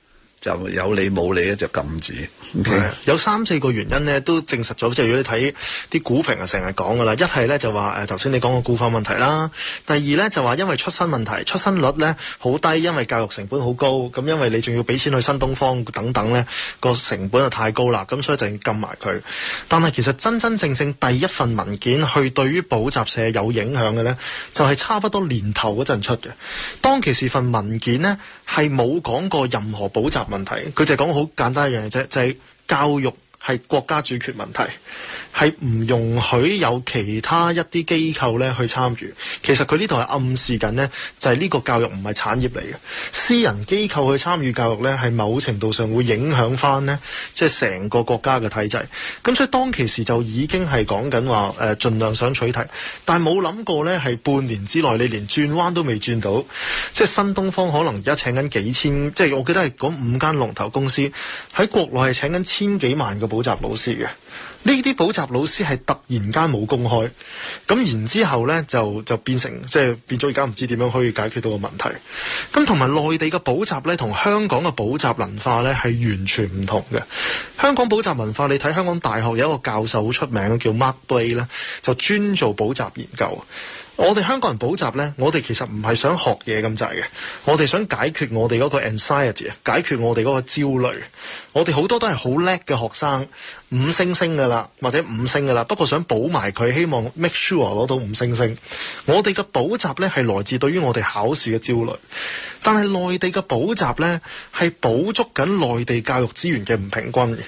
就有理冇理咧就禁止，okay？有三四個原因呢，都證實咗。即如果你睇啲股評啊，成日講噶啦，一係呢，就話誒頭先你講個股份問題啦。第二呢，就話因為出身問題，出生率呢好低，因為教育成本好高。咁因為你仲要俾錢去新東方等等呢，個成本就太高啦。咁所以就禁埋佢。但係其實真真正正第一份文件去對於補習社有影響嘅呢，就係差不多年頭嗰陣出嘅。當其時份文件呢。係冇講過任何補習問題，佢就係講好簡單一樣嘢啫，就係、是、教育。係國家主權問題，係唔容許有其他一啲機構咧去參與。其實佢呢度係暗示緊呢，就係呢個教育唔係產業嚟嘅，私人機構去參與教育呢，係某程度上會影響翻呢，即係成個國家嘅體制。咁所以當其時就已經係講緊話誒，儘量想取締，但係冇諗過呢，係半年之內你連轉彎都未轉到。即係新東方可能而家請緊幾千，即係我記得係嗰五間龍頭公司喺國內係請緊千幾萬嘅。補習老師嘅呢啲補習老師係突然間冇公開，咁然之後呢就，就變成即係、就是、變咗而家唔知點樣可以解決到個問題。咁同埋內地嘅補習呢，同香港嘅補習文化呢係完全唔同嘅。香港補習文化，你睇香港大學有一個教授好出名，叫 Mark Bray 就專做補習研究。我哋香港人補習呢，我哋其實唔係想學嘢咁滯嘅，我哋想解決我哋嗰個 anxiety，解決我哋嗰個焦慮。我哋好多都係好叻嘅學生，五星星㗎喇，或者五星㗎喇，不過想補埋佢，希望 make sure 攞到五星星。我哋嘅補習呢係來自對於我哋考試嘅焦慮，但係內地嘅補習呢係補足緊內地教育資源嘅唔平均嘅，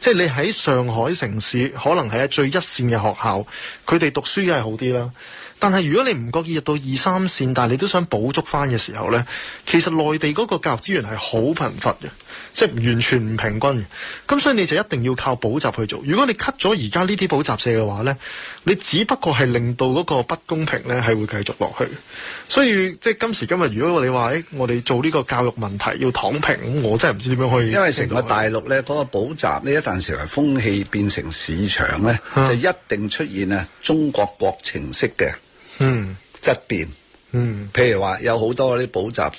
即係你喺上海城市可能係最一線嘅學校，佢哋讀書梗係好啲啦。但係如果你唔覺意入到二三線，但係你都想補足翻嘅時候咧，其實內地嗰個教育資源係好貧乏嘅，即係完全唔平均嘅。咁所以你就一定要靠補習去做。如果你 cut 咗而家呢啲補習社嘅話咧，你只不過係令到嗰個不公平咧係會繼續落去。所以即係今時今日，如果你話誒，我哋做呢個教育問題要躺平，我真係唔知點樣可以。因為成個大陸咧嗰、那個補習呢一陣時成為風氣變成市場咧、啊，就一定出現啊中國國情式嘅。嗯，質變，嗯，譬如話有好多啲補習誒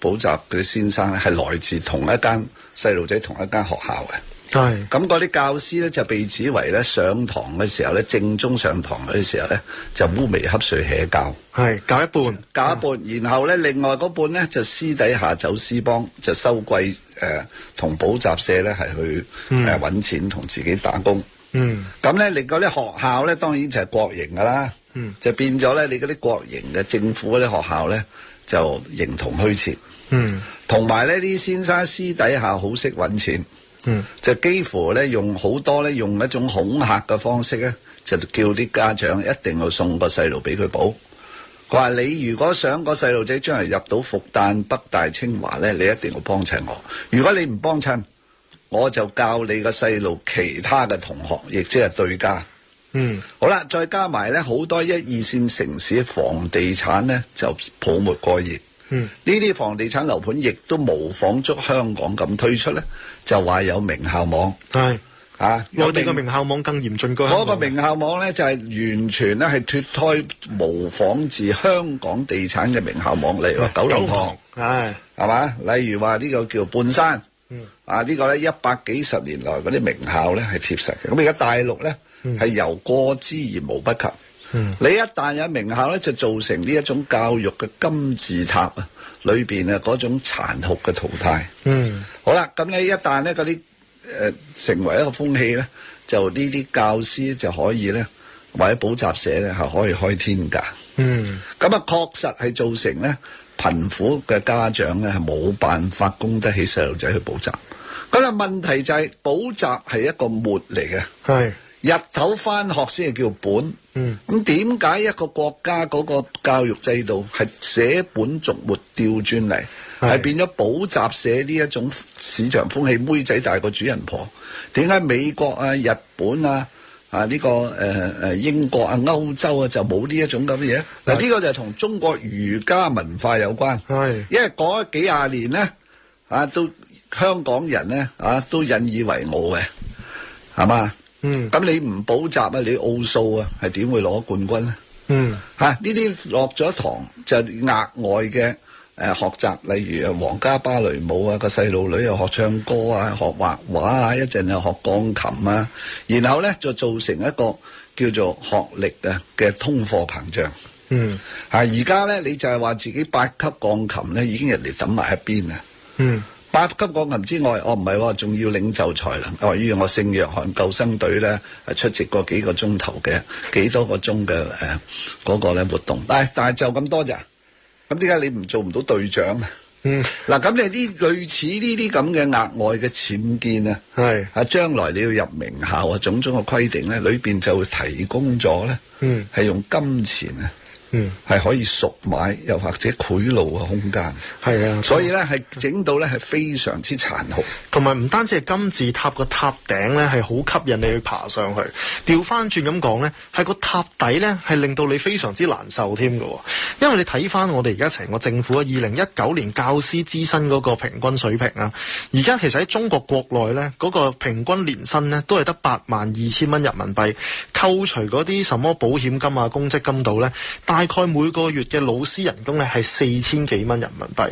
補習嗰啲先生咧，係來自同一間細路仔同一間學校嘅，係，咁嗰啲教師咧就被指為咧上堂嘅時候咧，正宗上堂嗰啲時候咧就烏眉瞌睡起教，係教一半，教一半，嗯、然後咧另外嗰半咧就私底下走私幫，就收貴誒同補習社咧係去誒搵，呃、錢同自己打工，嗯，咁咧另嗰啲學校咧當然就係國營噶啦。嗯，就變咗咧，你嗰啲國營嘅政府嗰啲學校咧，就形同虛設。嗯，同埋呢啲先生私底下好識搵錢。嗯，就幾乎咧用好多咧用一種恐嚇嘅方式咧，就叫啲家長一定要送個細路俾佢補。佢、嗯、話你如果想個細路仔將來入到復旦、北大、清華咧，你一定要幫襯我。如果你唔幫襯，我就教你個細路其他嘅同學，亦即係對家。嗯，好啦，再加埋咧，好多一二綫城市嘅房地產咧就泡沫過熱。嗯，呢啲房地產樓盤亦都模仿足香港咁推出咧，就話有名校網係啊，我哋、個名校網更嚴峻過。我個名校網咧就係、是、完全咧係脫胎模仿自香港地產嘅名校網嚟，話九龍塘係係嘛，例如話呢個叫半山，嗯啊、這個、呢個咧一百幾十年來嗰啲名校咧係貼實嘅，咁而家大陸咧。係由過之而無不及。嗯，你一旦有名校咧，就造成呢一種教育嘅金字塔啊，裏邊啊嗰種殘酷嘅淘汰。嗯，好啦，咁你一旦咧嗰啲誒成為一個風氣咧，就呢啲教師就可以咧，或者補習社咧係可以開天價。嗯，咁啊，確實係造成咧貧苦嘅家長咧係冇辦法供得起細路仔去補習。咁啊，問題就係補習係一個末嚟嘅，日頭返學先係叫本，嗯，咁點解一個國家嗰個教育制度係寫本逐末調轉嚟，係變咗補習社呢一種市場風氣？妹仔大過主人婆，點解美國啊、日本啊、啊呢、這個誒誒、呃、英國啊、歐洲啊就冇呢一種咁嘅嘢？嗱，呢、這個就同中國儒家文化有關，係，因為嗰幾廿年咧，啊都香港人咧啊都引以為傲嘅，係嘛？嗯，咁你唔補習啊，你奧數啊，係點會攞冠軍咧？嗯，吓呢啲落咗一堂就額外嘅誒學習，例如啊皇家芭蕾舞啊，個細路女又學唱歌啊，學畫畫啊，一陣又學鋼琴啊，然後咧就造成一個叫做學歷啊嘅通貨膨脹。嗯，吓而家咧你就係話自己八級鋼琴咧已經人哋抌埋一邊啊？嗯。八級鋼琴之外，我唔係話，仲要領袖才能。由於我聖約翰救生隊咧，係出席過幾個鐘頭嘅，幾多個鐘嘅誒，嗰個咧活動。但係但係就咁多咋？咁點解你唔做唔到隊長？嗯，嗱，咁你啲類似呢啲咁嘅額外嘅僭建啊，係啊，將來你要入名校啊，種種嘅規定咧，裏邊就會提供咗咧，嗯，係用金錢啊。嗯，係可以贖買又或者賄賂嘅空間，係、嗯、啊，所以咧係整到咧係非常之殘酷，同埋唔單止係金字塔個塔頂咧係好吸引你去爬上去，調翻轉咁講咧，係個塔底咧係令到你非常之難受添嘅，因為你睇翻我哋而家成個政府二零一九年教師資薪嗰個平均水平啊，而家其實喺中國國內咧嗰個平均年薪咧都係得八萬二千蚊人民幣，扣除嗰啲什麼保險金啊、公積金度咧，大大概每個月嘅老師人工咧係四千幾蚊人民幣，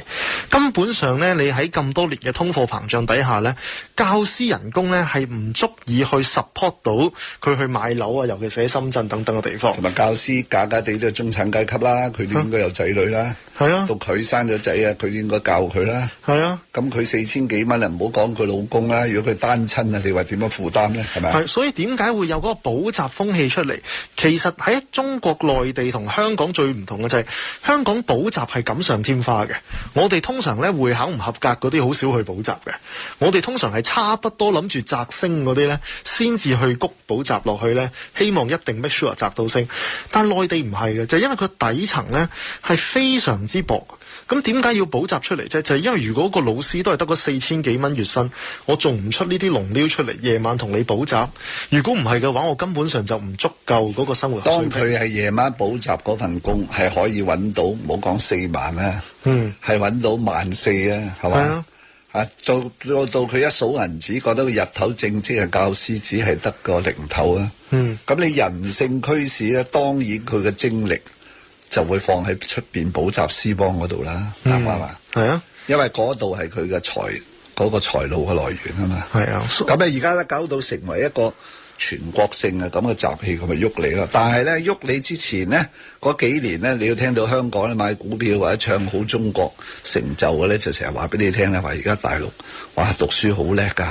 根本上咧你喺咁多年嘅通貨膨脹底下咧，教師人工咧係唔足以去 support 到佢去買樓啊，尤其是喺深圳等等嘅地方。同埋教師假假哋都係中產階級啦，佢都應該有仔女啦，係啊，到佢生咗仔啊，佢應該教佢啦，係啊。咁佢四千幾蚊啊，唔好講佢老公啦，如果佢單親啊，你話點樣負擔咧？係咪？係，所以點解會有嗰個補習風氣出嚟？其實喺中國內地同香香港最唔同嘅就係、是、香港補習係錦上添花嘅，我哋通常咧會考唔合格嗰啲好少去補習嘅，我哋通常係差不多諗住摘星嗰啲咧，先至去谷補習落去咧，希望一定 make sure 摘到星，但內內地唔係嘅，就係、因為佢底層咧係非常之薄。咁點解要補習出嚟啫？就係、是、因為如果個老師都係得嗰四千幾蚊月薪，我做唔出呢啲龍鷄出嚟，夜晚同你補習。如果唔係嘅話，我根本上就唔足夠嗰個生活。當佢係夜晚補習嗰份工，係、嗯、可以揾到，唔好講四萬啦，係揾到萬四啊，係、嗯、咪？到 1, 4, 啊，做做佢一數銀紙，覺得佢日頭正職嘅教師，只係得個零頭啊。嗯，咁你人性驅使咧，當然佢嘅精力。就會放喺出邊補習私幫嗰度啦，啱、嗯、嘛？係啊，因為嗰度係佢嘅財嗰個財路嘅來源啊嘛。係啊，咁啊而家咧搞到成為一個全國性嘅咁嘅集氣，咁咪喐你咯。但係咧喐你之前咧，嗰幾年咧，你要聽到香港咧買股票或者唱好中國成就嘅咧，就成日話俾你聽咧，話而家大陸哇讀書好叻噶，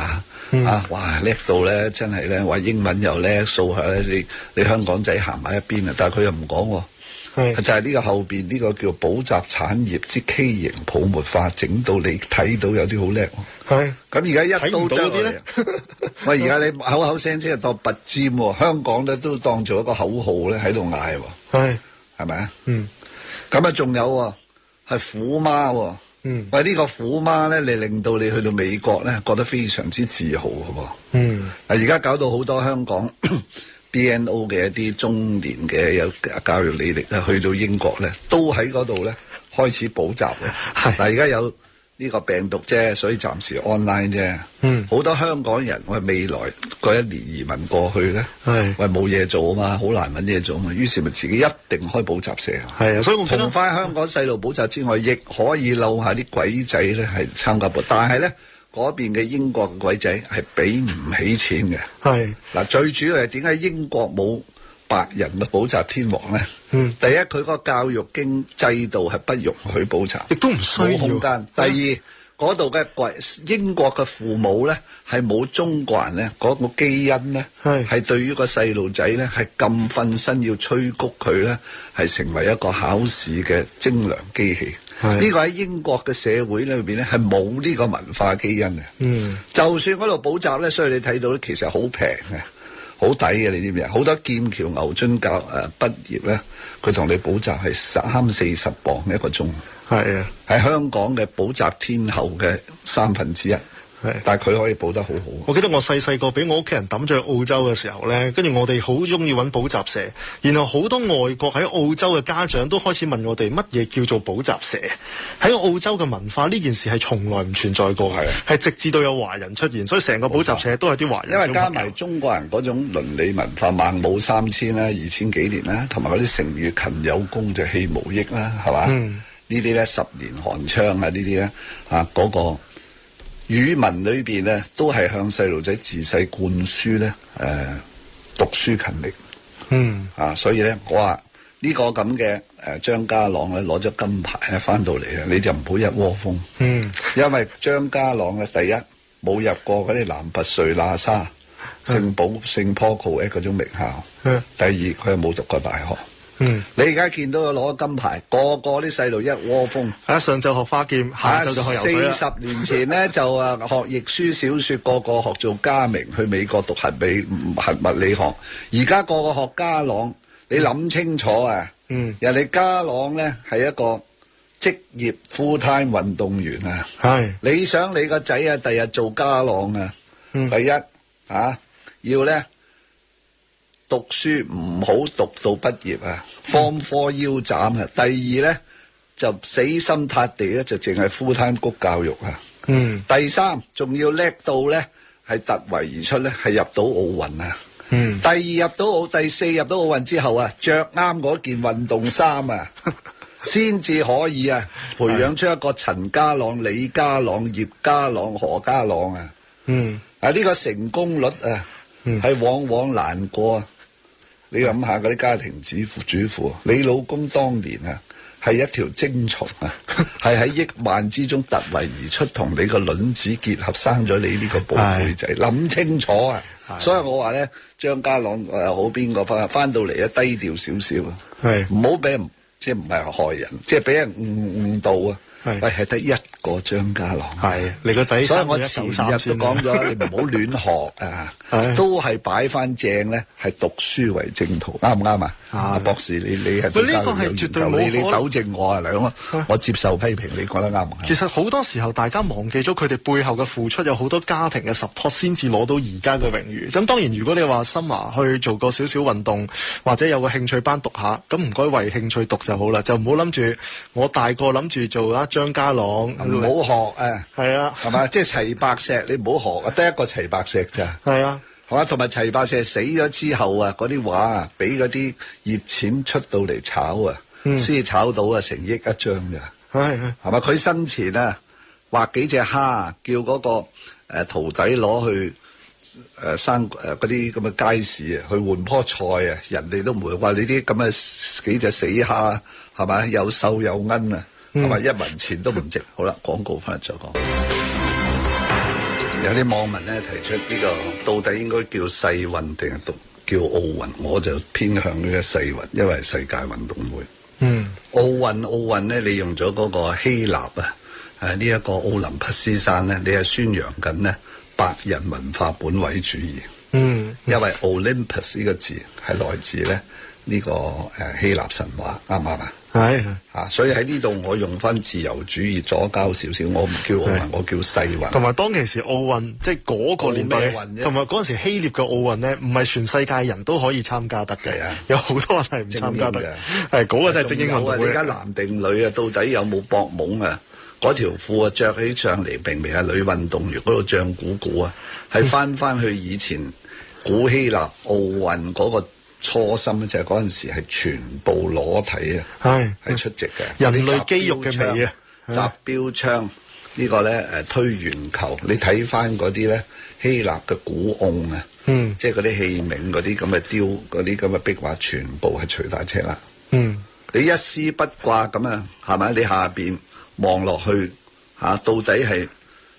啊哇叻到咧真係咧，話英文又叻，數學咧你你香港仔行埋一邊啊，但係佢又唔講喎。是就係、是、呢個後邊呢、這個叫補習產業之畸形泡沫化，整到你睇到有啲好叻。係咁而家一刀到都，我而家你口口聲聲當拔尖，香港咧都當做一個口號咧喺度嗌。係係咪啊？嗯。咁啊，仲有啊，係虎媽。嗯。喂、這個，呢個虎媽咧，你令到你去到美國咧，覺得非常之自豪嘅。嗯。啊！而家搞到好多香港。 BNO 嘅一啲中年嘅有教育履歷咧，去到英國咧，都喺嗰度咧開始補習嘅。係嗱，而家有呢個病毒啫，所以暫時 online 啫。嗯，好多香港人，我係未來嗰一年移民過去咧，係我係冇嘢做啊嘛，好難揾嘢做啊嘛，於是咪自己一定開補習社。係啊，所以同翻香港細路補習之外，亦可以撈下啲鬼仔咧，係參加補。但係咧。嗰邊嘅英國嘅鬼仔係俾唔起錢嘅。係嗱，最主要係點解英國冇白人嘅補習天王咧？嗯，第一佢嗰個教育經制度係不容許補習，亦都唔需要空間。第二嗰度嘅鬼英國嘅父母咧，係冇中國人咧嗰個基因咧，係係對於個細路仔咧係咁瞓身要催谷佢咧，係成為一個考試嘅精良機器。呢個喺英國嘅社會裏邊咧，係冇呢個文化基因嘅。嗯，就算嗰度補習咧，所以你睇到咧，其實好平嘅，好抵嘅，你知唔知啊？好多劍橋、牛津教，誒畢業咧，佢同你補習係三四十磅一個鐘。係啊，喺香港嘅補習天后嘅三分之一。但係佢可以補得好好。我記得我細細個俾我屋企人抌咗去澳洲嘅時候咧，跟住我哋好中意揾補習社，然後好多外國喺澳洲嘅家長都開始問我哋乜嘢叫做補習社。喺澳洲嘅文化呢件事係從來唔存在過，係直至到有華人出現，所以成個補習社都係啲華人。因為加埋中國人嗰種倫理文化，孟母三千啦、啊，二千幾年啦、啊，同埋嗰啲成語勤有功，就戲無益啦、啊，係嘛？嗯、呢啲咧十年寒窗啊，呢啲咧啊嗰、嗰個。語文裏邊咧，都係向細路仔自細灌輸咧，誒，讀書勤力。嗯啊，所以咧，我話呢個咁嘅誒，張、呃、家朗咧攞咗金牌咧翻到嚟咧，你就唔好一窩蜂。嗯，因為張家朗咧，第一冇入過嗰啲男拔瑞喇沙、聖保聖 Paco 嘅嗰種名校。嗯、第二，佢又冇讀過大學。嗯，你而家見到佢攞金牌，個個啲細路一窩蜂。啊，上晝學花劍，下晝就學游水啦。四十年前咧 就啊學譯書小説，個個學做家明去美國讀核理核物理學。而家個個學家朗，你諗清楚啊？嗯，人哋家朗咧係一個職業 full time 運動員啊。係，你想你個仔啊，第日做家朗啊？嗯，第一啊要咧。讀書唔好讀到畢業啊，放、嗯、科腰斬啊。第二咧就死心塌地咧就淨係 full time 谷教育啊。嗯。第三仲要叻到咧係突圍而出咧係入到奧運啊。嗯。第二入到奧，第四入到奧運之後啊，着啱嗰件運動衫啊，先 至可以啊，培養出一個陳家朗、李家朗、葉家朗、何家朗啊。嗯。啊呢、這個成功率啊，係、嗯、往往難過啊。你諗下嗰啲家庭主婦主婦啊，你老公當年啊係一條精蟲啊，係 喺億萬之中突圍而出，同你個卵子結合，生咗你呢個寶貝仔。諗清楚啊！所以我話咧，張家朗誒好邊個翻翻到嚟啊，低調少少啊，唔好俾人即係唔係害人，即係俾人誤導啊。喂，係、哎、得一。個張家朗係、啊，你個仔，所以我前日都講咗， 你唔好亂學啊， 都係擺翻正咧，係讀書為正途，啱唔啱啊？博士，你你係，呢個係絕對你你糾正我啊，兩、嗯啊、我接受批評，你覺得啱。其實好多時候，大家忘記咗佢哋背後嘅付出，有好多家庭嘅 support 先至攞到而家嘅榮譽。咁、嗯、當然，如果你話森華去做個少少運動，或者有個興趣班讀下，咁唔該為興趣讀就好啦，就唔好諗住我大個諗住做阿張家朗。嗯唔好學啊！係啊，係嘛？即係齊白石，你唔好學，得一個齊白石咋？係啊，係嘛、啊？同埋齊白石死咗之後啊，嗰啲畫啊，俾嗰啲熱錢出到嚟炒啊，先炒到啊成億一張噶，係嘛、啊？佢生前啊畫幾隻蝦，叫嗰個徒弟攞去誒生誒嗰啲咁嘅街市啊，去換棵菜啊，人哋都唔會話你啲咁嘅幾隻死蝦，係嘛？又瘦又奀啊！咁、mm. 啊，一文錢都唔值。好啦，廣告翻嚟再講。Mm. 有啲網民咧提出呢個到底應該叫世運定係叫奧運？我就偏向呢個世運，因為世界運動會。嗯、mm.，奧運奧運咧，你用咗嗰個希臘啊，係呢一個奧林匹斯山咧，你係宣揚緊咧白人文化本位主義。嗯、mm.，因為 Olympus 呢個字係來自咧呢個誒希臘神話，啱唔啱啊？係吓，所以喺呢度我用翻自由主義左膠少少，我唔叫奧運，我叫世運。同埋當其時奧運，即係嗰個年代，同埋嗰陣時希臘嘅奧運咧，唔係全世界人都可以參加得嘅、啊，有好多人係唔參加得。係嗰、那個真係精英運動會。而家、啊、男定女啊，到底有冇搏懵啊？嗰條褲啊，着起上嚟明明係女運動員嗰個脹鼓鼓啊，係翻翻去以前古希臘奧運嗰個。初心咧就係嗰陣時係全部裸體啊，係係出席嘅人類肌肉嘅樣，擲標槍呢、呢個咧誒推圓球，的你睇翻嗰啲咧希臘嘅古甕，啊，嗯，即係嗰啲器皿嗰啲咁嘅雕嗰啲咁嘅壁畫，全部係除曬車啦，嗯，你一絲不掛咁啊，係咪你下邊望落去、啊、到底係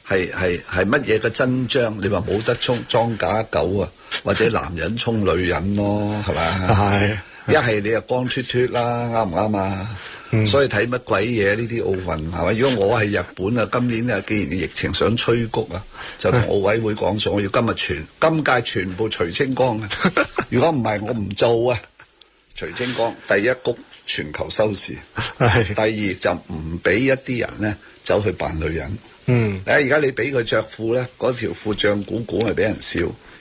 係係係乜嘢嘅真章？你話冇得充裝假狗啊？或者男人沖女人咯，係咪？係一係你就光脫脫啦，啱唔啱啊？所以睇乜鬼嘢呢啲奧運，係咪？如果我係日本啊，今年啊，既然疫情想吹谷啊，就同奧委會講數，我要今日全今屆全部除清光啊！ 如果唔係我唔做啊！除清光，第一谷全球收視，第二就唔俾一啲人咧走去扮女人。嗯，而家你俾佢着褲咧，嗰條褲脹鼓鼓係俾人笑。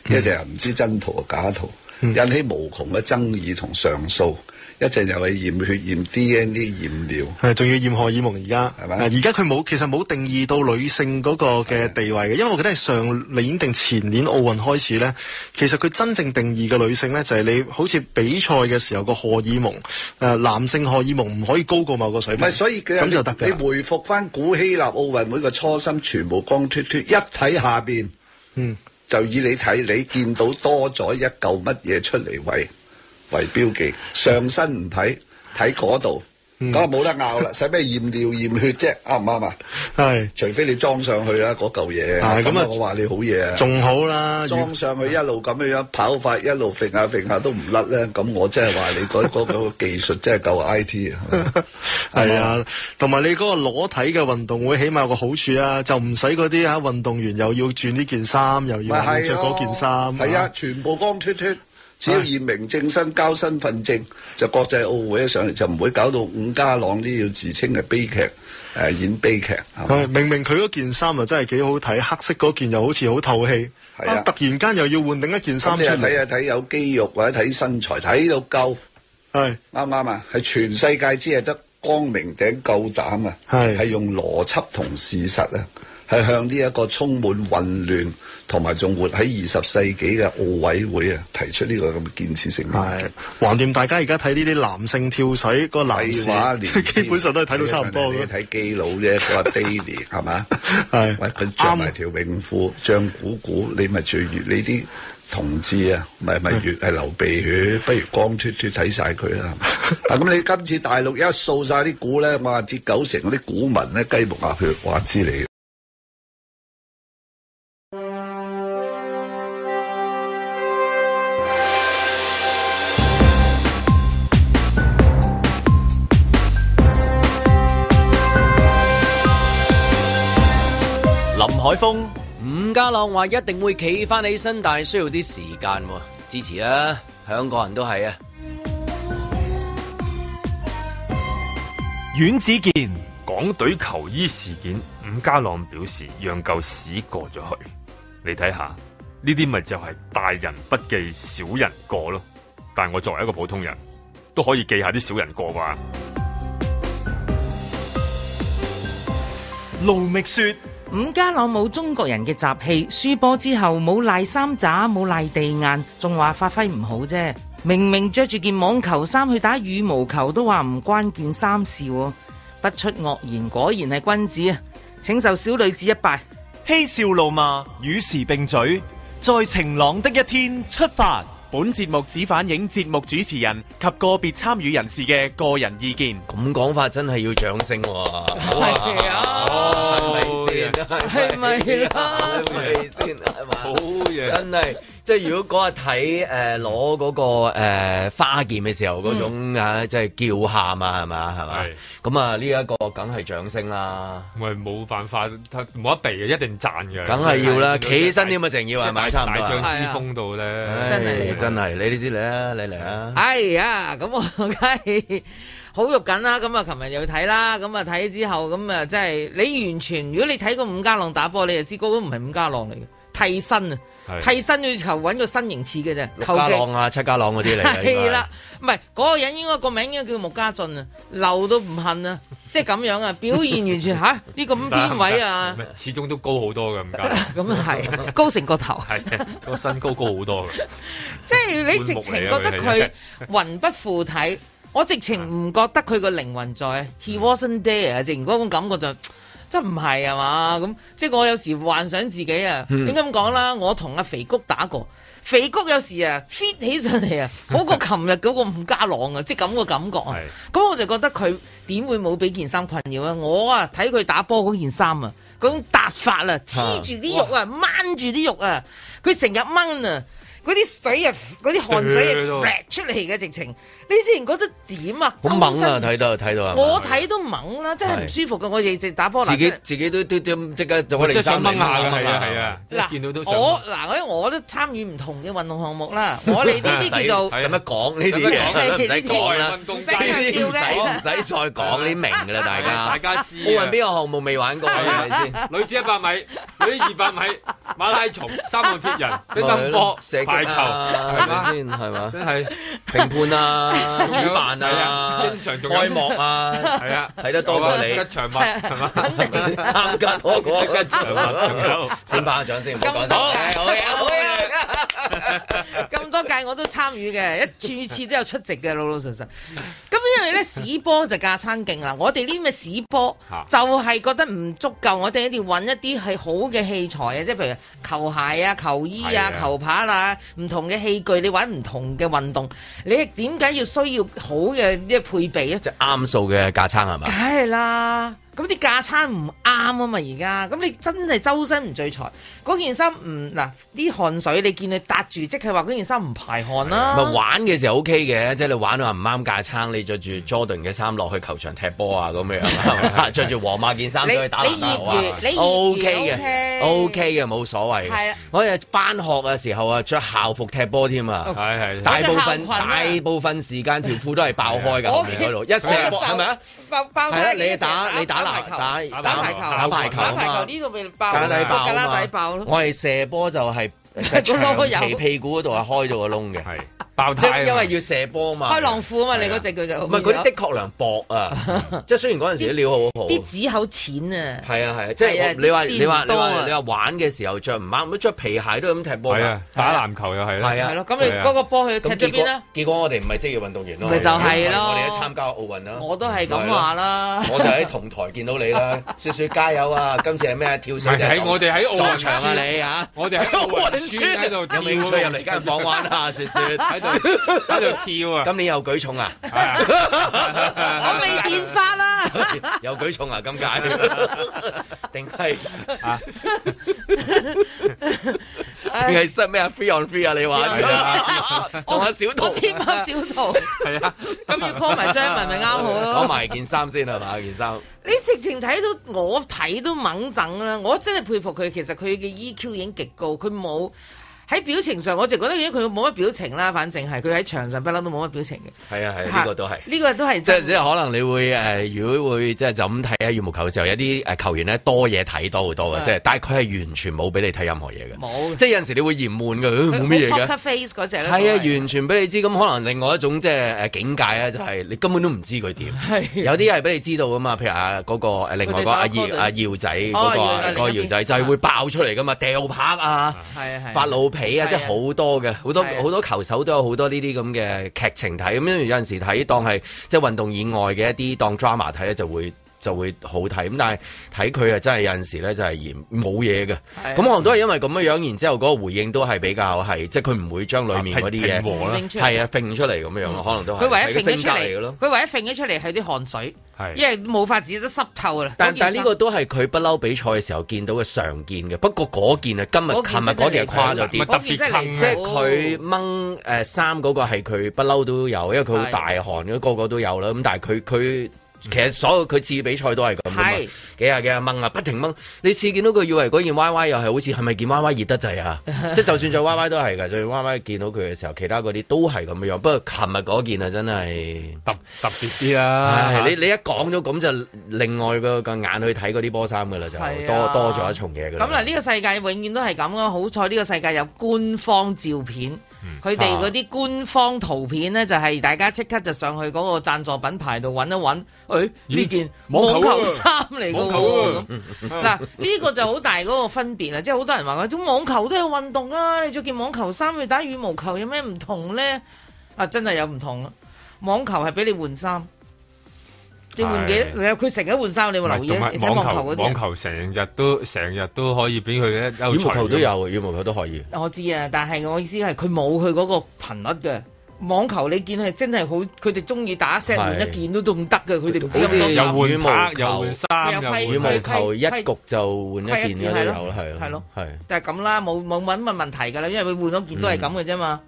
嗯、一陣又唔知真圖啊假圖、嗯，引起無窮嘅爭議同上訴。一陣又去驗血驗 D N A 驗尿，係仲要驗荷爾蒙而家，係咪？而家佢冇，其實冇定義到女性嗰個嘅地位嘅，因為我覺得係上年定前年奧運開始咧，其實佢真正定義嘅女性咧，就係你好似比賽嘅時候個荷爾蒙，誒、呃，男性荷爾蒙唔可以高過某個水平。唔係，所以咁就得嘅。你回複翻古希臘奧運會嘅初心，全部光脫脫，一睇下邊，嗯。就以你睇，你見到多咗一嚿乜嘢出嚟，為為標記，上身唔睇，睇嗰度。咁啊冇得拗啦，使咩驗尿驗血啫？啱唔啱啊？係，除非你裝上去啦，嗰嚿嘢。咁啊，我話你好嘢，仲好啦，裝上去一路咁樣樣跑快，一路揈下揈下都唔甩咧。咁我即係話你嗰嗰個技術真係夠 IT 啊。係啊，同埋你嗰個裸體嘅運動會，起碼有個好處啊，就唔使嗰啲啊運動員又要轉呢件衫，又要著嗰件衫。係啊，全部光脫脫。只要驗明正身交身份證，就國際奧會一上嚟就唔會搞到伍家朗呢。要自稱嘅悲劇、呃，演悲劇。明明佢嗰件衫啊真係幾好睇，黑色嗰件又好似好透氣，係突然間又要換另一件衫出嚟。睇下睇有肌肉或者睇身材，睇到夠係啱唔啱啊？係全世界只係得光明頂夠膽啊！係，係用邏輯同事實啊，係向呢一個充滿混亂同埋仲活喺二十世紀嘅奧委會啊，提出呢個咁嘅建設性嘅。係橫掂大家而家睇呢啲男性跳水個泥畫，基本上都係睇到差唔多嘅。睇基佬啫，佢話 Daddy 係嘛？係喂，佢著埋條泳褲，漲鼓鼓，你咪最？你啲同志啊，咪咪越係流鼻血，不如光脱脱睇曬佢啦。啊咁！你今次大陸一掃曬啲股咧，萬至九成嗰啲股民咧雞毛鴨血，話知你。峰，海伍家朗話一定會企翻起身，但係需要啲時間。支持啊，香港人都係啊。阮子健，港隊求醫事件，伍家朗表示讓舊事過咗去。你睇下，呢啲咪就係大人不記小人過咯？但係我作為一個普通人，都可以記下啲小人過啩。盧覓雪。伍家朗冇中國人嘅習氣，輸波之後冇賴三渣，冇賴地硬，仲話發揮唔好啫。明明着住件網球衫去打羽毛球，都話唔關件衫事。不出惡言，果然係君子啊！請受小女子一拜。嬉笑怒罵，與時並嘴，在晴朗的一天出發。本節目只反映節目主持人及個別參與人士嘅個人意見。咁講法真係要掌聲喎！係咪先？係咪先？係咪先？好嘢！真係，即係如果嗰日睇誒攞嗰個誒、呃、花劍嘅時候，嗰種吓即係叫喊啊，係嘛，係 嘛。咁啊呢一個梗係掌聲啦！喂冇辦法，冇得避嘅，一定讚嘅。梗係要啦，企起身添啊，成要係咪？差唔多。大將之風度咧，真係。真係，你呢知你啊，你嚟啊！哎呀，咁我梗係好肉緊啦。咁啊，琴日又睇啦，咁啊睇之後，咁啊真係你完全，如果你睇過伍家朗打波，你就知嗰個唔係伍家朗嚟嘅替身啊。替身去求揾個身形似嘅啫，陸家朗啊、七家朗嗰啲嚟。係啦，唔係嗰個人應該個名應該叫木家俊啊，漏到唔恨啊，即係咁樣啊， 表現完全吓呢、啊這個咁邊位啊，始終都高好多嘅，唔該。咁 係、啊，高成個頭，個 身高高好多嘅， 即係你直情覺得佢魂不附體， 我直情唔覺得佢個靈魂在 ，He wasn't there，淨嗰種感覺就。真唔係啊嘛咁，即我有時幻想自己啊，點解咁講啦？我同阿肥谷打過，肥谷有時啊 fit 起上嚟啊，好過琴日嗰個伍家朗啊， 即係咁個感覺啊。咁我就覺得佢點會冇俾件衫困擾啊？我啊睇佢打波嗰件衫啊，嗰種打法啦、啊，黐住啲肉啊，掹住啲肉啊，佢成日掹啊。嗰啲水啊，嗰啲汗水啊甩出嚟嘅直情，你之前覺得點啊？好猛啊！睇到睇到，我睇都猛啦，真係唔舒服㗎。我我哋打波，自己自己都都都即刻做我嚟生。即係想掹下㗎，係啊係啊！嗱，我嗱我我都參與唔同嘅運動項目啦。我哋呢啲叫做使乜講呢啲嘢？唔使講啦，唔使再講你明㗎啦，大家大家知。冇人邊個項目未玩過係咪先？女子一百米，女子二百米，馬拉松，三個鐵人，乒乓波，射。大球係咪、啊、先係嘛？即係、就是、評判啊、主辦啊，主啊，啊經常、開幕啊，係啊，睇得多過你一場嘛，參加多過、啊啊啊啊、一場、啊啊啊、先拍下掌先。咁多屆我咁多屆我都參與嘅， 一次一次都有出席嘅，老老實實。咁 因為咧，屎波就架撐勁啦。 我哋呢啲咩屎波就係覺得唔足夠， 我哋一定要揾一啲係好嘅器材啊，即係譬如球鞋啊、球衣啊、球拍啊。唔同嘅器具，你玩唔同嘅運動，你點解要需要好嘅呢個配備啊？即係啱數嘅架撐係嘛？梗係啦。咁啲架撐唔啱啊嘛，而家咁你真係周身唔聚財，嗰件衫唔嗱啲汗水你汗、啊你到，你見佢搭住，即係話嗰件衫唔排汗啦。咪玩嘅時候 OK 嘅，即係你玩啊唔啱架撐，你着住 Jordan 嘅衫落去球場踢波啊咁樣，着 住皇馬件衫出去打籃球啊，OK 嘅，OK 嘅冇、okay、所謂。我係翻學嘅時候啊，著校服踢波添啊，大部分大部分時間條褲都係爆開㗎，我、okay, 見。一成係咪啊？爆爆開你打你打打打排球，打排球呢度俾爆啦嘛！我哋射波就係、是。就是、長皮屁，屁股嗰度係開咗個窿嘅，係爆胎，因為要射波啊嘛，開浪褲啊嘛，你嗰隻叫做唔係，嗰啲的確良薄啊，即 係雖然嗰陣時啲料好好，啲紙口淺啊，係啊係啊，即係、啊啊就是、你話、啊、你話你話你話玩嘅時候着唔啱，咁着皮鞋都咁踢波啦、啊啊啊，打籃球又係啦，係咯、啊、咁、啊、你嗰個波去踢咗邊啦？結果我哋唔係職業運動員咯，咪、啊、就係、是、咯、啊，我哋都參加奧運啦，我都係咁話啦， 我就喺同台見到你啦，雪雪加油啊！ 今次係咩？跳水。我哋喺奧運場啊你啊，我哋喺奧運。出喺度，有興趣入嚟，間房玩下，雪雪喺度喺度跳啊！今年又舉重啊！我未變化啦，又舉重啊！咁解？定係啊？定係失咩啊？Free on free 啊！你玩？我玩小兔，天貓小兔。係啊，咁要攞埋張文咪啱好咯。攞埋件衫先啊嘛，件衫。你直情睇到我睇都猛憎啦！我真係佩服佢，其實佢嘅 EQ 已經極高，佢冇。喺表情上，我就覺得佢冇乜表情啦，反正係佢喺場上不嬲都冇乜表情嘅。係啊，係呢、啊呢個都係呢、啊呢個都係即係可能你會誒、呃，如果會即係就咁睇喺羽毛球嘅時候，有啲球員咧多嘢睇多好多嘅、啊，即係但係佢係完全冇俾你睇任何嘢嘅，冇即係有陣時候你會嫌悶㗎，冇咩嘢嘅。Poker Face 嗰隻咧係啊，完全俾你知道，咁可能另外一種即係誒、啊、境界咧，就係你根本都唔知佢點、啊。有啲係俾你知道㗎嘛，譬如啊嗰、嗰個另外一個阿耀、啊啊、仔嗰、哦嗰個耀、啊嗰個、仔就係會爆出嚟㗎嘛，掉拍啊，發、啊、怒。啊啊啊，即係好多嘅，好多好多球手都有好多呢啲咁嘅劇情睇，咁跟住有陣時睇當係即係運動以外嘅一啲當 drama 睇咧就會。就會好睇咁，但係睇佢啊，真係有陣時咧就係嫌冇嘢嘅。咁可能都係因為咁樣，然之後嗰個回應都係比較係，即係佢唔會將裡面嗰啲嘢，係啊，揈出嚟咁樣，可能都係佢唯一揈咗出嚟咯。佢唯一揈咗出嚟係啲汗水，因為冇法子都濕透啦。但係呢個都係佢不嬲比賽嘅時候見到嘅常見嘅。不過嗰件啊，今日琴日嗰件係誇咗啲，特別即係佢掹誒衫嗰個係佢不嬲都有，因為佢好大汗，個個都有啦。咁但係佢佢。其實所有佢次比賽都係咁啊，幾下幾下掹啊，不停掹。你次見到佢以為嗰件 Y Y 又係好似係咪件 Y Y 熱得滯啊？ 即係就算在 Y Y 都係噶，在 Y Y 見到佢嘅時候，其他嗰啲都係咁嘅樣。不過琴日嗰件啊真係特特別啲啦、啊啊啊。你你一講咗咁就另外個眼去睇嗰啲波衫噶啦，就多、啊、多咗一重嘢啦。咁嗱，呢個世界永遠都係咁咯。好彩呢個世界有官方照片。佢哋嗰啲官方圖片呢，就係大家即刻就上去嗰個贊助品牌度揾一揾，誒，呢件網球衫嚟嘅，咁嗱呢個就好大嗰個分別啦，即係好多人話話，咁網球都有運動啊，你着件網球衫去打羽毛球有咩唔同呢？啊，真係有唔同咯，網球係俾你換衫。你換幾，佢成日換衫，你有留意啊？網球嗰啲，網球成日都成日都可以俾佢嘅羽毛球都有，羽毛球都可以。我知啊，但係我意思係佢冇佢嗰個頻率嘅。網球你見係真係好，佢哋中意打 set 換一件都仲得嘅，佢哋唔知咁多納羽,羽。又換衫，又羽,羽,羽毛球一局就換一件都有啦，係咯，係。但係咁啦，冇冇揾乜問題㗎啦，因為佢換咗件都係咁嘅啫嘛。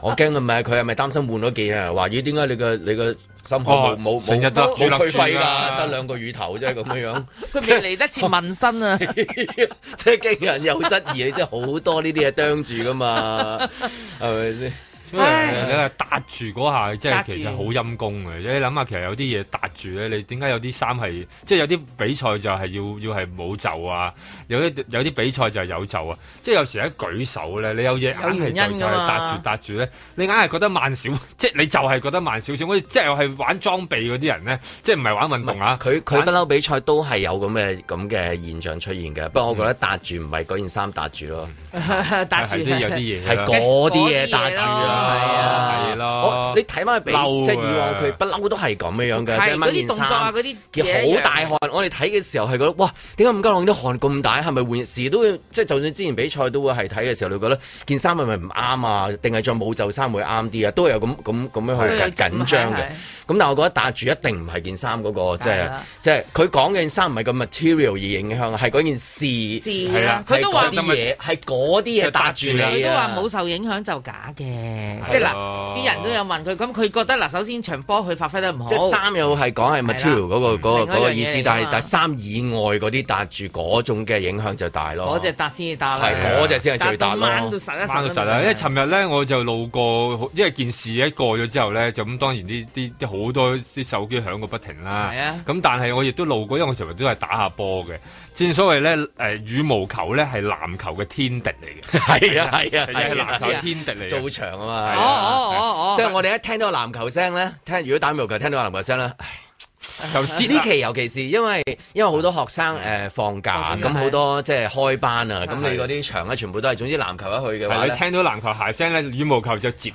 我驚佢咪，佢係咪擔心換咗件啊？話咦，點解你個你個？ 心冇冇冇冇退費㗎，得、哦、兩個乳頭啫咁樣樣。佢未嚟得切紋身啊！即係驚人又質疑，即係好多呢啲嘢釘住㗎嘛，係咪先？因為你話搭住嗰下，即係其實好陰功嘅。你諗下，其實有啲嘢搭住咧，你點解有啲衫係，即係有啲比賽就係要要係冇袖啊？有啲有啲比賽就係有袖啊？即係有時一舉手咧，你有嘢硬係就係搭住、啊、搭住咧，你硬係覺得慢少，即係你就係覺得慢少少。好似即係又係玩裝備嗰啲人咧，即係唔係玩運動啊？佢佢不嬲比賽都係有咁嘅咁嘅現象出現嘅。不過我覺得搭住唔係嗰件衫搭住咯， 搭住啲有啲嘢，係啲嘢搭住啊。係啊，係咯、啊啊啊，你睇翻佢比，即以往佢不嬲都係咁嘅樣嘅，嗰啲動作啊，嗰啲好大汗。啊、我哋睇嘅時候係覺得，哇，點解伍家朗啲汗咁大？係咪換時都即，就算之前比賽都會係睇嘅時候，你覺得件衫係咪唔啱啊？定係着冇袖衫會啱啲啊？都係有咁咁咁樣去、啊、緊張嘅。咁、啊啊、但係我覺得搭住一定唔係件衫嗰、嗰個，即係即係佢講嘅衫唔係咁 material 而影響，係嗰件事係啊。佢、啊、都話啲嘢係嗰啲嘢搭住你、啊，都話冇受影響就假嘅。即係嗱，啲、就是、人都有問佢，咁佢覺得嗱，首先場波佢發揮得唔好，即係三又係講係 material 嗰個嗰個嗰個意思，但係但係三以外嗰啲搭住嗰種嘅影響就大咯。嗰隻搭先至大啦，係嗰隻先係最大咯。到實啦，到實啦，因為尋日咧我就路過，因為件事一過咗之後咧，就咁當然啲啲好多啲手機響個不停啦。咁、啊、但係我亦都路過，因為我尋日都係打下波嘅。正所謂咧、呃，羽毛球咧係籃球嘅天敵嚟嘅，係啊係啊，係籃球嘅天敵嚟嘅，做場啊嘛，係啊哦即係、啊哦啊哦啊、我哋一聽到籃球聲咧，如果打羽毛球聽到籃球聲咧，呢 期尤其是因為因為好多學生、呃、放假，咁 好多即係、啊就是、開班啊，咁、啊、你嗰啲場咧全部都係，總之籃球一去嘅、啊，你聽到籃球鞋聲咧，羽毛球就接，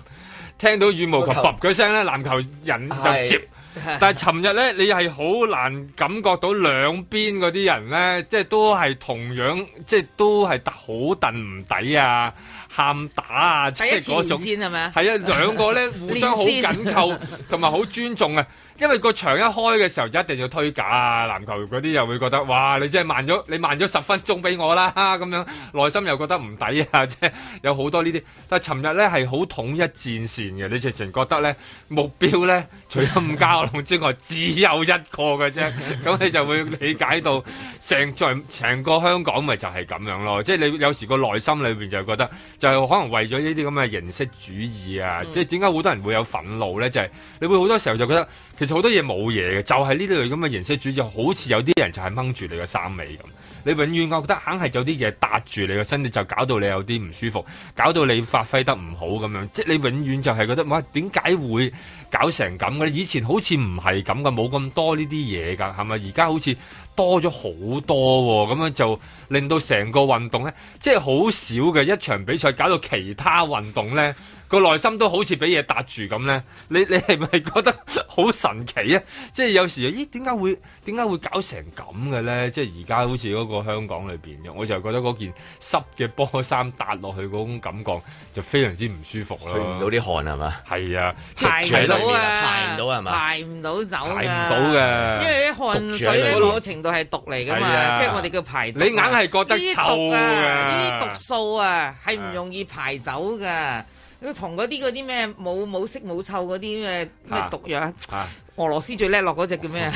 聽到羽毛球噠嘅聲咧，籃球引就接。 但係尋日咧，你係好難感覺到兩邊嗰啲人咧，即係都係同樣，即係都係好憤唔抵啊、喊打啊，即係嗰種。係 啊，兩個咧互相好緊扣，同埋好尊重啊。 因為個場一開嘅時候就一定要推介啊，籃球嗰啲又會覺得，哇，你真係慢咗，你慢咗十分鐘俾我啦，咁樣內心又覺得唔抵啊，即係有好多呢啲。但係尋日咧係好統一戰線嘅，你直情覺得咧目標咧除咗唔交流之外，只有一個嘅啫，咁 你就會理解到成在成個香港咪就係咁樣咯，即係你有時個內心裏邊就覺得，就係可能為咗呢啲咁嘅形式主義啊，嗯、即係點解好多人會有憤怒咧，就係、是、你會好多時候就覺得。其實好多嘢冇嘢嘅，就係、是、呢類咁嘅形式主義，好似有啲人就係掹住你嘅衫尾咁。你永遠我覺得，硬係有啲嘢搭住你嘅身，就搞到你有啲唔舒服，搞到你發揮得唔好咁樣。即係你永遠就係覺得，喂，點解會搞成咁嘅？以前好似唔係咁嘅，冇咁多呢啲嘢噶，係咪？而家好似多咗好多、哦，咁樣就令到成個運動呢，即係好少嘅一場比賽，搞到其他運動呢。個內心都好似俾嘢搭住咁咧，你你係咪覺得好神奇啊？即係有時咦點解會點解會搞成咁嘅咧？即係而家好似嗰個香港裏面嘅，我就覺得嗰件濕嘅波衫搭落去嗰種感覺就非常之唔舒服咯，去唔到啲汗係嘛？係啊，排唔到啊，排唔到係嘛？排唔到走，排唔到嘅，因為啲汗水呢個程度係毒嚟㗎嘛，即係、啊就是、我哋叫排毒、啊。你硬係覺得臭啊？呢啲毒素啊係唔容易排走㗎。同嗰啲嗰啲咩冇冇色冇臭嗰啲咩咩毒藥、啊啊，俄羅斯最叻落嗰隻叫咩啊？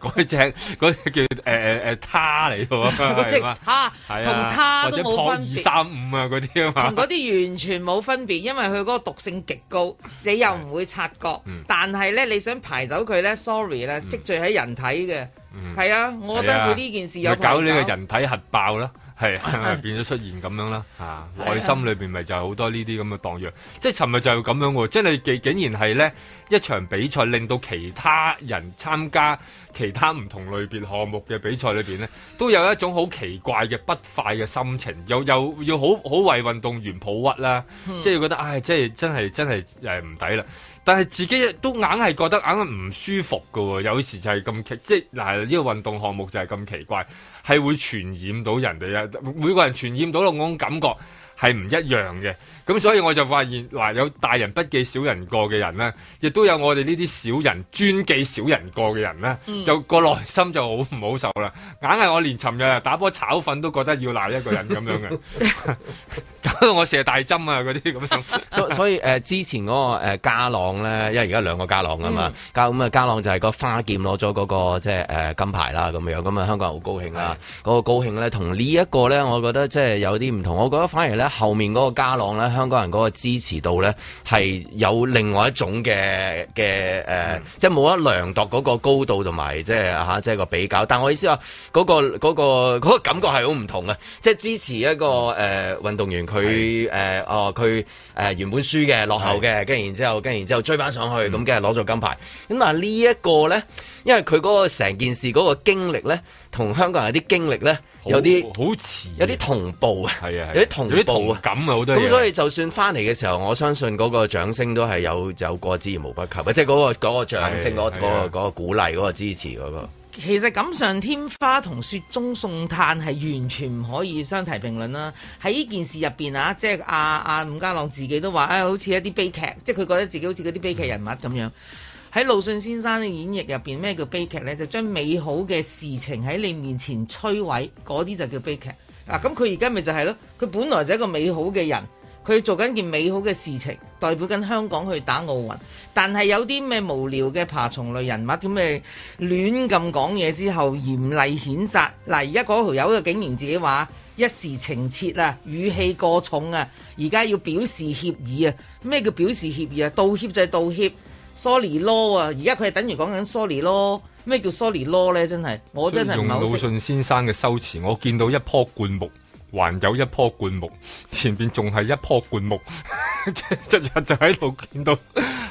嗰隻嗰隻叫誒誒他嚟喎，嗰隻他同他都冇分別，三五啊嗰啲啊嘛，同嗰啲完全冇分別， 因為佢嗰個毒性極高，你又唔會察覺，嗯、但係咧你想排走佢咧，sorry 啦、嗯，積聚喺人體嘅，係、嗯、啊，我覺得佢呢件事有搞你嘅人體核爆啦。係， 變咗出現咁樣啦，啊，內心裏面咪就有好多呢啲咁嘅盪漾，即尋日就係咁樣喎，即你竟竟然係咧一場比賽令到其他人參加其他唔同類別項目嘅比賽裏面咧，都有一種好奇怪嘅不快嘅心情，又又要好好為運動員抱屈啦，即係覺得唉，即係真係真係誒唔抵啦，但係自己都硬係覺得硬係唔舒服㗎喎，有時就係咁奇，即嗱呢、啊呢個運動項目就係咁奇怪。係會傳染到人哋啊！每個人傳染到嘅嗰種感覺係唔一樣嘅。咁所以我就發現嗱，有大人不記小人過嘅人呢，亦都有我哋呢啲小人專記小人過嘅人呢，就個內心就好唔好受啦。硬係我連尋日打波炒粉都覺得要鬧一個人咁樣嘅，搞 到 我成日大針啊嗰啲咁樣 所。所所以誒、呃，之前嗰個誒家朗呢，因為而家兩個家朗啊嘛，咁啊家朗就係個花劍攞咗嗰個即係誒金牌啦咁樣，咁啊香港人好高興啦。嗰、嗰個高興呢，同呢一個呢，我覺得即係有啲唔同。我覺得反而呢，後面嗰個家朗呢。香港人嗰個支持度咧，係有另外一種嘅嘅誒，即係冇得量度嗰個高度同埋，即係嚇，即係個比較。但我意思話，嗰、嗰個嗰、嗰個嗰個、感覺係好唔同啊，即係支持一個誒、呃、運動員，佢誒哦佢誒原本輸嘅落後嘅，跟然之後跟然之後追翻上去，咁梗係攞咗金牌。咁、嗯、嗱呢一個咧，因為佢嗰個成件事嗰個經歷咧。同香港人有啲經歷咧，有啲好似，有啲同步啊，啊，有啲同步啊，感啊好多。咁所以就算翻嚟嘅時候，我相信嗰個掌聲都係有有過之而無不及，即係嗰個嗰、嗰個、掌聲嗰、嗰個、啊啊嗰個嗰、嗰個、鼓勵嗰、嗰個支持嗰、嗰個。其實錦上添花同雪中送炭係完全唔可以相提並論啦。喺呢件事入面，啊，即係阿阿伍家朗自己都話、哎、好似一啲悲劇，即係佢覺得自己好似嗰啲悲劇人物咁樣。嗯喺魯迅先生嘅演繹入邊，咩叫悲劇呢？就將美好嘅事情喺你面前摧毀，嗰啲就叫悲劇。嗱，咁佢而家咪就係咯，佢本來就係一個美好嘅人，佢做緊件美好嘅事情，代表緊香港去打奧運，但係有啲咩無聊嘅爬蟲類人物咁咪亂咁講嘢之後嚴厲譴責。嗱，而家嗰條友啊，竟然自己話一時情切啊，語氣過重啊，而家要表示歉意啊，咩叫表示歉意啊？道歉就係道歉。sorry 囉啊！而家佢係等於講緊 sorry 囉，咩叫 sorry 囉咧？真係，我真係用魯迅先生嘅修辭，我見到一棵灌木。還有一棵灌木，前邊仲係一棵灌木，即係日日就喺度見到，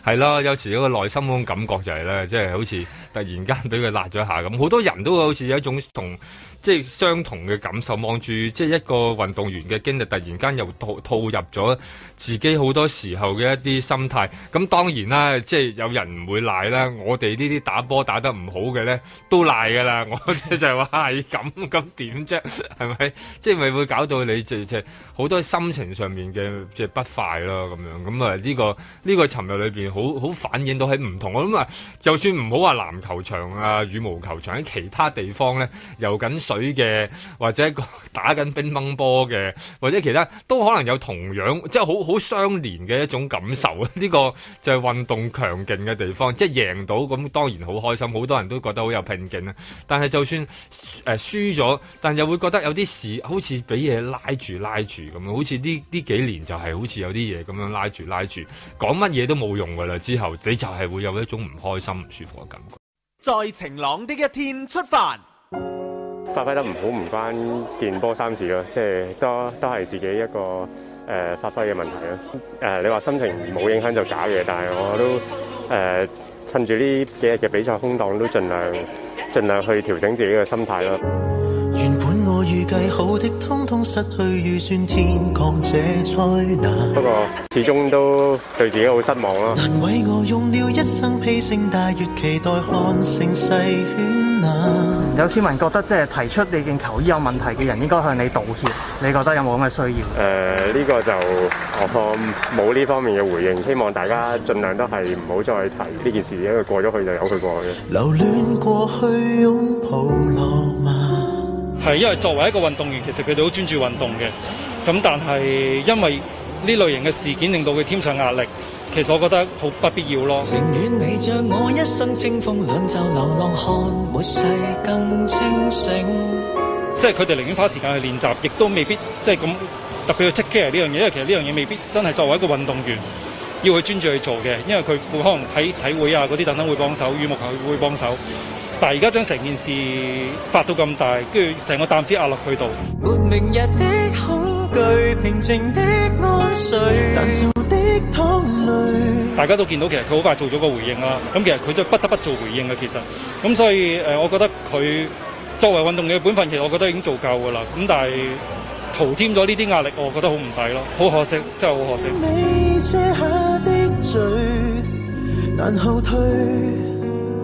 係啦。有時個內心嗰種感覺就係啦，即係好似突然間俾佢辣咗下咁。好多人都好似有一種同即係相同嘅感受，望住即係一個運動員嘅經歷，突然間又套套入咗自己好多時候嘅一啲心態。咁當然啦，即係有人唔會賴啦。我哋呢啲打波打得唔好嘅咧，都賴噶啦。我即係話係咁，咁點啫？係咪？即係咪會？搞到你即即好多心情上面嘅即不快咯、這個，咁樣咁啊呢個呢、這個尋日裏邊好好反映到喺唔同。我諗啊，就算唔好話籃球場啊、羽毛球場喺其他地方咧，游緊水嘅或者打緊乒乓波嘅或者其他，都可能有同樣即好好相連嘅一種感受啊！呢、這個就係運動強勁嘅地方，即、就、贏、是、到咁當然好開心，好多人都覺得好有拼勁啊。但係就算誒輸咗，但又會覺得有啲事好似俾啲嘢拉住拉住咁樣，好似呢呢幾年就係好似有啲嘢咁樣拉住拉住，講乜嘢都冇用噶啦。之後你就係會有一種唔開心、唔舒服嘅感覺。在晴朗的一天出發，發揮得唔好唔關電波三事咯，即係都都係自己一個誒發揮嘅問題咯。誒、呃，你話心情冇影響就假嘢，但係我都誒、呃、趁住呢幾日嘅比賽空檔都盡量盡量去調整自己嘅心態咯。預計好的通通失去預算天降者災難，不過始終都對自己好失望咯。有市民覺得即係提出你件球衣有問題嘅人應該向你道歉，你覺得有冇咁嘅需要？誒、呃、呢、這個就我方冇呢方面嘅回應，希望大家盡量都係唔好再提呢件事，因為過咗去就由佢過、過去。擁抱浪漫係因為作為一個運動員，其實佢哋好專注運動嘅，咁但係因為呢類型嘅事件令到佢添上壓力，其實我覺得好不必要咯。情願你著我一生清風兩袖流浪漢，沒世更清醒。即係佢哋寧願花時間去練習，亦都未必即係咁特別要即刻嚟呢樣嘢，因為其實呢樣嘢未必真係作為一個運動員要去專注去做嘅，因為佢會可能睇體會啊嗰啲等等會幫手，羽毛球會幫手。但而家將成件事發到咁大，跟住成個擔子壓落去度。大家都見到其，其實佢好快做咗個回應啦。咁其實佢都不得不做回應嘅。其實，咁所以誒，我覺得佢作為運動員嘅本分，其實我覺得已經做夠噶啦。咁但係塗添咗呢啲壓力，我覺得好唔抵咯，好可惜，真係好可惜。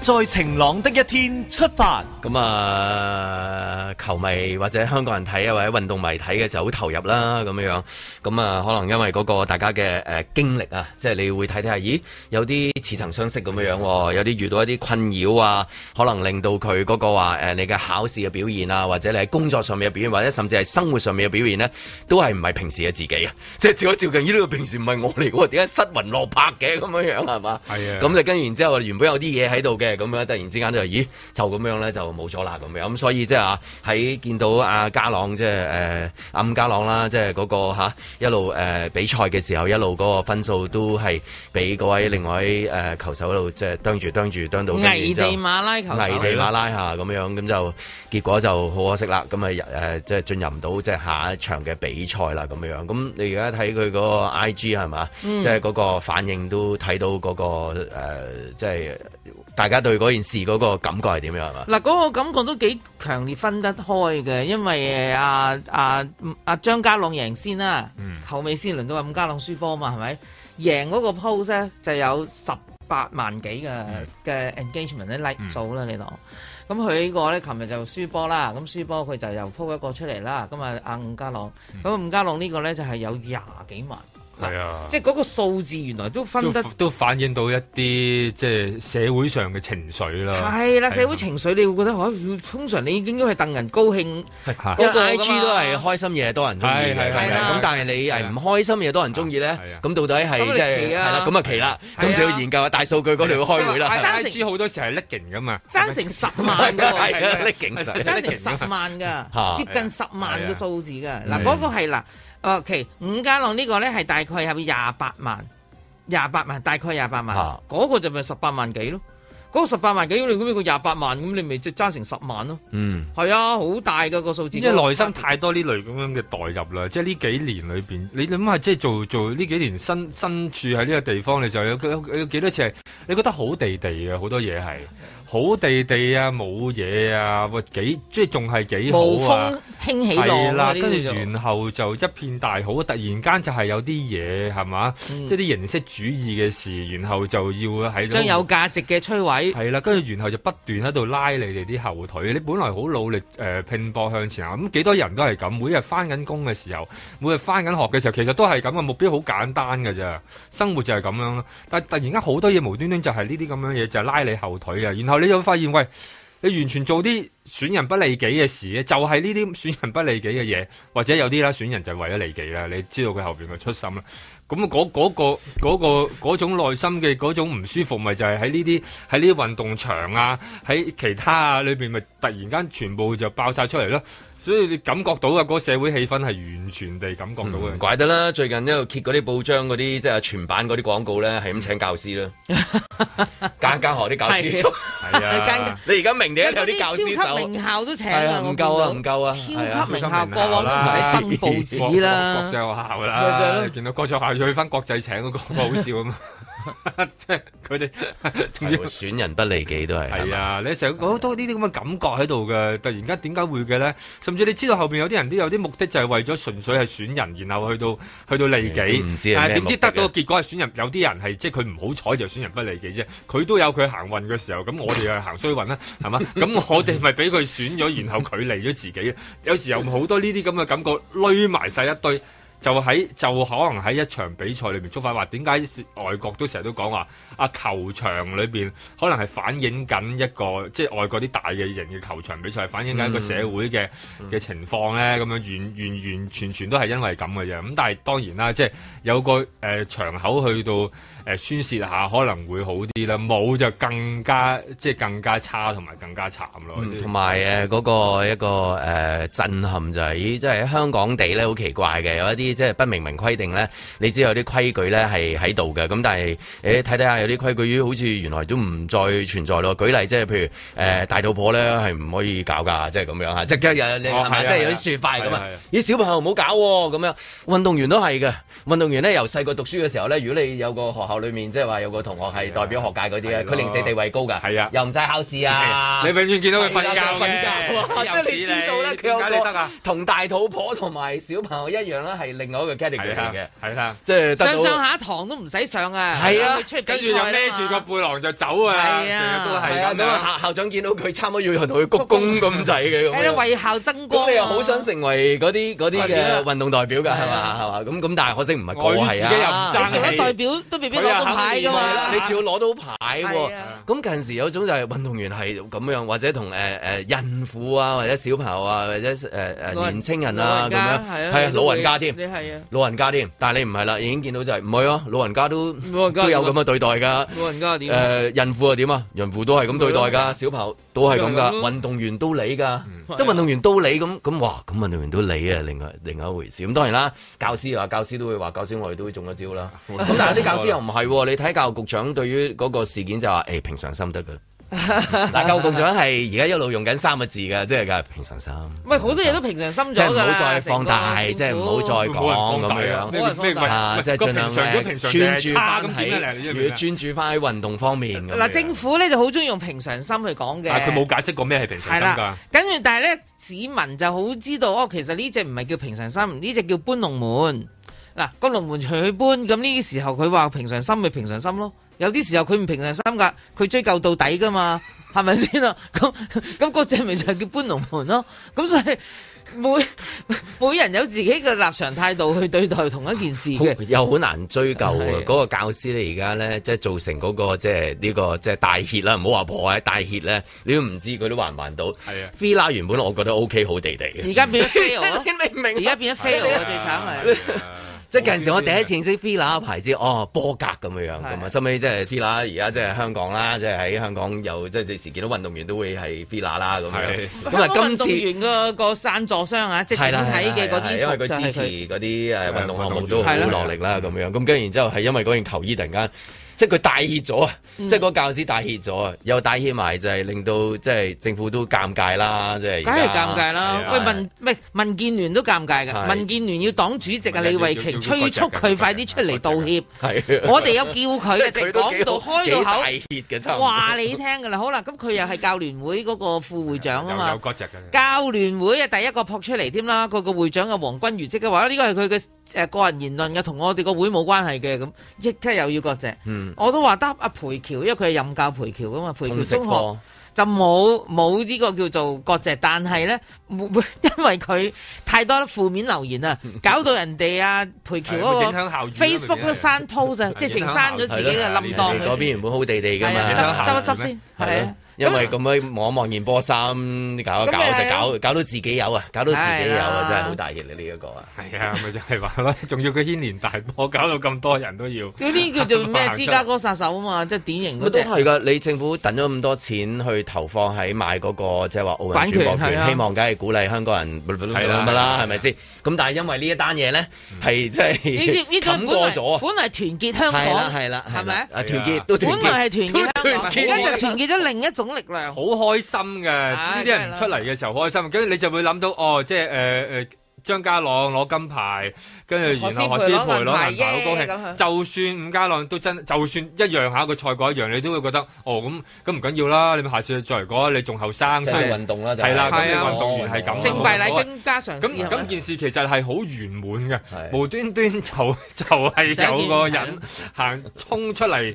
在晴朗的一天出發。咁啊，球迷或者香港人睇啊，或者運動迷睇嘅時候好投入啦，咁樣樣。咁啊，可能因為嗰個大家嘅誒、呃、經歷啊，即係你會睇睇下，咦，有啲似曾相識咁樣樣，有啲遇到一啲困擾啊，可能令到佢嗰、嗰個話誒、呃，你嘅考試嘅表現啊，或者你喺工作上面嘅表現，或者甚至係生活上面嘅表現咧，都係唔係平時嘅自己啊。即係照一照鏡，呢個平時唔係我嚟個點解失魂落魄嘅咁樣樣係嘛？係啊。咁就跟完之後，原本有啲嘢喺度嘅。誒，咁樣突然之間就咦，就咁樣咧就冇咗啦，咁樣咁所以即係啊，喺、即係、見到阿加朗即係誒，暗、即係呃、加朗啦，即係嗰個吓、啊，一路誒、呃、比賽嘅時候，一路嗰個分數都係俾嗰位另外誒、呃、球手度，即係蹬住蹬住蹬到危地馬拉危地馬拉吓咁樣，咁就結果就好可惜啦，咁咪誒即係進入唔到即係下一場嘅比賽啦，咁樣咁你而家睇佢嗰個 IG 係咪，即係嗰個反應都睇到嗰、嗰個誒即係。呃即係大家對嗰件事嗰個感覺係點樣？嗱，嗰、嗰個感覺都幾強烈，分得開嘅。因為阿阿阿張家朗贏先啦、嗯，後尾先輪到阿伍家朗輸波啊嘛，係咪？贏嗰個 pose 咧就有十八萬幾嘅嘅 engagement 啲 like 數啦，你講。咁佢呢個咧，琴日就輸波啦，咁輸波佢就又 po 一個出嚟啦，咁啊阿伍家朗，咁、嗯、伍家朗呢個咧就係有廿幾萬。係啊，啊，即係嗰個數字原來都分得都反映到一啲即係社會上嘅情緒啦。係啦、啊，社會情緒你會覺得，啊、通常你應該係戥人高興，嗰、啊那個 I G 都係開心嘢，多人中意。咁、啊啊啊啊啊，但係你係唔開心嘢，多人中意咧。咁、啊、到底係即係係啦，咁啊，啊就奇啦，咁、啊就，啊、就要研究下大數據嗰度要開會啦。I G 好多時候係甩勁噶嘛，爭成十萬噶，係甩勁實，爭成十萬噶，接近十萬嘅數字噶。嗱、啊，嗰個係啦 Okay, 啊，其五間樓呢個咧係大概係廿八萬，廿八萬大概廿八萬，嗰個就咪十八萬幾咯，嗰個十八萬幾，你咁樣個廿八萬，咁你咪即係爭成十萬咯。嗯，係啊，好大㗎個數字。因為內心太多呢類咁樣嘅代入啦、嗯，即係呢幾年裏邊，你諗下即係做做呢幾年身身處喺呢個地方，你就有有有幾多次係你覺得好地地嘅，好多嘢係。好地地啊，冇嘢啊，喂，幾即係仲係幾好啊，啊無風興起浪、啊、啦，跟住然後就一片大好，嗯、突然間就係有啲嘢係嘛，即係啲形式主義嘅事，然後就要喺度將有價值嘅摧毀，係啦，跟住然後就不斷喺度拉你哋啲後腿，你本來好努力誒、呃、拼搏向前啊，咁、嗯、幾多人都係咁，每日翻緊工嘅時候，每日翻緊學嘅時候，其實都係咁嘅目標，好簡單嘅咋，生活就係咁樣咯。但係突然間好多嘢無端端就係呢啲咁樣嘢，就係、拉你後腿啊，然後，你就發現，喂，你完全做啲～損人不利己嘅事咧，就係呢啲損人不利己嘅嘢，或者有啲啦，損人就係為咗利己啦，你知道佢後邊嘅出心啦。咁嗰嗰個嗰、嗰個嗰、嗰個、種內心嘅嗰種唔舒服，咪就係喺呢啲喺呢啲運動場啊，喺其他啊裏邊，咪突然間全部就爆晒出嚟咯。所以你感覺到啊，嗰個社會氣氛係完全地感覺到嘅、嗯。唔怪得啦，最近一路揭嗰啲報章嗰啲即係全版嗰啲廣告咧，係、嗯、咁請教師啦，間 間學啲教師術，係 啊， 你而家明點一有啲教師名校都請啊，唔夠啊，唔夠啊，超、啊、級名校，過往都唔使登報紙啦 國國，國際學校啦，就就你見到國際學校又去翻國際請，嗰個個好笑咁。 即係佢哋，仲要損人不利己都係。係啊，你成日講好多呢啲咁嘅感覺喺度嘅，突然間點解會嘅咧？甚至你知道後邊有啲人都有啲目的，就係為咗純粹係損人，然後去到去到利己。唔、嗯、知啊，點知得到結果係損人？有啲人係即係佢唔好彩就損人不利己啫。佢都有佢行運嘅時候，咁我哋又行衰運啦，係 嘛？咁我哋咪俾佢損咗，然後佢利咗自己。有時候有好多呢啲咁嘅感覺，累埋晒一堆。就喺就可能喺一場比賽裏面觸發，話點解外國都成日都講話啊，啊球場裏面可能係反映緊一個即係、就是、外國啲大嘅人嘅球場比賽，反映緊一個社會嘅嘅、嗯、情況咧。咁樣完完完全全都係因為咁嘅嘢。咁但係當然啦，即、就、係、是、有個誒、呃、場口去到。誒宣泄下可能會好啲啦，冇就更加即係更加差同埋更加慘咯。同埋誒個一個誒、呃、震撼就係、是、咦，即係喺香港地咧好奇怪嘅，有一啲即係不明文規定咧。你知有啲規矩咧係喺度嘅，咁但係誒睇睇下有啲規矩好似原來都唔再存在咯。舉例即係譬如誒、呃、大肚婆咧係唔可以搞㗎，即係咁樣嚇，即係有啲、哦、即係有啲説法咁啊！咦、啊啊，小朋友唔好搞喎、啊、咁樣運動員都係嘅。運動員咧由細個讀書嘅時候咧，如果你有個學校。裏面即係話有個同學係代表學界嗰啲咧，佢、yeah. 零舍地位高㗎，yeah. 又唔使考試啊！Yeah. Yeah. Yeah. Yeah. 你永遠見到佢瞓覺嘅、yeah. 啊，即係你知道咧，佢有個同大肚婆同埋小朋友一樣啦，係另外一個 category 嘅，係、yeah. yeah. 即係上上下一堂都唔使上啊，係、yeah. 啊，啊，跟住又孭住個背囊就走啊，yeah. 都係咁啊！校、yeah. 校長見到佢差唔多要同佢鞠躬咁滯嘅咁，的 為校爭光、啊，你又好想成為嗰啲啲嘅運動代表㗎係嘛係嘛？咁咁、啊，但係可惜唔係佢係代表都代表。牌噶嘛，你只要攞到牌喎。咁、 啊啊、近時有種就係運動員係咁樣，或者同誒誒孕婦啊，或者小朋友啊，或者誒誒、呃、年青人啊咁樣，係啊老人家添，你係啊，老人家添，但係、啊啊、你唔係啦，已經見到就係唔係咯，老人家都都有咁嘅對待㗎。老人家點？誒孕婦啊點啊？孕婦都係咁對待㗎，小朋友。都係咁噶，運動員都理噶、嗯，即係運動員都理咁咁，哇！咁運動員都理啊，另外另外一回事。咁當然啦，教師啊，教師都會話，教師我哋都會中一招啦。咁 但係啲教師又唔係喎，你睇教育局長對於嗰個事件就話，誒、欸、平常心得嘅。嗱，舊局長係而家一路用緊三個字噶，即係噶平常心。唔係好多嘢都平常心咗噶，唔好再放大，即係唔好再講咁樣。即係、啊啊就是、盡量咧專注喺注翻喺運動方面。嗱、啊，政府咧就好鍾意用平常心去講嘅。但係佢冇解釋過咩係平常心㗎。跟住，但係咧市民就好知道哦，其實呢隻唔係叫平常心，呢、這、隻、個、叫搬龍門。嗱、啊，那個龍門隨佢搬，咁呢啲時候佢話平常心咪平常心咯。有啲時候佢唔平常心格，佢追究到底噶嘛，係咪先啊？咁咁嗰隻咪就叫搬龍門咯。咁、嗯、所以每每人有自己嘅立場態度去對待同一件事又好難追究啊！嗰、那個教師咧而家咧，即係造成嗰、那個即係呢、這個即係大 h 啦，唔好話破壞大 h 呢，咧，你都唔知佢都還唔還到。係啊，菲拉原本我覺得 O、OK, K 好地地嘅，而家變菲而家變咗菲牛啊，最慘係。即係近時，我第一次認識 fila 牌子，哦，波格咁樣樣，咁啊，後屘即係 Fila，而家即係香港啦，即係喺香港有即係時見到運動員都會係 fila 啦咁樣。咁啊，運動員，嗰個贊助商啊，即係睇嘅嗰啲，因為佢支持嗰啲誒運動項目都好落力啦咁、啊啊啊啊、樣。咁跟然之後係因為嗰件球衣突然間。即係佢大熱咗啊！即係個教師大熱咗啊！又大熱埋就係、是、令到即係政府都尷尬啦！即係梗係尷尬啦！喂，民咩民建聯都尷尬㗎。民建聯要黨主席啊李慧瓊催促佢快啲出嚟道歉。我哋有叫佢啊，直講到開到口。大熱嘅，話你聽㗎啦。好啦，咁佢又係教聯會嗰個副會長啊嘛。有有嗰隻教聯會啊，第一個撲出嚟添啦，佢個會長啊黃均瑜即刻話：呢個係佢嘅。誒個人言論嘅同我哋個會冇關係嘅咁，亦都又要割席。我都話得阿培橋，因為佢係任教培橋㗎嘛。培橋中學就冇冇呢個叫做割席，但係咧，因為佢太多的負面留言啊，搞到人哋啊培橋嗰個 Facebook 都刪 post，即係成刪咗自己嘅冧檔。嗰邊唔會好地地㗎嘛，執執一執先，係啊。因為咁樣望一望件波衫，搞一搞就搞，搞，搞到自己有啊，搞到自己有啊、哎，真係好大熱你呢一個啊！係、哎、啊，咪就係話咯，仲要佢牽連大波，搞到咁多人都要嗰啲叫做咩？芝加哥殺手啊嘛，即 係典型嗰、那、啲、個。我都提噶，你政府抌咗咁多錢去投放喺買嗰個，即係話奧運轉播權，權啊、希望梗係鼓勵香港人係啦，係咪先？咁、啊啊啊啊、但係因為呢一單嘢咧，係即係冚過咗啊！本來團結香港，係啦係啦，咪團、啊啊啊啊、結都團結，本來係團結香港，而家就團結咗另一種力量好開心嘅，呢啲人出嚟嘅時候好開心，跟住你就會諗到哦，即係誒誒張家朗攞金牌，跟住然後何詩蓓攞銀牌，好高興。就算伍家朗都真，就算一樣下一個賽果一樣，你都會覺得哦咁咁唔緊要啦，你咪下次再嚟過，你仲後生，即係運動啦，係啦，嗰啲運動員係咁，勝敗禮更加常。咁咁件事其實係好圓滿嘅，無端端就就係有個人行衝出嚟。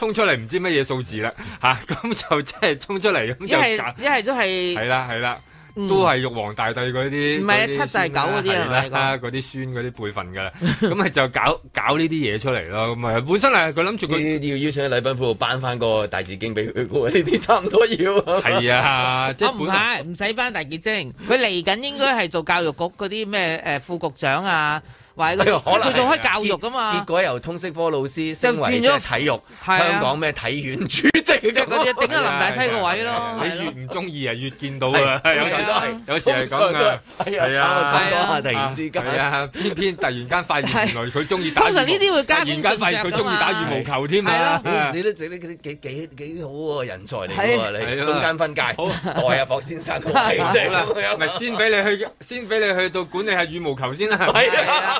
衝出嚟唔知乜嘢數字啦，吓、啊、咁、嗯嗯嗯嗯嗯嗯、就即係衝出嚟咁就一係一係都係係啦係啦，都係玉皇大帝嗰啲唔係七世九嗰啲啦，嗰啲孫嗰啲輩份噶，咁、嗯、咪就搞 搞呢啲嘢出嚟咯，咁啊本身係佢諗住佢要邀請禮賓府頒翻個大紫荊俾佢，呢 啲差唔多要係、嗯、啊，即唔係唔使頒大結晶，佢嚟緊應該係做教育局嗰啲咩誒副局長啊。佢、啊、可能做開教育噶嘛結，結果由通識科老師升為體育，啊、香港咩體院主席，即係嗰隻頂林大輝個位咯、啊啊啊。你越唔中意啊，越見到啊，有時都係，有時係咁噶，係啊，係啊，係啊，啊，啊，偏偏突然間發現原來佢中意打，通常呢啲會突然間佢中意打羽毛球添，係、啊啊啊啊啊、你都整幾幾幾好個人才嚟你中間分界，代阿霍先生係先俾你去，先俾你去到管理下羽毛球先啦。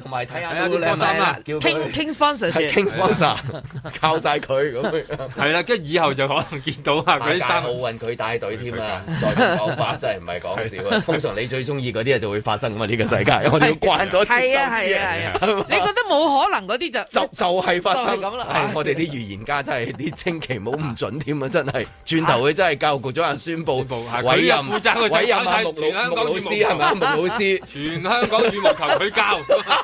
同埋睇下啲靚仔啦，叫 King, King Sponsor，係 King Sponsor，教晒佢咁。係 啦， 跟住以後就可能見到他大他啊！佢啲衫，奧運佢帶隊添啦。再講法，真係唔係講笑啊！ 通常你最中意嗰啲嘢就會發生啊嘛。呢、這個世界， 我哋要慣咗。係啊係啊係啊！ 你覺得冇可能嗰啲就 就就係、是、發生咁啦。係 我哋啲預言家真係啲清奇，冇唔準添啊！真係轉頭佢真係教育局咗人宣佈部委任， 負責委任啊，陸老師係咪？陸老師，全香港羽毛球佢、 啊、 教。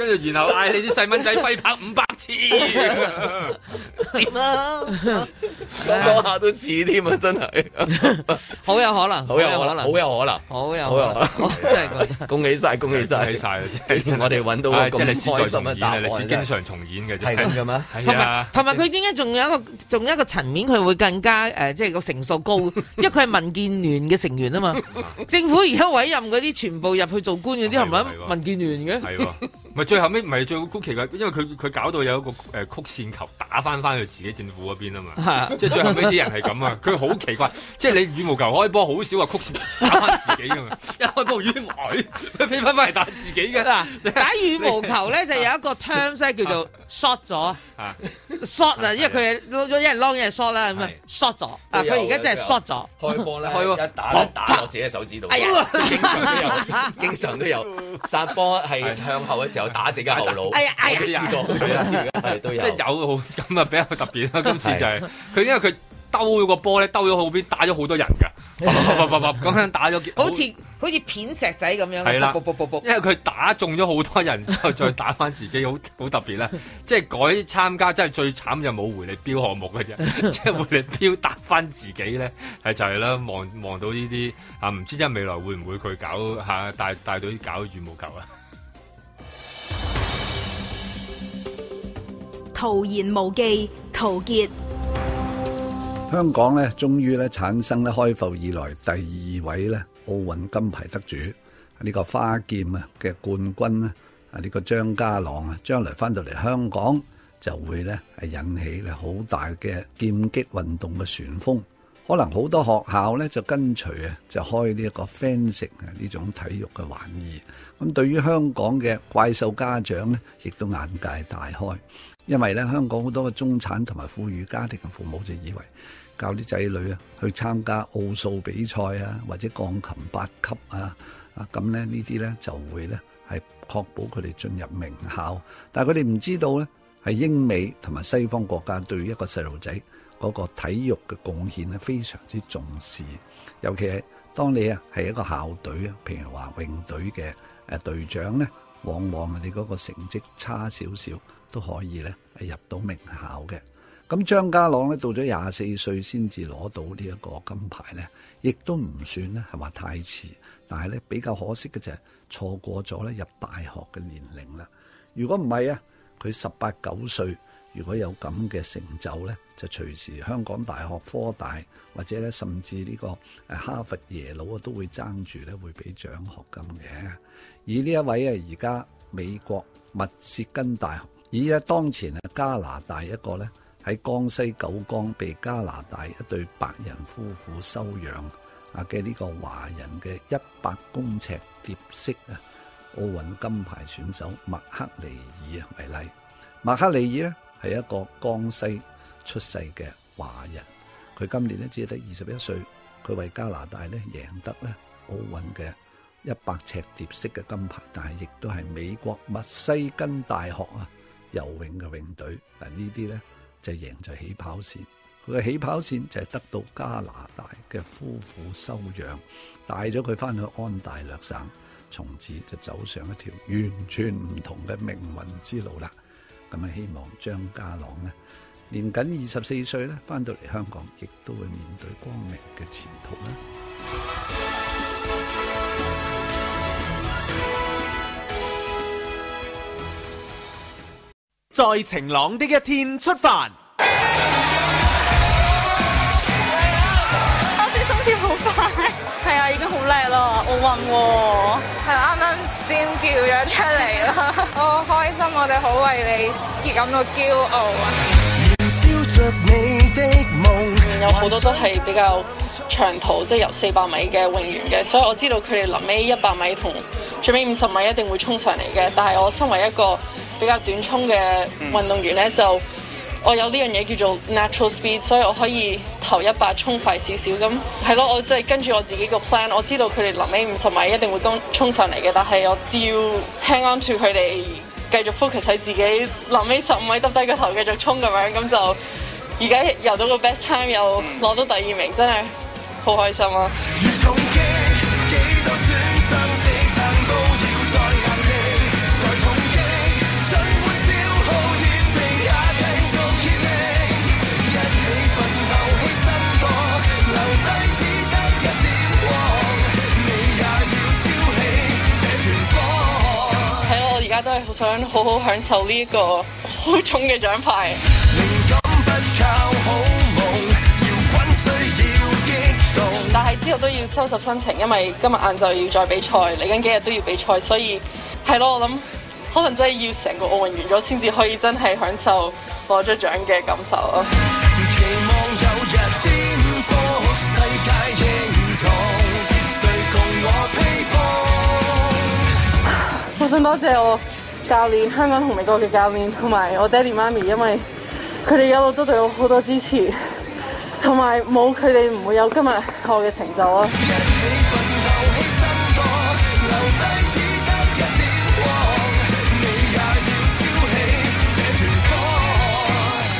跟住然後嗌你啲細蚊仔揮拍五百次點啊？ 什麼？講 講下都似添啊！真係 好有可能，好有可能，好有可能，好有可能，真係恭喜晒！恭喜晒！恭喜晒！我哋揾到咁開心嘅答案，哎啊、你經常重演嘅啫，係咁嘅咩？同埋佢點解仲有一個仲 有一個層面，佢會更加誒，即係個成數高， 因為佢係民建聯嘅成員啊嘛。 政府而家委任嗰啲全部入去做官嘅啲係咪民建聯嘅？咪最後尾，唔係最好奇怪，因為佢佢搞到有一個誒曲線球打翻翻去自己政府嗰邊啊嘛，即係、啊、最後尾啲人係咁啊！佢 好奇怪，即係你羽毛球開波好少話曲線打翻自己噶嘛？ 有冇羽毛球？佢飛翻翻嚟打自己嘅。打羽毛球咧就有一個 term、啊、叫做 s h o t 咗 s h o t 啊，啊！啊因為佢係攞咗一人 l o n g 一 s h o t 啦，咁啊 s h o t 咗佢而家真係 s h o t 咗、啊、開波咧， 一打一打落自己手指度，哎、呀經常 經常都有，經常都有殺波係向後嘅時候有 打自己後腦，哎呀哎呀！我試過好多次，係都有，即係 也有好咁啊，比較特別啦。今次就係、是、佢 因為佢兜咗個波咧，兜咗後邊打咗好多人噶，啵啵啵咁樣打咗， 好似好似片石仔咁樣，係啦， 啵啵啵因為佢打中咗好多人，之後再打翻自己，好好特別啦。即係改參加，真係最慘就冇回力標項目嘅啫，即係回力標打翻自己咧，係就係、是、啦。望望到呢啲嚇，唔、就是、知真未來會唔會佢搞吓、啊、帶帶隊搞羽毛球啊？陶言無忌，陶傑香港咧，終於咧產生咧開埠以來第二位咧奧運金牌得主。呢個花劍啊嘅冠軍咧啊，呢個張家朗啊，將來翻到嚟香港就會咧係引起咧好大嘅劍擊運動嘅旋風。可能好多學校咧就跟隨啊，就開呢一個 fencing 啊呢種體育嘅玩意。咁對於香港嘅怪獸家長咧，亦都眼界大開。因為咧，香港好多嘅中產同埋富裕家庭嘅父母就以為教啲仔女啊去參加奧數比賽啊，或者鋼琴八級啊，啊咁咧呢啲咧就會咧係確保佢哋進入名校。但係佢哋唔知道咧，係英美同埋西方國家對一個細路仔嗰個體育嘅貢獻咧非常之重視。尤其係當你啊係一個校隊啊，譬如話泳隊嘅誒隊長咧，往往你嗰個成績差少少，都可以咧，入到名校嘅。咁張家朗咧，到咗廿四歲先至攞到呢一個金牌咧，亦都唔算咧，係話太遲。但係咧比較可惜嘅就係錯過咗咧入大學嘅年齡啦。如果唔係啊，佢十八九歲如果有咁嘅成就咧，就隨時香港大學、科大或者咧甚至呢個哈佛耶魯啊，都會爭住咧會俾獎學金嘅。而呢一位啊，而家美國密切根大學。以咧，當前啊，加拿大一個咧喺江西九江被加拿大一對白人夫婦收養啊嘅呢個華人嘅一百公尺蝶式啊奧運金牌選手麥克尼爾啊為例。麥克尼爾咧係一個江西出世嘅華人，佢今年咧只係得二十一歲，佢為加拿大咧贏得咧奧運嘅一百尺蝶式嘅金牌，但係亦都係美國密西根大學啊。游泳嘅泳隊嗱，這些呢啲呢就贏在起跑線。佢嘅起跑線就係得到加拿大嘅夫婦收養，帶咗佢翻去安大略省，從此就走上一條完全唔同嘅命運之路啦。咁啊，希望張家朗呢，年僅二十四歲咧，翻到嚟香港，亦都會面對光明嘅前途啦。在晴朗一的一天出發，哎、我先心跳好快，係啊，已經好叻咯，奧運喎，係啱啱尖叫咗出嚟啦， 我好開心，我哋好為你而感到驕傲。燃燒着你的夢，有好多都係比較長途，即、就、係、是、由四百米嘅泳員嘅，所以我知道佢哋臨尾一百米同最尾五十米一定會衝上嚟嘅，但係我身為一個。比較短衝嘅運動員呢，嗯、就我有呢樣嘢叫做 natural speed，所以我可以頭一百衝快少少咁，係咯，我即係跟住我自己個 plan，我知道佢哋臨尾五十米一定會當衝上嚟嘅，但係我只要 hang on to 佢哋，繼續 focus 喺自己臨尾十五米耷低個頭繼續衝咁樣，咁就而家游到個 best time 又攞到第二名，嗯、真係好開心啊！都係好想好好享受呢個好重嘅獎牌。但係之後都要收拾心情，因為今日晏晝要再比賽，嚟緊幾日都要比賽，所以係咯，我諗可能真係要成個奧運完咗，先至可以真係享受攞咗獎嘅感受囉。多謝我教練，香港同美國嘅教練，同埋我爹哋媽咪，因為佢哋一路都對我好多支持，同埋冇佢哋唔會有今日我嘅成就咯、嗯。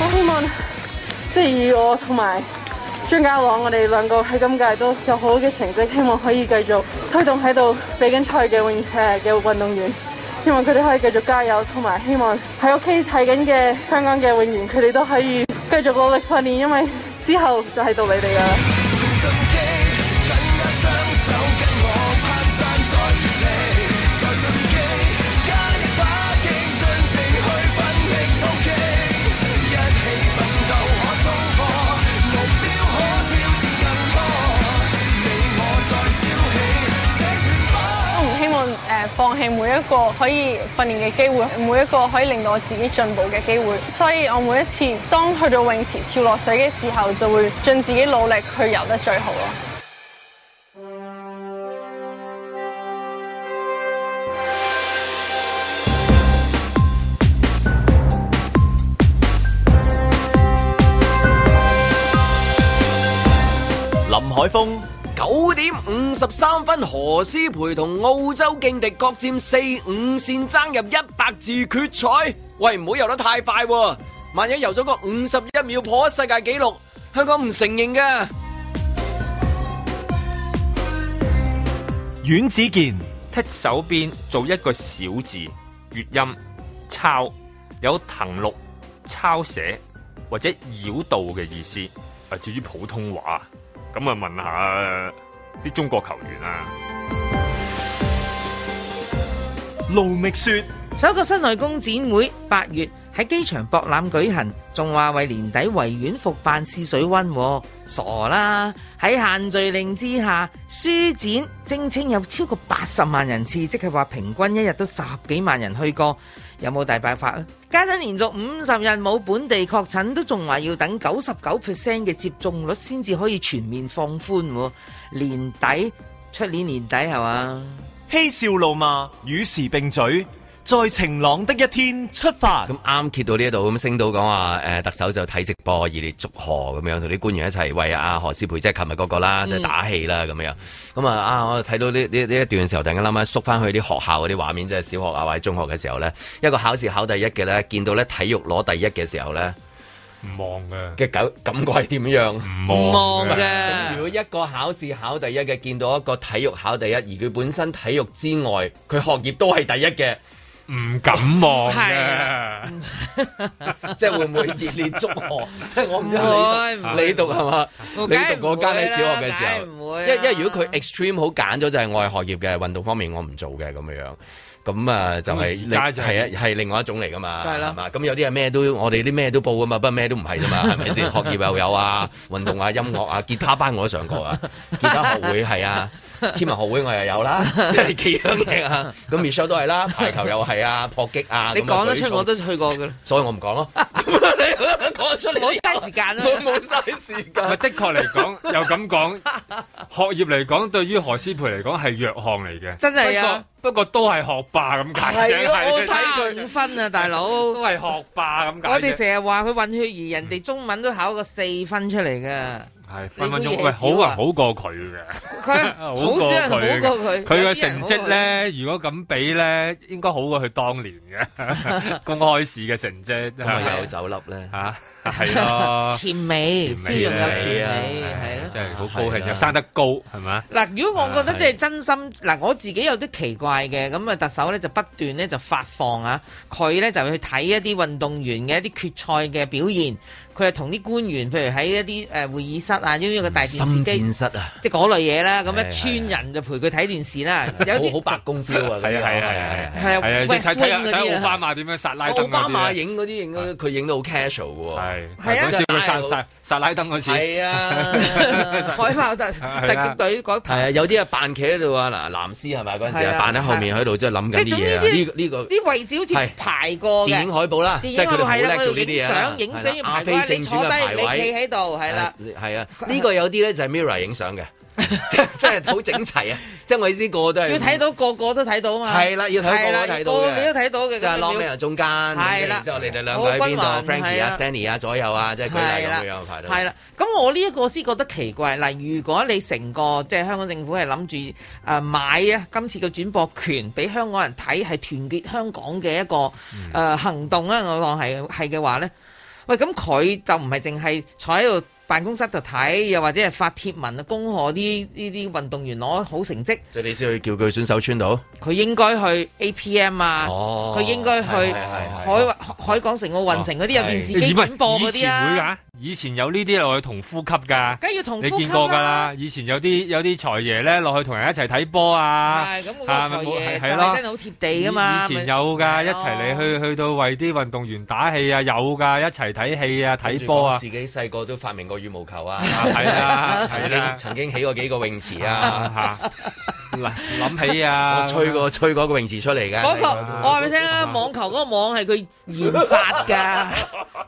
我希望即係以我同埋，還有張家朗，我哋兩個喺今屆都有好好嘅成績，希望可以繼續推動喺度比緊賽嘅泳誒嘅運動員，希望佢哋可以繼續加油，同埋希望喺屋企睇緊嘅香港嘅泳員，佢哋都可以繼續努力訓練，因為之後就喺度你哋啦。放棄每一個可以訓練嘅機會，每一個可以令到我自己進步嘅機會，所以我每一次當去到泳池跳落水嘅時候，就會盡自己努力去游得最好咯。林海峰。九點五十三分，何詩培同澳洲勁敵各佔四五線，爭入一百字決賽。喂，唔好游得太快喎，萬一游咗個五十一秒破世界紀錄，香港唔承認嘅。阮子健，踢手邊做一個小字，粵音抄有謄錄、抄寫或者繞道嘅意思。啊，至於普通話。咁啊，問下啲中國球員啊，盧覓雪。首個室內工展會八月喺機場博覽舉行，仲話為年底維園復辦試水溫，傻啦！喺限聚令之下，書展聲稱有超過八十萬人次，即係話平均一日都十幾萬人去過。有冇大辦法啊？家陣連續五十日冇本地確診，都仲話要等九十九 percent 嘅接種率先至可以全面放寬。年底，出年年底係嘛？嬉笑怒罵與時並舉。在晴朗的一天出發。咁啱揭到呢一度，咁升到講話誒，特首就睇直播熱烈祝賀咁樣，同啲官員一齊為阿何詩蓓，即係琴日嗰個啦，即係、那個、打氣啦咁樣。咁啊啊，我睇到呢呢呢一段嘅時候，突然間諗起縮翻去啲學校嗰啲畫面，即係小學啊或者中學嘅時候呢。一個考試考第一嘅呢，見到呢體育攞第一嘅時候呢，唔望嘅。嘅感覺係點樣？唔望嘅啫。如果一個考試考第一嘅，見到一個體育考第一，而佢本身體育之外，佢學業都係第一嘅。唔敢望嘅 即係會唔會熱烈祝賀？即係我唔會，你讀係嘛？你讀嗰間小學嘅時候，會啊會啊、因為因為如果佢 extreme 好揀咗，就係、是、我係學業嘅運動方面我，我唔做嘅咁樣樣。咁啊，就係係啊，係、嗯就是、另外一種嚟噶嘛。係、就、啦、是，咁有啲係咩都，我哋啲咩都報噶嘛，不過咩都唔係啫嘛，係咪先？ 學業又有啊，運動啊，音樂啊，吉他班我都上過啊，吉他學會係啊。 天文學會我又有啦，即係幾樣嘢啊！咁 Michelle 都係啦，排球又係啊，搏擊啊，你講得出我都去過噶，所以我唔講咯。 你講得出唔好嘥時間啦、啊，冇冇嘥時間。唔係的確嚟講，又咁講，學業嚟講，對於何詩蓓嚟講係弱項嚟嘅。真係啊，不過，不過都係學霸咁解。係咯、啊，睇佢五分啊，大佬都係學霸咁解。我哋成日話佢混血兒，人哋中文都考個四分出嚟噶。係分分鐘喂，好啊，好過佢嘅，好少人好過佢，佢嘅成績咧，如果咁比咧，應該好過佢當年嘅公開試嘅成績，因為有酒粒咧吓，係咯，甜美，絲絨又甜美，係咯，真係好高興又生得高，係咪？嗱，如果我覺得即係真心，嗱，我自己有啲奇怪嘅，咁啊，特首咧就不斷咧就發放啊，佢咧就去睇一啲運動員嘅一啲決賽嘅表現。佢係同啲官員，譬如喺一啲誒會議室啊，依樣個大電視機室啊，即係嗰類嘢啦。咁一村人就陪佢睇電視啦。好好、啊啊、白宮 feel 啊！係啊係啊係啊喂，啊！睇睇、啊啊、奧巴馬點樣殺、啊、拉登奧巴馬影嗰啲，佢影到好 casual 喎。係啊，好似、啊啊、拉登次。係啊， 海豹突擊隊有啲啊扮企喺度啊，嗱，藍絲係咪嗰陣時扮喺後面喺度即係諗緊啲嘢啊？呢呢個啲位置好似排過嘅。影海報啦，即係佢好叻做啲影相影相，要排。你坐低，你企喺度係啦，係啊，呢個有啲咧就係 MIRROR 影相嘅，即係好整齊啊！即係我意思，個個都係要睇到個個都睇到嘛，係啦，要睇到你都睇到嘅，就 Lokman 啊，中間係啦，之後你哋兩個喺邊度，Frankie 啊，Stanley 啊，左右啊，即係佢哋咁樣排列。係啦，咁我呢一個先覺得奇怪。嗱，如果你成個即係香港政府係諗住誒買啊，今次嘅轉播權俾香港人睇，係團結香港嘅一個誒行動咧，我講係係嘅話咧。喂，咁佢就唔係淨係坐喺度辦公室度睇，又或者係發貼文，恭賀啲呢啲運動員攞好成績，即係你先去叫佢選手村度。佢應該去 APM 啊，佢、哦、應該去海是是是是海，海港城奧運城嗰、哦、啲有電視機轉播嗰啲啊。以前有呢啲落去同呼吸噶，梗要同呼吸你見過啦。以前有啲有啲財爺咧落去同人一齊睇波啊，係咁，我個財爺就真係好貼地啊嘛。以前有噶、就是，一齊嚟去去到為啲運動員打氣啊，有噶，一齊睇戲啊，睇波啊。自己細個都發明過羽毛球啊，係 啊， 曾經曾經起過幾個泳池啊，吓。 嗱諗起啊， 我吹過吹嗰個泳池出嚟嘅。嗰、那個、啊、我話俾你聽啊，啊，網球嗰個網係佢研發噶，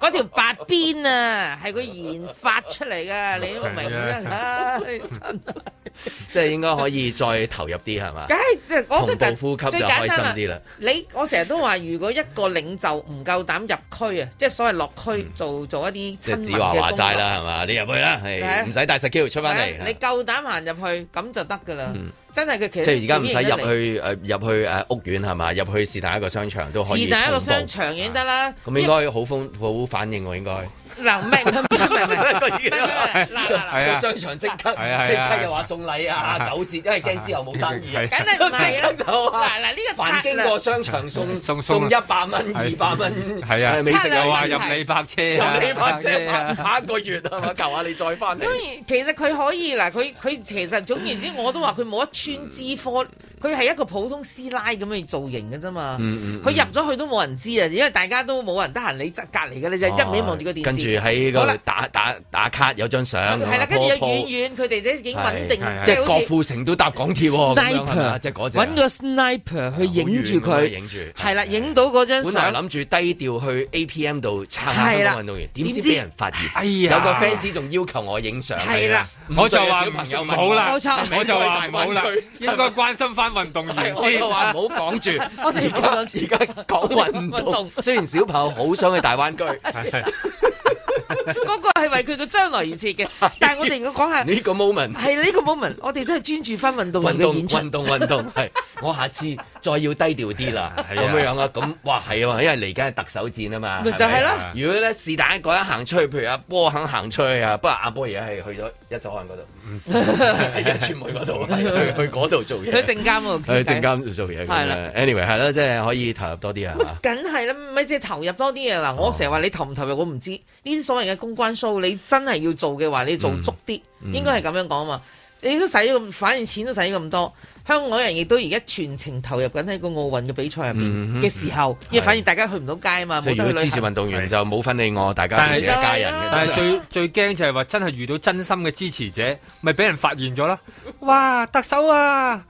嗰條白邊啊係佢研發出嚟噶，你明唔明啊？真 即係應該可以再投入啲係嘛？梗係，我同步呼吸就開心最心啲啦。 你我成日都話，如果一個領袖唔夠膽入區、 嗯、啊，即係所謂落區做做一啲親民嘅工作啦，係嘛、啊啊啊？你入去啦，唔使帶實 Q 出翻嚟。你夠膽行入去，咁就得噶啦。嗯真係佢其實即係而家唔使入去入、啊、去、啊啊、屋苑係咪？入去是但一個商場都可以。是但一個商場已經得啦。咁、啊、應該好風好反應喎、啊、應該。嗱，咩？唔明唔明，嗱嗱個、啊就是啊、商場即刻，即刻又話送禮啊，九折，因為驚之後冇生意啊，梗係唔係啦？就嗱嗱呢個，還經過商場送鬆鬆送一百蚊、二百蚊，係啊，美食又話入你泊車、啊，入你泊車，打、啊啊、一個月係嘛？求下你再翻嚟。當然，其實佢可以嗱，佢佢其實總言之，我都話佢冇一寸資科、嗯，佢係一個普通師奶咁嘅造型嘅啫嘛。佢入咗去都冇人知啊，因為大家都冇人得閒，你隔隔離嘅你就一味望住個電視。喺度打打打卡有張相，係啦，跟住遠遠佢哋都已經穩定，即係郭富城都搭港鐵喎、哦，咁樣，即係只，搵個 sniper 去影住佢，係、嗯、啦，影到嗰張相。本來諗住低調去 APM 度撐下運動員，點知俾人發現，有個 fans 仲要求我影相，係啦，我就話唔好啦，冇錯，我就話唔好啦，應該關心翻運動員先，唔好講住，而家而家講運動，雖然小朋友好想去大灣區， 嗰 個係為佢嘅將來而設嘅，但係我哋要講下呢 個 moment，係呢個 moment，我哋都係專注翻運動員嘅演出，運動運動運動係。 我下次再要低調啲啦，咁 樣啊，咁哇係啊，因為嚟緊係特首戰啊嘛，就係、是、啦。如果咧是但嗰一行出去，譬如阿波肯行出去，去， 去 啊，不過阿波而家係去咗一走行嗰度，一傳媒嗰度，去去嗰度做嘢。喺證監嗰度，喺證監度做嘢。anyway 係咯，即、就、係、是、可以投入多啲啊。咁梗係啦，咪即係投入多啲嘢啦。我成日話你投唔投入，我唔知。呢啲所謂嘅公關 show 你真係要做嘅話，你做足啲、嗯，應該係咁樣講啊嘛。你都使咁，反而錢都使咁多。香港人亦都而家全程投入緊喺個奧運嘅比賽入面嘅時候，因為反而大家去唔到街啊嘛。所以支持運動員就冇分你我，大家係一家人嘅。但係最最驚就係話真係遇到真心嘅支持者，咪俾人發現咗啦！哇，特首啊，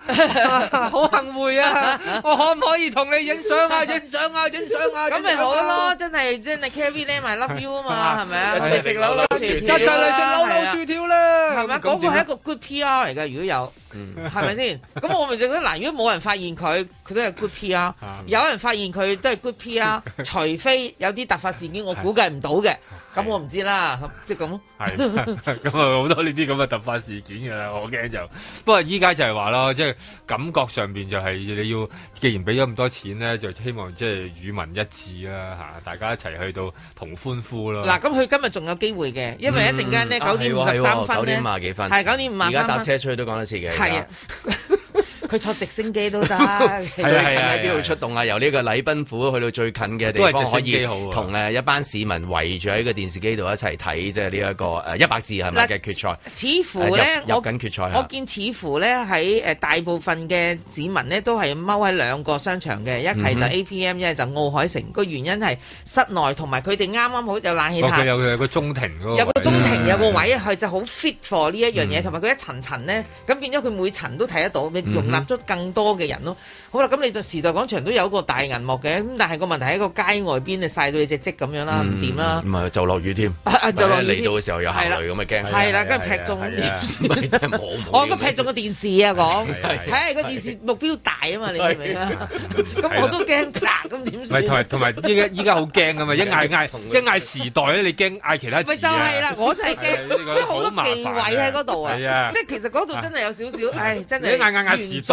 好幸會啊！我可唔可以同你影相啊？影相啊！影相啊！咁咪好咯，真係真係 Carrie Lam, I love you 啊嘛，係咪啊？食榴榴薯條啦，就係嚟食榴榴薯條啦，係咪啊？嗰個係一個 good PR 嚟嘅，如果有，係咪先？咁 我咪就得嗱，如果冇人發現佢，佢都係 good p 啊；有人發現佢都係 good p 啊。除非有啲突發事件，我估計唔到嘅，咁 我唔知啦。即係咁。係，咁啊好多呢啲咁嘅突發事件㗎啦，我驚就。不過依家就係話咯，即、就、係、是、感覺上面就係你要，既然俾咗咁多錢咧，就希望即係與民一致啦吓，大家一齊去到同歡呼囉。嗱、嗯，咁佢今日仲有機會嘅，因為一陣間咧九點五十三分呢、嗯啊啊啊啊、九點五十幾分，係九點五十分，而家搭車出去都講多次嘅。 佢坐直升機都得，最近喺邊度出動啊？由呢個禮賓府去到最近嘅地方，可以同誒一班市民圍住喺個電視機度一齊睇，即係呢一個誒一百字係咪嘅決賽？似乎咧，入緊決賽。我見似乎咧喺誒大部分嘅市民咧都係踎喺兩個商場嘅，一係就 APM，一係就奧海城。個原因係室內同埋佢哋啱啱好有冷氣。佢有有個中庭咯，有個中庭有個位，佢就好 fit for 呢一樣嘢，同埋佢一層層咧，咁變咗佢每層都睇得到，咪容納。出更多嘅人咯，好啦，咁你就時代廣場都有個大銀幕嘅，咁但係個問題喺一個街外邊，你晒到你隻積咁樣啦，唔掂啦。唔係就落雨添，就落雨。嚟、啊啊、到嘅時候又係雷咁，咪驚係啦，跟劈、啊啊、中我、啊啊 啊、都劈中個電視啊，講、啊，係個電視目標大啊，啊嘛，你明唔明啊？咁我都驚，咁點算？同埋同埋依家依家好驚噶嘛，一嗌嗌一嗌時代咧，你驚嗌其他。咪就係啊，我就係驚，所以好多忌位喺嗰度啊，即係其實嗰度真係有少少，唉，真係。你嗌嗌嗌時代。咁佢入電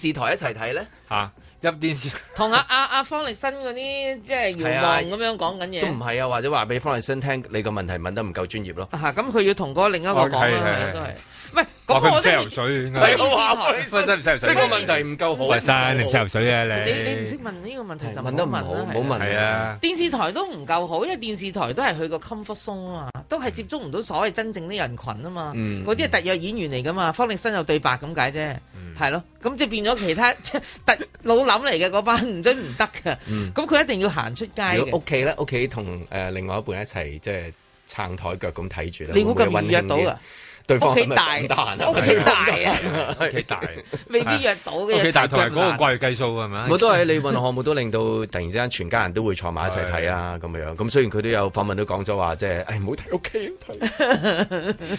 視台一齊睇咧嚇，入電視同阿阿阿方力申嗰啲即係圓夢咁樣講緊嘢，都唔係啊，或者話俾方力申聽你個問題問得唔夠專業咯，咁佢、啊嗯、要同嗰另一個講啦，都係唔係？話佢黐油水，你話、啊、方力申唔黐油水？即係個問題唔夠、啊、好，方力申你黐油水啊！你你你唔識問呢個問題就問得唔好，唔好問啊！電視台都唔夠好，因為電視台都係去個 comfort zone 啊嘛，都係接觸唔到所謂真正啲人群啊嘛，嗰啲係特約演員嚟噶嘛、嗯，方力申有對白咁解啫。係咯，咁即係變咗其他即 老林嚟嘅嗰班唔准唔得㗎。咁佢、嗯、一定要行出街。屋企咧，屋企同誒另外一半一齊即係撐台腳咁睇住啦。你估佢預約到㗎？ 對方屋企大，屋企大啊，屋企大，大，大，未必約到嘅。屋企、啊、大同埋嗰個貴計數係咪？我、啊、都係你運動項目都令到突然之間全家人都會坐埋一齊睇啊，咁樣。咁雖然佢都有訪問都講咗話，即係唉唔好提屋企，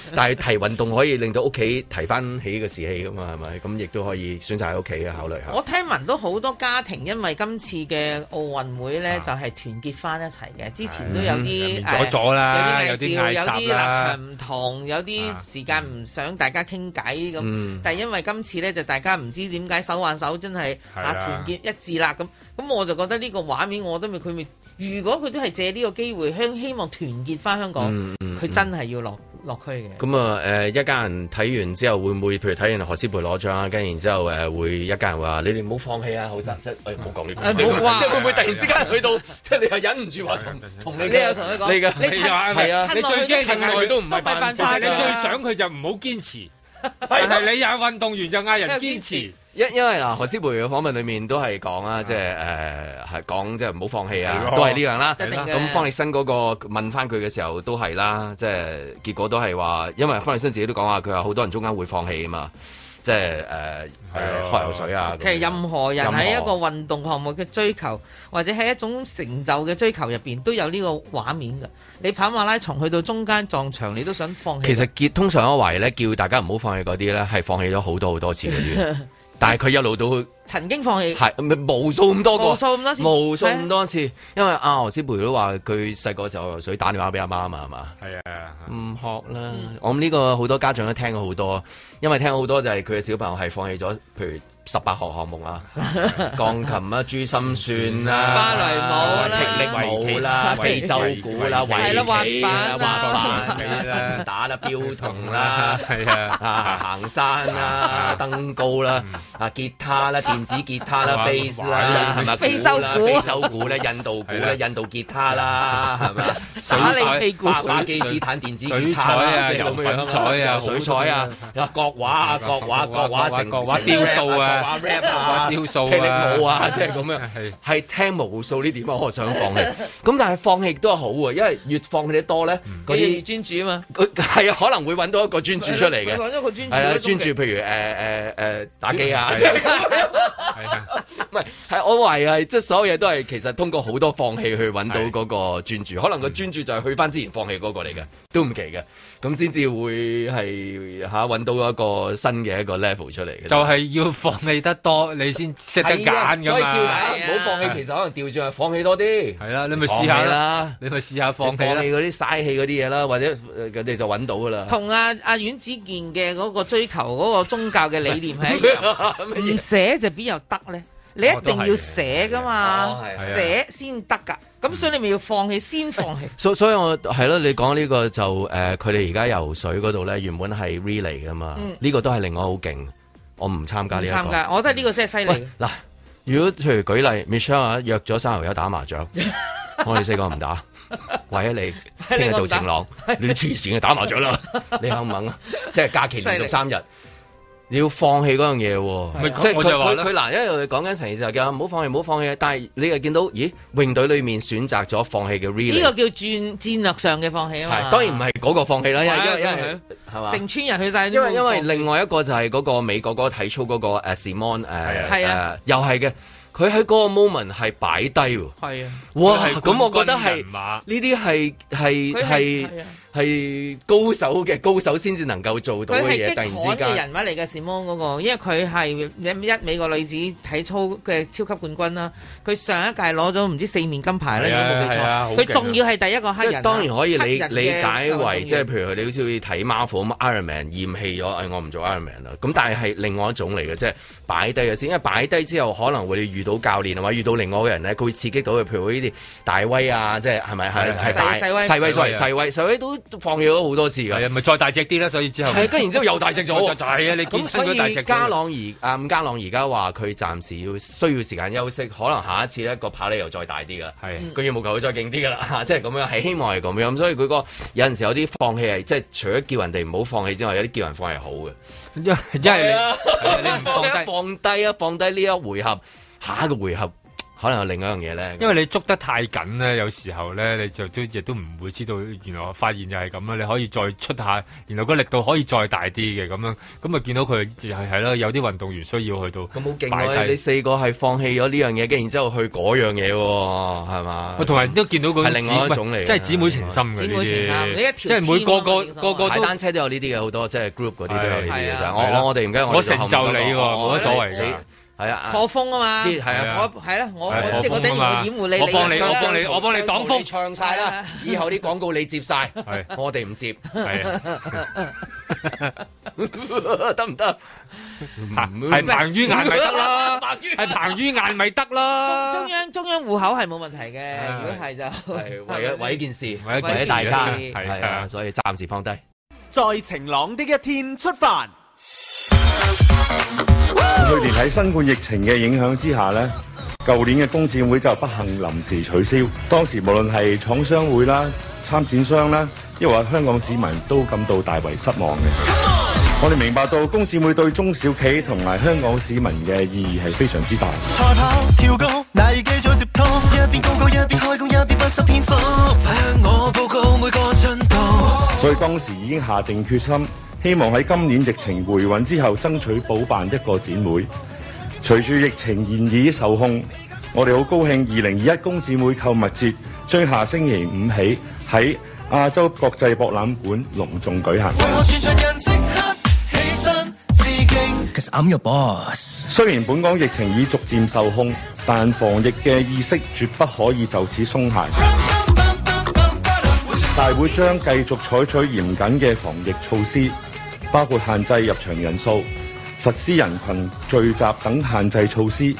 但係提運動可以令到屋企提翻起個士氣㗎嘛，係咪？咁亦都可以選擇喺屋企考慮下。我聽聞都好多家庭因為今次嘅奧運會咧，就係團結翻一齊嘅。之前都有啲、嗯啊、阻阻啦，有啲有啲立場唔同，有啲。時間唔想大家傾偈咁，但係因為今次咧就大家唔知點解手挽手真係啊團結一致啦咁，咁我就覺得呢個畫面我都未佢未，如果佢都係借呢個機會香希望團結翻香港，佢、嗯嗯、真係要落。嗯樂區嘅咁啊誒一家人睇完之後會唔會譬如睇完何思培攞獎啊，跟住然後之後誒會一家人話：你哋唔好放棄啊！好實質，唔好講呢個，啊啊、即係會唔會突然之間、啊、去到、啊、即係你又忍唔住話同同你嘅，你又同佢講，你嘅係啊，啊，你最驚嘅係佢都唔係辦，辦法，你最想佢就唔好堅持。係， 你有運動員就嗌人堅持，因因為嗱，何詩蓓嘅訪問裏面都係講啦，即係誒係講即係唔好放棄啊，就是呃、是棄是都係呢樣啦。咁方力申嗰、那個問翻佢嘅時候都係啦，即、就、係、是、結果都係話，因為方力申自己都講話，佢話好多人中間會放棄啊嘛。即係誒，學、呃、游、呃、水啊！其、okay, 實任何人喺一個運動項目嘅追求，或者喺一種成就嘅追求入邊，都有呢個畫面㗎。你跑馬拉松去到中間撞牆，你都想放棄。其實叫通常我懷疑咧，叫大家唔好放棄嗰啲咧，係放棄咗好多好多次嘅。 但係佢一路都去曾經放棄，係唔係無數咁多個無數咁多次，無數咁多次，的因為阿何詩蓓都話佢細個時候游水打電話俾阿媽啊嘛，係嘛？係啊，唔學啦。嗯、我諗呢個好多家長都聽過好多，因為聽過好多就係佢嘅小朋友係放棄咗，譬如。十八項項目啦，鋼琴啦、珠心算啦、芭蕾舞啦、霹靂舞啦、非洲鼓啦、韆鞦啦、韆鞦啦、打啦、標同啦，係啊，啊行山啦、登高啦、啊吉他啦、電子吉他啦、bass 啦、非洲鼓、非洲鼓咧、印度鼓咧、印度吉他啦，係咪啊？阿尼飛鼓、巴基斯坦電子吉他啊、油粉彩啊、水彩啊、國畫啊、國畫、國畫成、國畫雕塑啊。話 rap 啊，跳舞啊，霹靂舞啊，即係咁樣，係係聽無數呢點、啊，我想放棄。咁 但係放棄都係好嘅，因為越放棄得多咧，可以專注啊嘛。佢係啊，可能會揾到一個專注出嚟嘅。揾咗個專注，係啊，專注，譬如誒誒誒打機啊，係啊，唔係，係我懷疑係，即係所有嘢都係其實通過好多放棄去揾到嗰個專注。可能個專注就係去翻之前放棄嗰個嚟嘅，都唔奇嘅。咁先至會係吓揾到一個新嘅一個 level 出嚟嘅。就係、是、要放棄得多，你先識得揀。所以叫大家唔好放棄，其實可能調轉係放棄多啲。係啦，你咪試下啦，你咪試下放棄啦。放棄嗰啲嘥氣嗰啲嘢啦，或者人哋就揾到噶啦。同阿阿阮子健嘅嗰個追求嗰個宗教嘅理念喺一樣。唔 寫就邊有得咧？你一定要寫噶嘛，寫先得噶。咁、哦、所以你咪要放棄，先放棄。所所以我，我係咯，你講呢、這個就誒，佢哋而家游水嗰度咧，原本係 relay 噶嘛。呢、嗯這個都係令我好勁。我唔參加呢一個加，我覺得呢個真係犀利。嗱，如果譬如舉例，Michelle 約咗三號友友打麻將， 我哋四個唔打，為咗、啊、你，你 聽日做情郎， 你黐線嘅打麻將啦，你肯唔肯啊？即係假期連續三日。你要放棄嗰樣嘢喎，即係佢佢佢嗱，因為我哋講緊成件事嘅，唔好放棄，唔好放棄。但係你又見到，咦？泳隊裏面選擇咗放棄嘅 relay，呢個叫戰戰略上嘅放棄啊嘛。係當然唔係嗰個放棄啦，因為因為係嘛？成村人去曬。因為因為另外一個就係嗰個美國嗰個體操嗰個誒 Simon 誒，又係嘅，佢喺嗰個 moment 係擺低喎。係啊，哇！咁我覺得係呢啲係係係。係高手嘅高手先至能夠做到嘅嘢，突然之人物嚟嘅，什麼嗰個？因為佢係一美國女子體操嘅超級冠軍啦。佢上一屆攞咗唔知四面金牌啦，冇、啊、錯。佢仲、啊啊啊、要係第一個黑人。即當然可以理理解為，即係譬如佢你好少睇 m 火咁 i r o n m a n 厭棄咗，誒我唔做 Ironman 啦。咁但係係另外一種嚟嘅，即係。擺低嘅先，因為擺低之後可能會遇到教練啊，或者遇到另外嘅人咧，佢會刺激到佢。譬如呢啲大威啊，即係係咪係係細威細威，所謂細威，細威，細，威，細，威細威都放棄咗好多次㗎。係咪再大隻啲啦，所以之後係跟然之後又大隻咗。就 係你見到佢大隻。加朗而啊，伍、嗯、加朗而家話佢暫時要需要時間休息，可能下一次咧個跑你又再大啲㗎，佢羽毛球會再勁啲㗎啦，即係咁樣係希望係咁樣。所以佢、那個有陣時有啲放棄係即係除咗叫人哋唔好放棄之外，有啲叫人放棄係好嘅。因 為是你， 啊、你唔放低， 放低啊！放低呢一回合，下一個回合。可能有另一樣嘢咧，因為你捉得太緊咧，有時候咧，你就都亦都唔會知道，原來發現就係咁樣。你可以再出下，原來個力度可以再大啲嘅咁樣，咁咪見到佢係係啦。有啲運動員需要去到咁好勁啊！你四個係放棄咗呢樣嘢，跟然之後去嗰樣嘢喎、啊，係嘛？同埋都見到佢係另外一種嚟，即係姊妹情深嘅。姊妹情深，即係、就是、每個個個,個,個踩單車都有呢啲嘅，好多即係、就是、group 嗰啲都有呢啲嘅就係、是、我我哋唔緊要，我成就你喎，冇乜所謂嘅。啊、破風啊嘛，係啊，啊，啊，啊，啊，我係咯，啊啊啊啊、我即係我等掩護你，我你，啊啦，我幫你，我幫你，我幫你擋風你唱，唱晒啦，以後啲廣告你接晒，啊，我哋唔接，係得唔得？係彭于晏，咪得啦，係彭于晏咪得啦。中央中央戶口係冇問題嘅，啊、如果係就係為為一件事，為一件大事，係啊，所以暫時放低。在晴朗的一天出發。去年喺新冠疫情嘅影響之下呢，舊年嘅工展會就不幸臨時取消。當時無論係廠商會啦、參展商啦，亦或香港市民都感到大為失望嘅。我哋明白到工展會對中小企同埋香港市民嘅意義係非常之大。跑。跳高一一一開工不失向我報告每個所以當時已經下定決心。希望喺今年疫情回穩之後，爭取補辦一個展會。隨住疫情現已受控，我哋好高興，二零二一工展會購物節將下星期五起喺亞洲國際博覽館隆重舉行。雖然本港疫情已逐漸受控，但防疫嘅意識絕不可以就此鬆懈。大會將繼續採取嚴謹嘅防疫措施，包括限制入場人數、實施人群聚集等限制措施，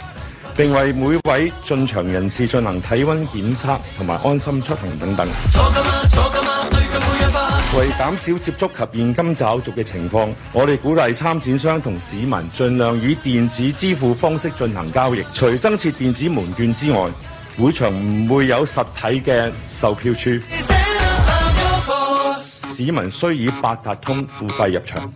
並為每位進場人士進行體溫檢測同埋安心出行等等。為減少接觸及現金找續嘅情況，我哋鼓勵參展商同市民盡量以電子支付方式進行交易。除增設電子門券之外，會場唔會有實體嘅售票處。市民需以八達通付費入場。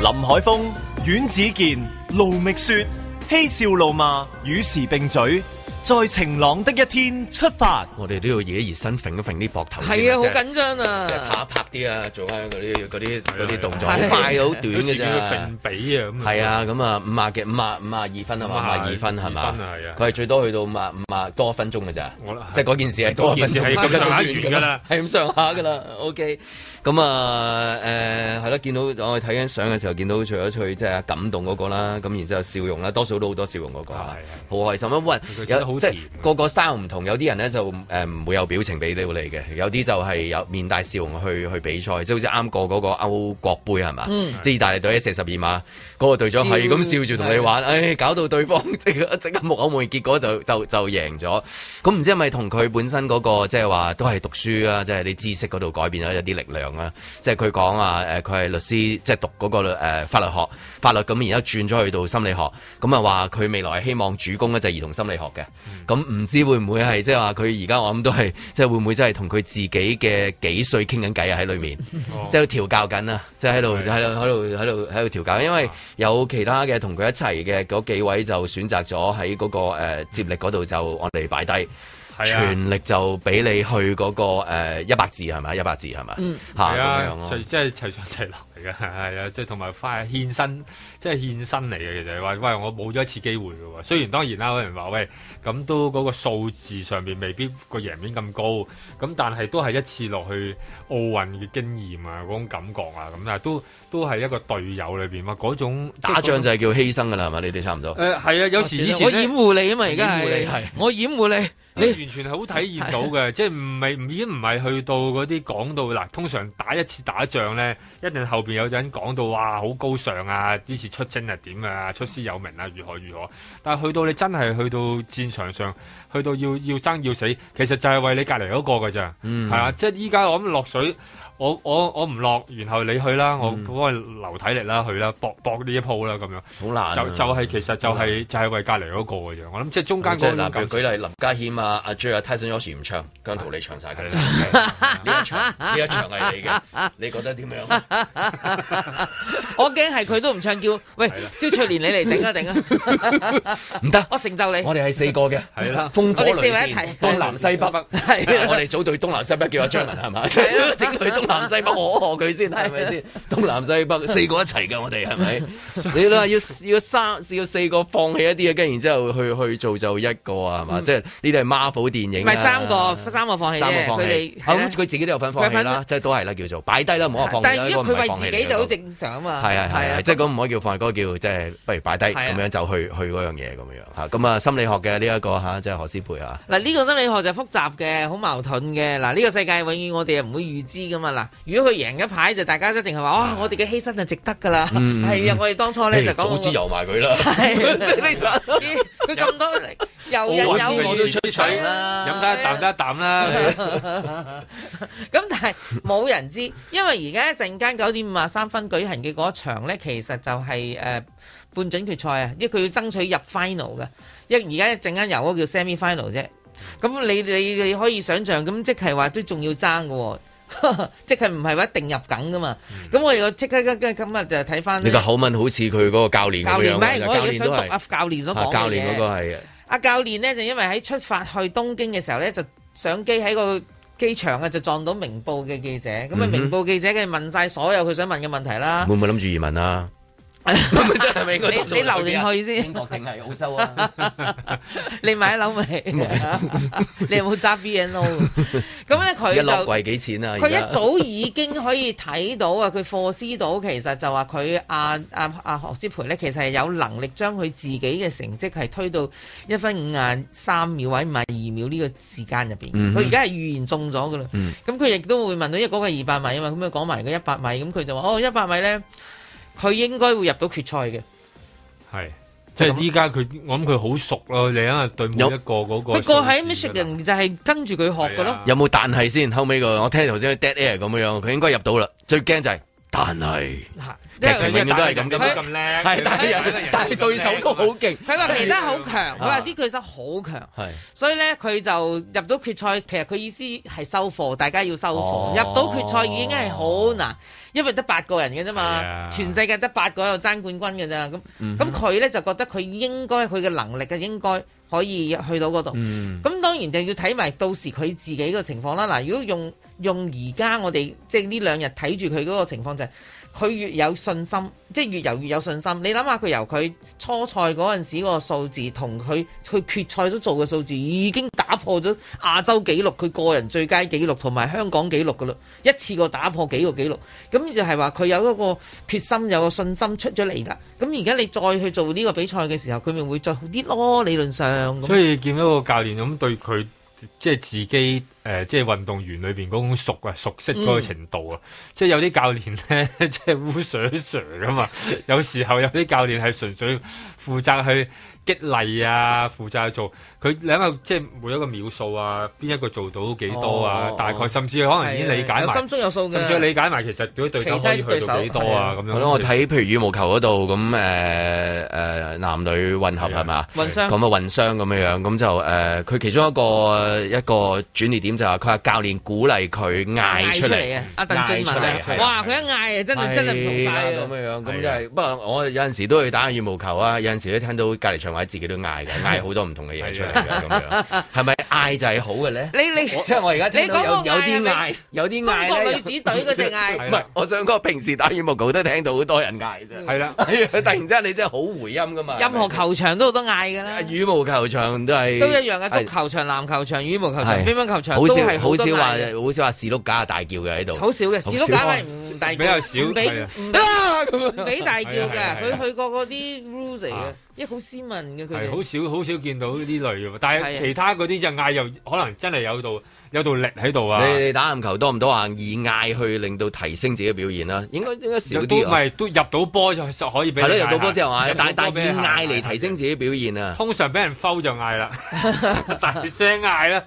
林海峰、阮子健、盧覓雪、嬉笑怒罵，與時並嘴。在晴朗的一天出發，我哋都要熱身揈一揈啲膊頭。係啊，好緊張啊！即係拍拍啲啊，做下嗰啲啲啲動作，好快好短嘅啫。比啊咁。係啊，咁啊五啊嘅五啊五啊二分啊五啊二分係嘛？佢係最多去到五啊五啊多分鐘嘅咋。即係嗰件事係多分鐘，係咁上下㗎啦，係咁上下㗎啦。OK，咁啊誒係咯，見到我哋睇緊相嘅時候，見到除咗除即係感動嗰個啦，咁然之後笑容啦，多數都好多笑容嗰個好開心啊！喂、嗯，嗯嗯嗯即係個個生唔同，有啲人咧就誒唔、呃、會有表情俾到你嘅，有啲就係有面帶笑容去去比賽，即係好似啱過嗰個歐國杯係嘛？啲意、嗯、大利隊喺四十二碼，嗰、那個隊長係咁笑住同你玩，誒、哎、搞到對方即刻，刻目睜未，結果就就就贏咗。咁唔知係咪同佢本身嗰、那個即係話都係讀書啊，即、就、係、是、你知識嗰度改變咗有啲力量、就是、啊？即係佢講啊，誒佢係律師，即、就、係、是、讀嗰、那個、呃、法律學法律咁，然後轉咗去到心理學，咁啊話佢未來希望主攻咧就係兒童心理學嘅。咁、嗯、唔知會唔會係即係話佢而家我諗都係，即、就、係、是、會唔會真係同佢自己嘅幾歲傾緊偈啊？喺裏面，即、哦、係、就是、調教緊啦，即係喺度喺度喺度喺度喺度調教，因為有其他嘅同佢一齊嘅嗰幾位就選擇咗喺嗰個、呃、接力嗰度就我哋擺低。是啊，全力就俾你去嗰，嗰個一百，呃、字係咪？一百字係咪？嚇咁即係齊上齊落嚟嘅，係啊，即係同埋花獻身，即係獻身嚟嘅。其實話喂，我冇咗一次機會㗎喎。雖然當然啦，有人話喂，咁都嗰個數字上面未必個贏面咁高，咁但係都係一次落去奧運嘅經驗啊，嗰種感覺啊，咁但係都都係一個隊友裏面嘛，嗰種，就係、種打仗就係叫犧牲㗎啦，係嘛？你哋差唔多誒係，呃、啊，有時以前我掩護你啊嘛，而家我掩護你。你 完全好體現到嘅，即係唔係唔已經唔係去到嗰啲講到嗱，通常打一次打仗呢，一定後面有人講到哇，好高尚啊！呢次出征係點啊？出師有名啊？如何如何？但去到你真係去到戰場上，去到要要生要死，其實就係為你隔離嗰個㗎咋。係、嗯、啊！即係依家我諗落水。我我我唔落，然後你去啦，我嗰個樓梯嚟啦，去啦，搏搏呢一鋪啦，咁樣好難、啊。就就是、係其實就係、是嗯、就係、是、為隔離嗰個嘅樣。我諗即係中間嗰。即舉例林家謙啊、阿、啊、J、阿 Tyson Yoshi 唔唱，姜濤你唱晒。㗎、啊、呢 一場呢係 你嘅， 你覺得點樣？ 我驚係佢都唔唱叫，叫喂蕭 翠蓮你嚟頂一頂啊！唔 得，我成就你。 我哋係四個嘅，係 啦是的，風火雷電東南西北。我哋組隊東南西北叫阿張文係嘛？整東。南西北，我我佢先，係咪先？ 東南西北四個一齊嘅，我哋係咪？ 你都話要要三，要四個放棄一啲啊，跟然之後去去做就一個是、嗯、是是啊，係嘛？即係呢啲係 Marvel 電影。唔係三個三個放棄，三個放棄、啊。咁佢自己都有份放棄即係都係啦，叫做擺低啦，唔好放棄放，放，放棄。但係如果佢為自己就好正常啊嘛。係係係，即係嗰個唔可以叫放棄，嗰個叫即係不如擺低咁樣就去去嗰樣嘢咁樣。嚇，咁啊心理學嘅呢一個嚇，即係何師輩啊。嗱呢個心理學就複雜嘅，好矛盾嘅。嗱呢個世界永遠我哋係唔會預知噶嘛。嗱，如果佢贏一排就大家一定係話，哇、哦，我哋嘅犧牲就值得噶啦。係、嗯、啊，我哋當初咧就講過，那個，早知遊埋佢啦。係，咁多遊，遊人有冇要出取啦？飲得一啖得一啖啦。咁 但係冇人知道，因為而家一陣間九點五啊三分舉行嘅嗰場咧，其實就係，是、誒、呃、半準決賽啊，因為佢要爭取入 final 嘅。因為現在一而家一陣間有個叫 semi final 啫。咁你你你可以想象咁即係話都仲要爭嘅喎。 即係唔係話一定入緊噶嘛？咁、嗯、我又即刻咁跟今日就睇翻。你個口吻好似佢嗰個教練。教練，唔係，我而家想讀阿教練所講嘅嘢。阿教練呢就因為喺出發去東京嘅時候呢就上機喺個機場啊，就撞到明報嘅記者。咁、嗯、啊，明報記者嘅問晒所有佢想問嘅問題啦。會唔會諗住移民啊？ 你你留言去先，英國定係澳洲啊？ 你買樓未？ 你有冇揸 B N O？咁咧佢一落季幾錢啊？佢一早已經可以睇到啊！佢霍思到其實就話佢阿阿阿何詩蓓咧，其實係有能力將佢自己嘅成績係推到一分五十三秒或者五十二秒呢個時間入邊。佢而家係預言中咗噶啦。咁佢亦都會問到，因為嗰個二百米啊嘛，咁佢講埋個一百米，咁佢就話哦，一百米咧。佢應該會入到決賽嘅，係即係依家佢，我諗佢好熟咯。你睇下對每一個嗰個，不過喺 Michigan 就係跟住佢學嘅咯。有冇但係先？後尾個我聽頭先 dead air 咁樣，佢應該入到啦。最驚就係但係劇情永遠都係咁嘅，咁叻係但係但係對手都好勁。佢話其他好強，佢話啲對手好強，係所以咧佢就入到決賽。其實佢意思係收貨，大家要收貨。入到決賽已經係好難。因為得八個人嘅啫嘛，yeah. 全世界得八個有爭冠軍嘅咋，咁咁佢呢，就覺得佢應該佢嘅能力嘅應該可以去到嗰度咁，mm -hmm. 當然就要睇埋到時佢自己個情況啦。嗱，如果用用而家我哋即係呢兩日睇住佢嗰個情況就是。佢越有信心，即係越游越有信心。你諗下佢由佢初賽嗰陣時嗰個數字，同佢去決賽所做嘅數字，已經打破咗亞洲紀錄、佢個人最佳紀錄同埋香港紀錄噶啦，一次過打破幾個紀錄，咁就係話佢有一個決心、有個信心出咗嚟啦。咁而家你再去做呢個比賽嘅時候，佢咪會再好啲咯？理論上。所以見到一個教練咁對佢。即係自己誒、呃，即係運動員裏面嗰種熟啊，熟悉嗰個程度啊、嗯，即係有啲教練咧，即係烏蛇蛇噶嘛，有時候有啲教練係純粹負責去。激勵啊，負責做佢，你諗下即係每一個秒數啊，邊一個做到幾多啊、哦？大概甚至可能已經理解埋，心中有數嘅。甚至理解埋其實啲對，對手可以去到幾多啊？咁樣。我睇譬如羽毛球嗰度咁，誒誒，男女混合係咪？混雙，咁啊，混雙咁樣樣咁就誒，佢、呃、其中一個一個轉捩點就係佢話教練鼓勵佢嗌出嚟啊！阿鄧俊文，哇！佢一嗌真係真係唔同晒。咁樣樣，咁就係、是。不過我有陣時都會打下羽毛球啊，有陣時都聽到隔離場。自己都嗌嘅，嗌 好多唔同嘅嘢出嚟嘅咁樣，係咪嗌就係好嘅咧？你你即係我而家、聽到有啲嗌，有啲嗌咧。中國女子隊嗰隻嗌，唔 係我上過。平時打羽毛球都聽到好多人嗌啫，係、嗯、啦。是 突然之間你真係好回音噶嘛？任何球場都好多嗌噶啦。羽毛球場都係都一樣嘅，足球場、籃球場、羽毛球場、乒乓球場都係好少話，好少話士碌架大叫嘅喺度。好少嘅士碌架係唔大叫，唔俾唔俾大叫嘅。佢去過嗰啲 rules 嚟嘅。一好斯文嘅佢，係好少好少見到呢啲類嘅，但係其他嗰啲就嗌又可能真係有道有道力喺度啊你！你打籃球多唔多啊？以嗌去令到提升自己表現啦、啊，應該應該少啲、啊。唔係都入到波就可以俾。係咯，入到波之後啊，但係但以嗌嚟提升自己表現啊，通常俾人 foul 就嗌啦， 大聲嗌啦，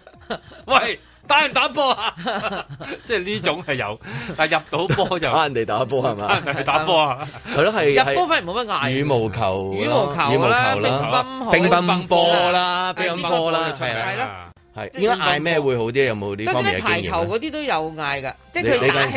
喂！打人打波啊？ 即係呢種係有，但係入到波就。可 人哋打波係嘛？ 打波啊？係 咯，嗯，係入波反而冇乜嗌。羽毛球。羽毛球啦，乒乓波啦，乒乓波啦，齊啦。係咯。應該嗌咩會好啲？有冇啲方面排、啊？排球嗰啲 都有嗌噶，即係佢打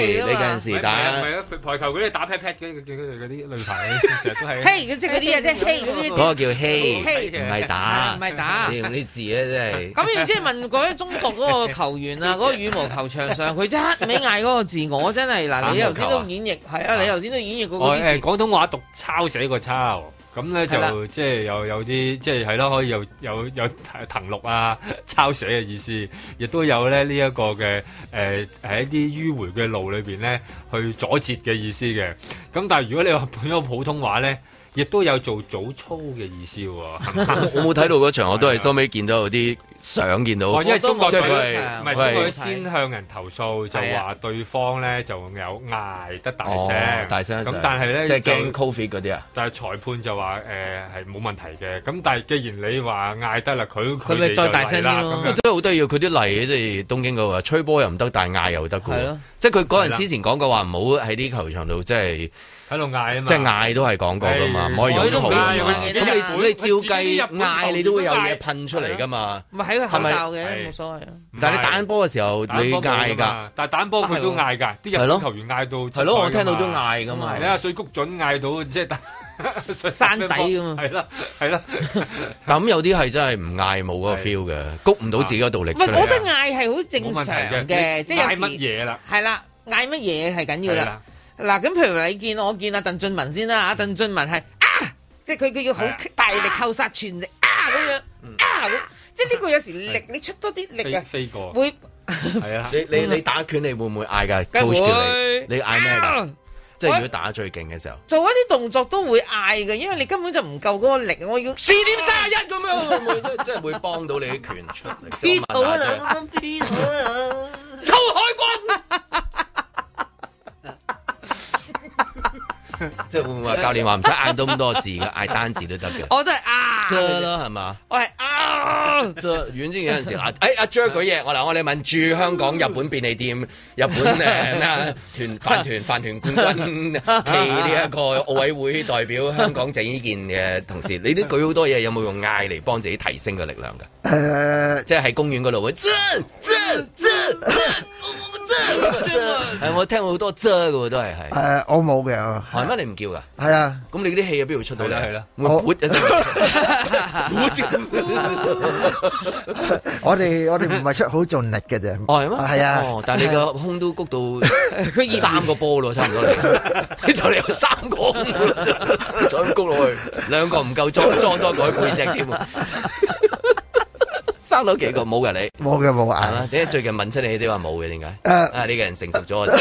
氣啊嘛。排球嗰啲打劈劈嘅，叫嗰啲擂台，成日都係。嘿，即係嗰啲啊，即係嘿嗰啲。嗰個叫嘿、hey", hey, hey,，唔係打，唔 係是打。 你用啲字啊，真係。咁你即係問嗰啲中國嗰個球員啊，嗰 個羽毛球場上佢一味嗌嗰個字，我真係嗱， 你頭先都演繹係 啊，你頭先都演繹嗰個。我係廣東話讀抄寫個抄。咁咧就即係有有啲即係係咯，可以有有有騰錄啊、抄寫嘅意思，亦都有咧呢、呃、一個嘅誒喺一啲迂迴嘅路裏面咧去阻截嘅意思嘅。咁但係如果你話本咗普通話咧。亦都有做早操嘅意思喎、哦。 我冇睇到嗰場、 啊，我都係收尾見到有啲相，見到、哦。因為中國隊、就是、先向人投訴，啊、就話對方咧就有嗌得大聲，大聲咁，但係咧即係驚 Covid 嗰啲啊。但係、就是、裁判就話誒係冇問題嘅。咁但係既然你話嗌得啦，佢佢咪再大聲啲咁，咁真係好得意，佢啲例即係東京嗰個吹波又唔得，但係嗌又得、啊、即係佢嗰人之前講過話，唔好喺啲球場度即係。喺度嗌啊嘛，即係嗌都係廣告噶嘛，唔可以用得好嘛。咁你咁你照計嗌，你都會有嘢噴出嚟噶嘛。唔係喺個口罩嘅，冇所謂。但係你打波嘅時候，你嗌噶。但係打波佢都嗌噶，啲日本球員嗌到。係咯，我聽到都嗌噶嘛。你阿水谷准嗌到即係生仔噶嘛？係啦，係啦。但係咁有啲係真係唔嗌，冇嗰個 feel 嘅，谷唔到自己個道理。唔係，我覺得嗌係好正常嘅，即係嗌乜嘢啦，係啦，嗌乜嘢係緊要啦。嗱咁，譬如你見我見阿鄧俊文先啦，阿鄧俊文係啊，即係佢佢要好大力扣殺全力啊咁、啊、樣啊，啊，即係呢個有時力你出多啲力啊，飛過會係啊， 你你你打拳你會唔會嗌㗎？會，你嗌咩㗎？即係如果打最勁嘅時候，做一啲動作都會嗌嘅，因為你根本就唔夠嗰個力，我要四點三十一咁樣會會，會 即係會幫到你啲拳出力。 土了 海棚 即係會唔會話教練話唔使嗌到咁多字嘅，嗌單字都得嘅。我都係啊，即、啊、咯，係嘛？我係啊，即遠啲。之有陣時，誒、哎，阿 j o 舉嘢，我嗱，我問住香港日本便利店日本誒啦團飯團飯團冠軍暨呢一個奧委會代表香港整呢件嘅同事你都舉好多嘢，有冇用嗌嚟幫自己提升嘅力量噶？誒、uh，即係喺公園嗰度，啊，啊，啊，啊，啊，啊，啊係，我聽好多啫嘅都係，係係我冇嘅，係乜你唔叫噶？係啊，咁你啲戲喺邊度出到咧？我會我是的我哋我哋唔係出好盡力嘅啫，係咩？係啊，但係你個胸都谷到，佢三個波咯，差唔多你，你就你有三個，再谷落去，兩個唔夠裝，裝多個背脊添。生到幾個冇嘅你，冇嘅冇眼啊！點解最近問親你啲話冇嘅？點解？誒，呢個人成熟咗啊，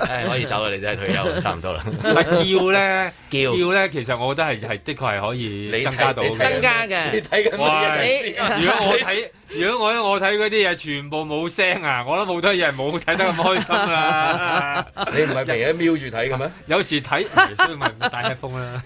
係可以走啦，你真係退休差唔多啦。但係叫咧，叫咧，其實我覺得係係的確係可以增加到增加嘅。你睇緊咩？如果我睇。如果我咧，我睇嗰啲嘢全部冇聲啊，我都冇得人冇睇得咁開心啦，啊。 你唔係平一瞄住睇嘅咩？ 有時睇，所以咪帶 headphone 啦。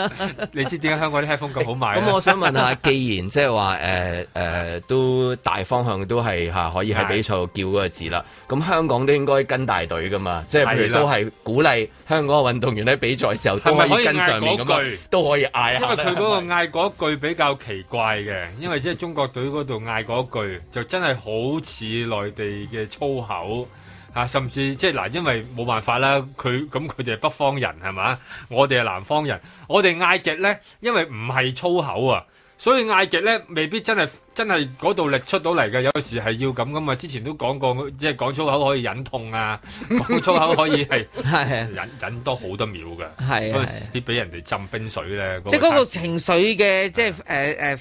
你知點解香港啲 headphone 咁好賣？咁、欸、我想問下，既然即係話誒誒都大方向都係嚇可以喺比賽度叫嗰個字啦，咁香港都應該跟大隊噶嘛？即、就、係、是、譬如都係鼓勵香港嘅運動員喺比賽嘅時候都係可以跟上面咁樣。都可以嗌，因為佢嗰個嗌嗰句比較奇怪嘅， 因為即係中國隊嗰度嗌。嗰句就真係好似內地嘅粗口啊，甚至即係嗱，因為冇辦法啦，佢咁佢哋係北方人係嘛，我哋係南方人，我哋嗌極咧，因為唔係粗口啊，所以嗌極咧未必真係。真係嗰度力出到嚟嘅，有時係要咁噶嘛。之前都講過，即係講粗口可以忍痛啊，講粗口可以係忍、 啊、忍，忍多好多秒㗎。係啲俾人哋浸冰水咧、嗰個。即係嗰個情緒嘅，即係誒誒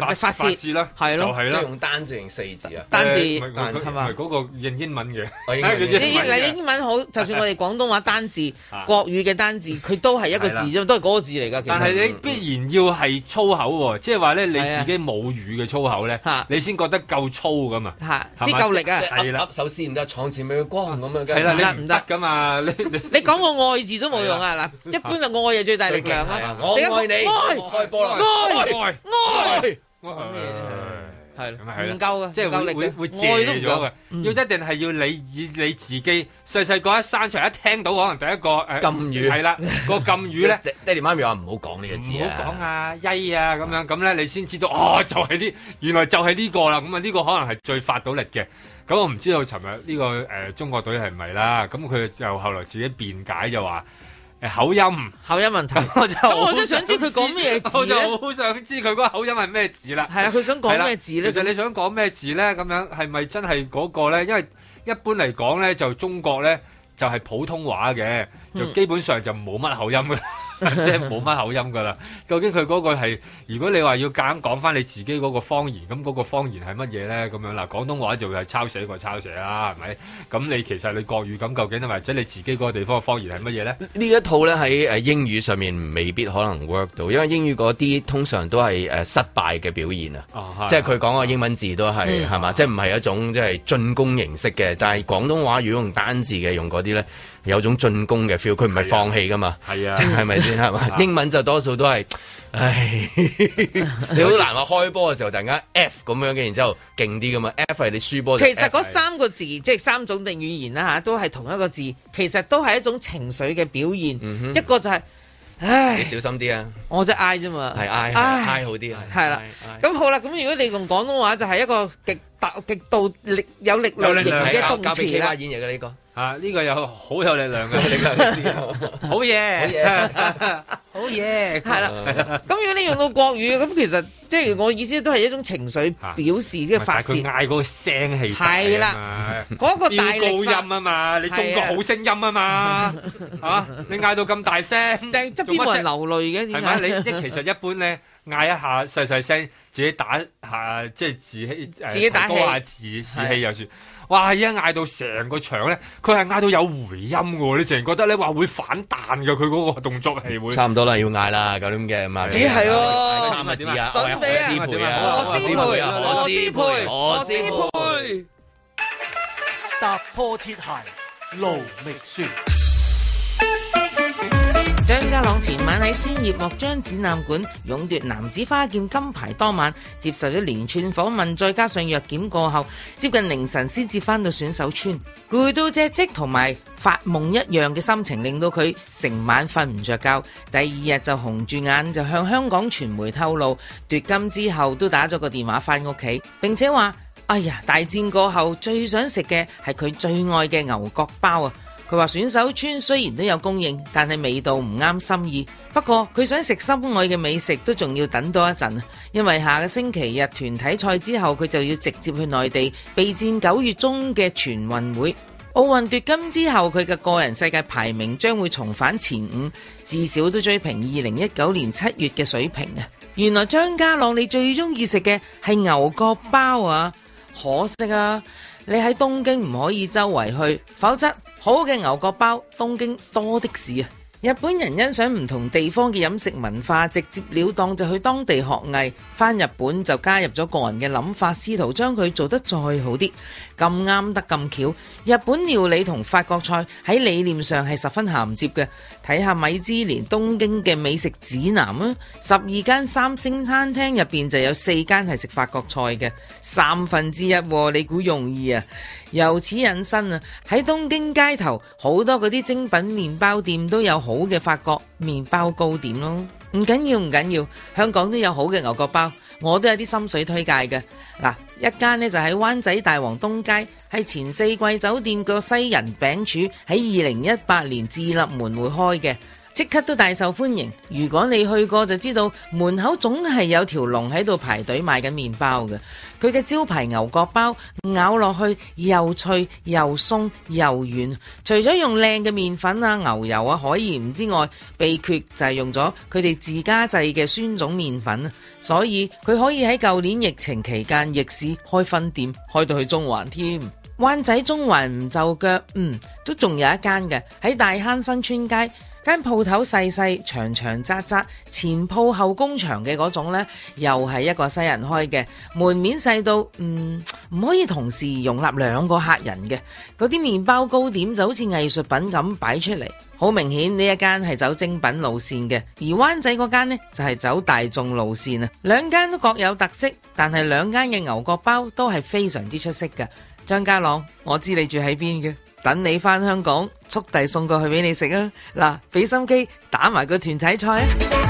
誒發泄。啦，係咯，就係、是就是、用單字定四字啊？單字係嘛？嗰、呃嗰個用英，英文嘅。你英，英，英，英文好，就算我哋廣東話單字、啊、國語嘅單字，佢都係一個字，啊、都係嗰個字嚟㗎。但係你必然要係粗口喎，即係話咧你自己母語嘅粗口。口咧，你先覺得夠粗咁啊？先夠力啊！係啦，首先唔得，闖前面嘅光咁樣嘅，唔得噶嘛！你你你講個愛字都冇用啊！嗱，一般就愛愛係最大力嘅，我愛你，愛開波啦，愛愛愛。係，唔夠嘅，即係會會會借咗嘅，要一定係要你以你自己細細個喺山場一聽到，可能第一個誒、呃、禁語係啦，嗯、禁語 個禁語咧，爹哋媽咪話唔好講呢個字，唔好講啊曳啊咁樣，咁咧你先知道哦，就係、是、啲原來就係呢個啦，咁啊呢個可能係最發到力嘅。咁我唔知道尋日呢個誒、呃、中國隊係唔係啦，咁佢就後來自己辯解就話。口音，口音問題。咁 我都想知佢講咩字。我就好想知佢嗰個口音係咩字啦。係啊，佢想講咩字咧？其實你想講咩字咧？咁樣係咪真係嗰個咧？因為一般嚟講咧，就中國咧就係普通話嘅，就基本上就冇乜口音嘅。嗯 即係冇乜口音㗎啦，究竟佢嗰個係？如果你話要講翻你自己嗰個方言，咁嗰個方言係乜嘢呢？咁樣啦，廣東話就係抄寫個抄寫啦，係咪？咁你其實你國語咁究竟係咪即係你自己嗰個地方嘅方言係乜嘢呢？呢一套呢，喺英語上面未必可能 work 到，因為英語嗰啲通常都係失敗嘅表現啊，oh, yes, 即係佢講個英文字都係係嘛，即係唔係一種即係進攻形式嘅，但係廣東話如果用單字嘅用嗰啲呢。有種進攻嘅 feel，佢唔係放棄㗎嘛？係啊，係咪先係嘛？ 英文就多數都係，唉， 你好難話開波嘅時候突然間 f 咁樣嘅，然之後勁啲㗎嘛？f 係你輸波。其實嗰三個字，是啊、即係三種定語言啦嚇，都係同一個字，其實都係一種情緒嘅表現、嗯。一個就係、是，唉，你小心啲啊！我即係 i 啫嘛，係 i，i 好啲啊，係啦。咁、啊啊啊、好啦，咁如果你用廣東話就係、是、一個極達極度力有力量嘅動詞啦。交俾其他演員嘅呢、這個。啊！呢、這個有好，好有力量嘅力量， 你己好嘢， 好嘢耶， 好嘢，係啦，咁、嗯、如果你用到國語，咁 其實即係我意思都係一種情緒表示即、啊就是、發洩。但係佢嗌個聲氣、啊，係啦，嗰個大高音啊嘛， 你中國好聲音啊嘛， 啊，你嗌到咁大聲，點人流淚嘅？係咪你即係其實一般咧嗌一下細細聲，自己打一下即係、就是、自己誒、呃，自己打一下自士氣又算。哇！一嗌到成個場咧，佢係嗌到有回音嘅喎，你淨係覺得你話會反彈嘅，佢嗰個動作係會。差唔多啦，要嗌啦，九點嘅嘛。咦係喎，三啊呀！啊、欸，準備！啊，我師我啊，我師配踏破鐵鞋路未絕。張家朗前晚喺千葉幕張展覽館勇奪男子花劍金牌，當晚接受咗連串訪問，再加上藥檢過後，接近凌晨先至翻到選手村，攰到只跡同埋發夢一樣嘅心情，令到佢成晚瞓唔着覺。第二日就紅住眼就向香港傳媒透露，奪金之後都打咗個電話翻屋企，並且話：哎呀，大戰過後最想食嘅係佢最愛嘅牛角包啊！佢話：選手村雖然都有供應，但係味道唔啱心意。不過佢想食心愛嘅美食，都仲要等多一陣。因為下個星期日團體賽之後，佢就要直接去內地備戰九月中嘅全運會。奧運奪金之後，佢嘅個人世界排名將會重返前五，至少都追平二零一九年七月嘅水平啊！原來張家朗你最中意食嘅係牛角包啊，可惜啊！你喺東京唔可以周圍去，否則好嘅牛角包東京多的是啊！日本人欣賞唔同地方嘅飲食文化，直接了當就去當地學藝，返日本就加入咗個人嘅諗法，試圖將佢做得再好啲。咁啱得咁巧，日本料理同法國菜喺理念上係十分銜接嘅。睇下米芝蓮東京嘅美食指南啊，十二間三星餐廳入邊就有四間係食法國菜嘅，三分之一啊。你估容易啊？由此引申啊，喺東京街頭好多嗰啲精品麵包店都有好嘅法國麵包糕點咯。唔緊要，唔緊要，香港都有好嘅牛角包。我都有啲心水推介嘅，嗱，一間呢就喺灣仔大王東街，係前四季酒店個西人餅廚，喺二零一八年自立門會開嘅，即刻都大受歡迎。如果你去過就知道，門口總係有條龍喺度排隊買緊麵包嘅。佢嘅招牌牛角包咬落去又脆又鬆又軟，除咗用靚嘅麵粉啊、牛油啊、海鹽之外，秘訣就係用咗佢哋自家製嘅酸種麵粉，所以佢可以喺舊年疫情期間逆市開分店，開到去中環添。灣仔中環唔就腳，嗯，都仲有一間嘅，喺大坑新村街。間鋪頭細細長長窄窄，前鋪後工場嘅嗰種呢，又係一個西人開嘅，門面細到唔、嗯、唔可以同時容納兩個客人嘅，嗰啲麵包糕點就好似藝術品咁擺出嚟，好明顯呢一間係走精品路線嘅，而灣仔嗰間呢，就係走大眾路線啊，兩間都各有特色，但係兩間嘅牛角包都係非常之出色㗎，張家朗，我知你住喺邊嘅。等你返香港，速遞送過去俾你食啊！嗱，俾心機打埋個團體賽啊！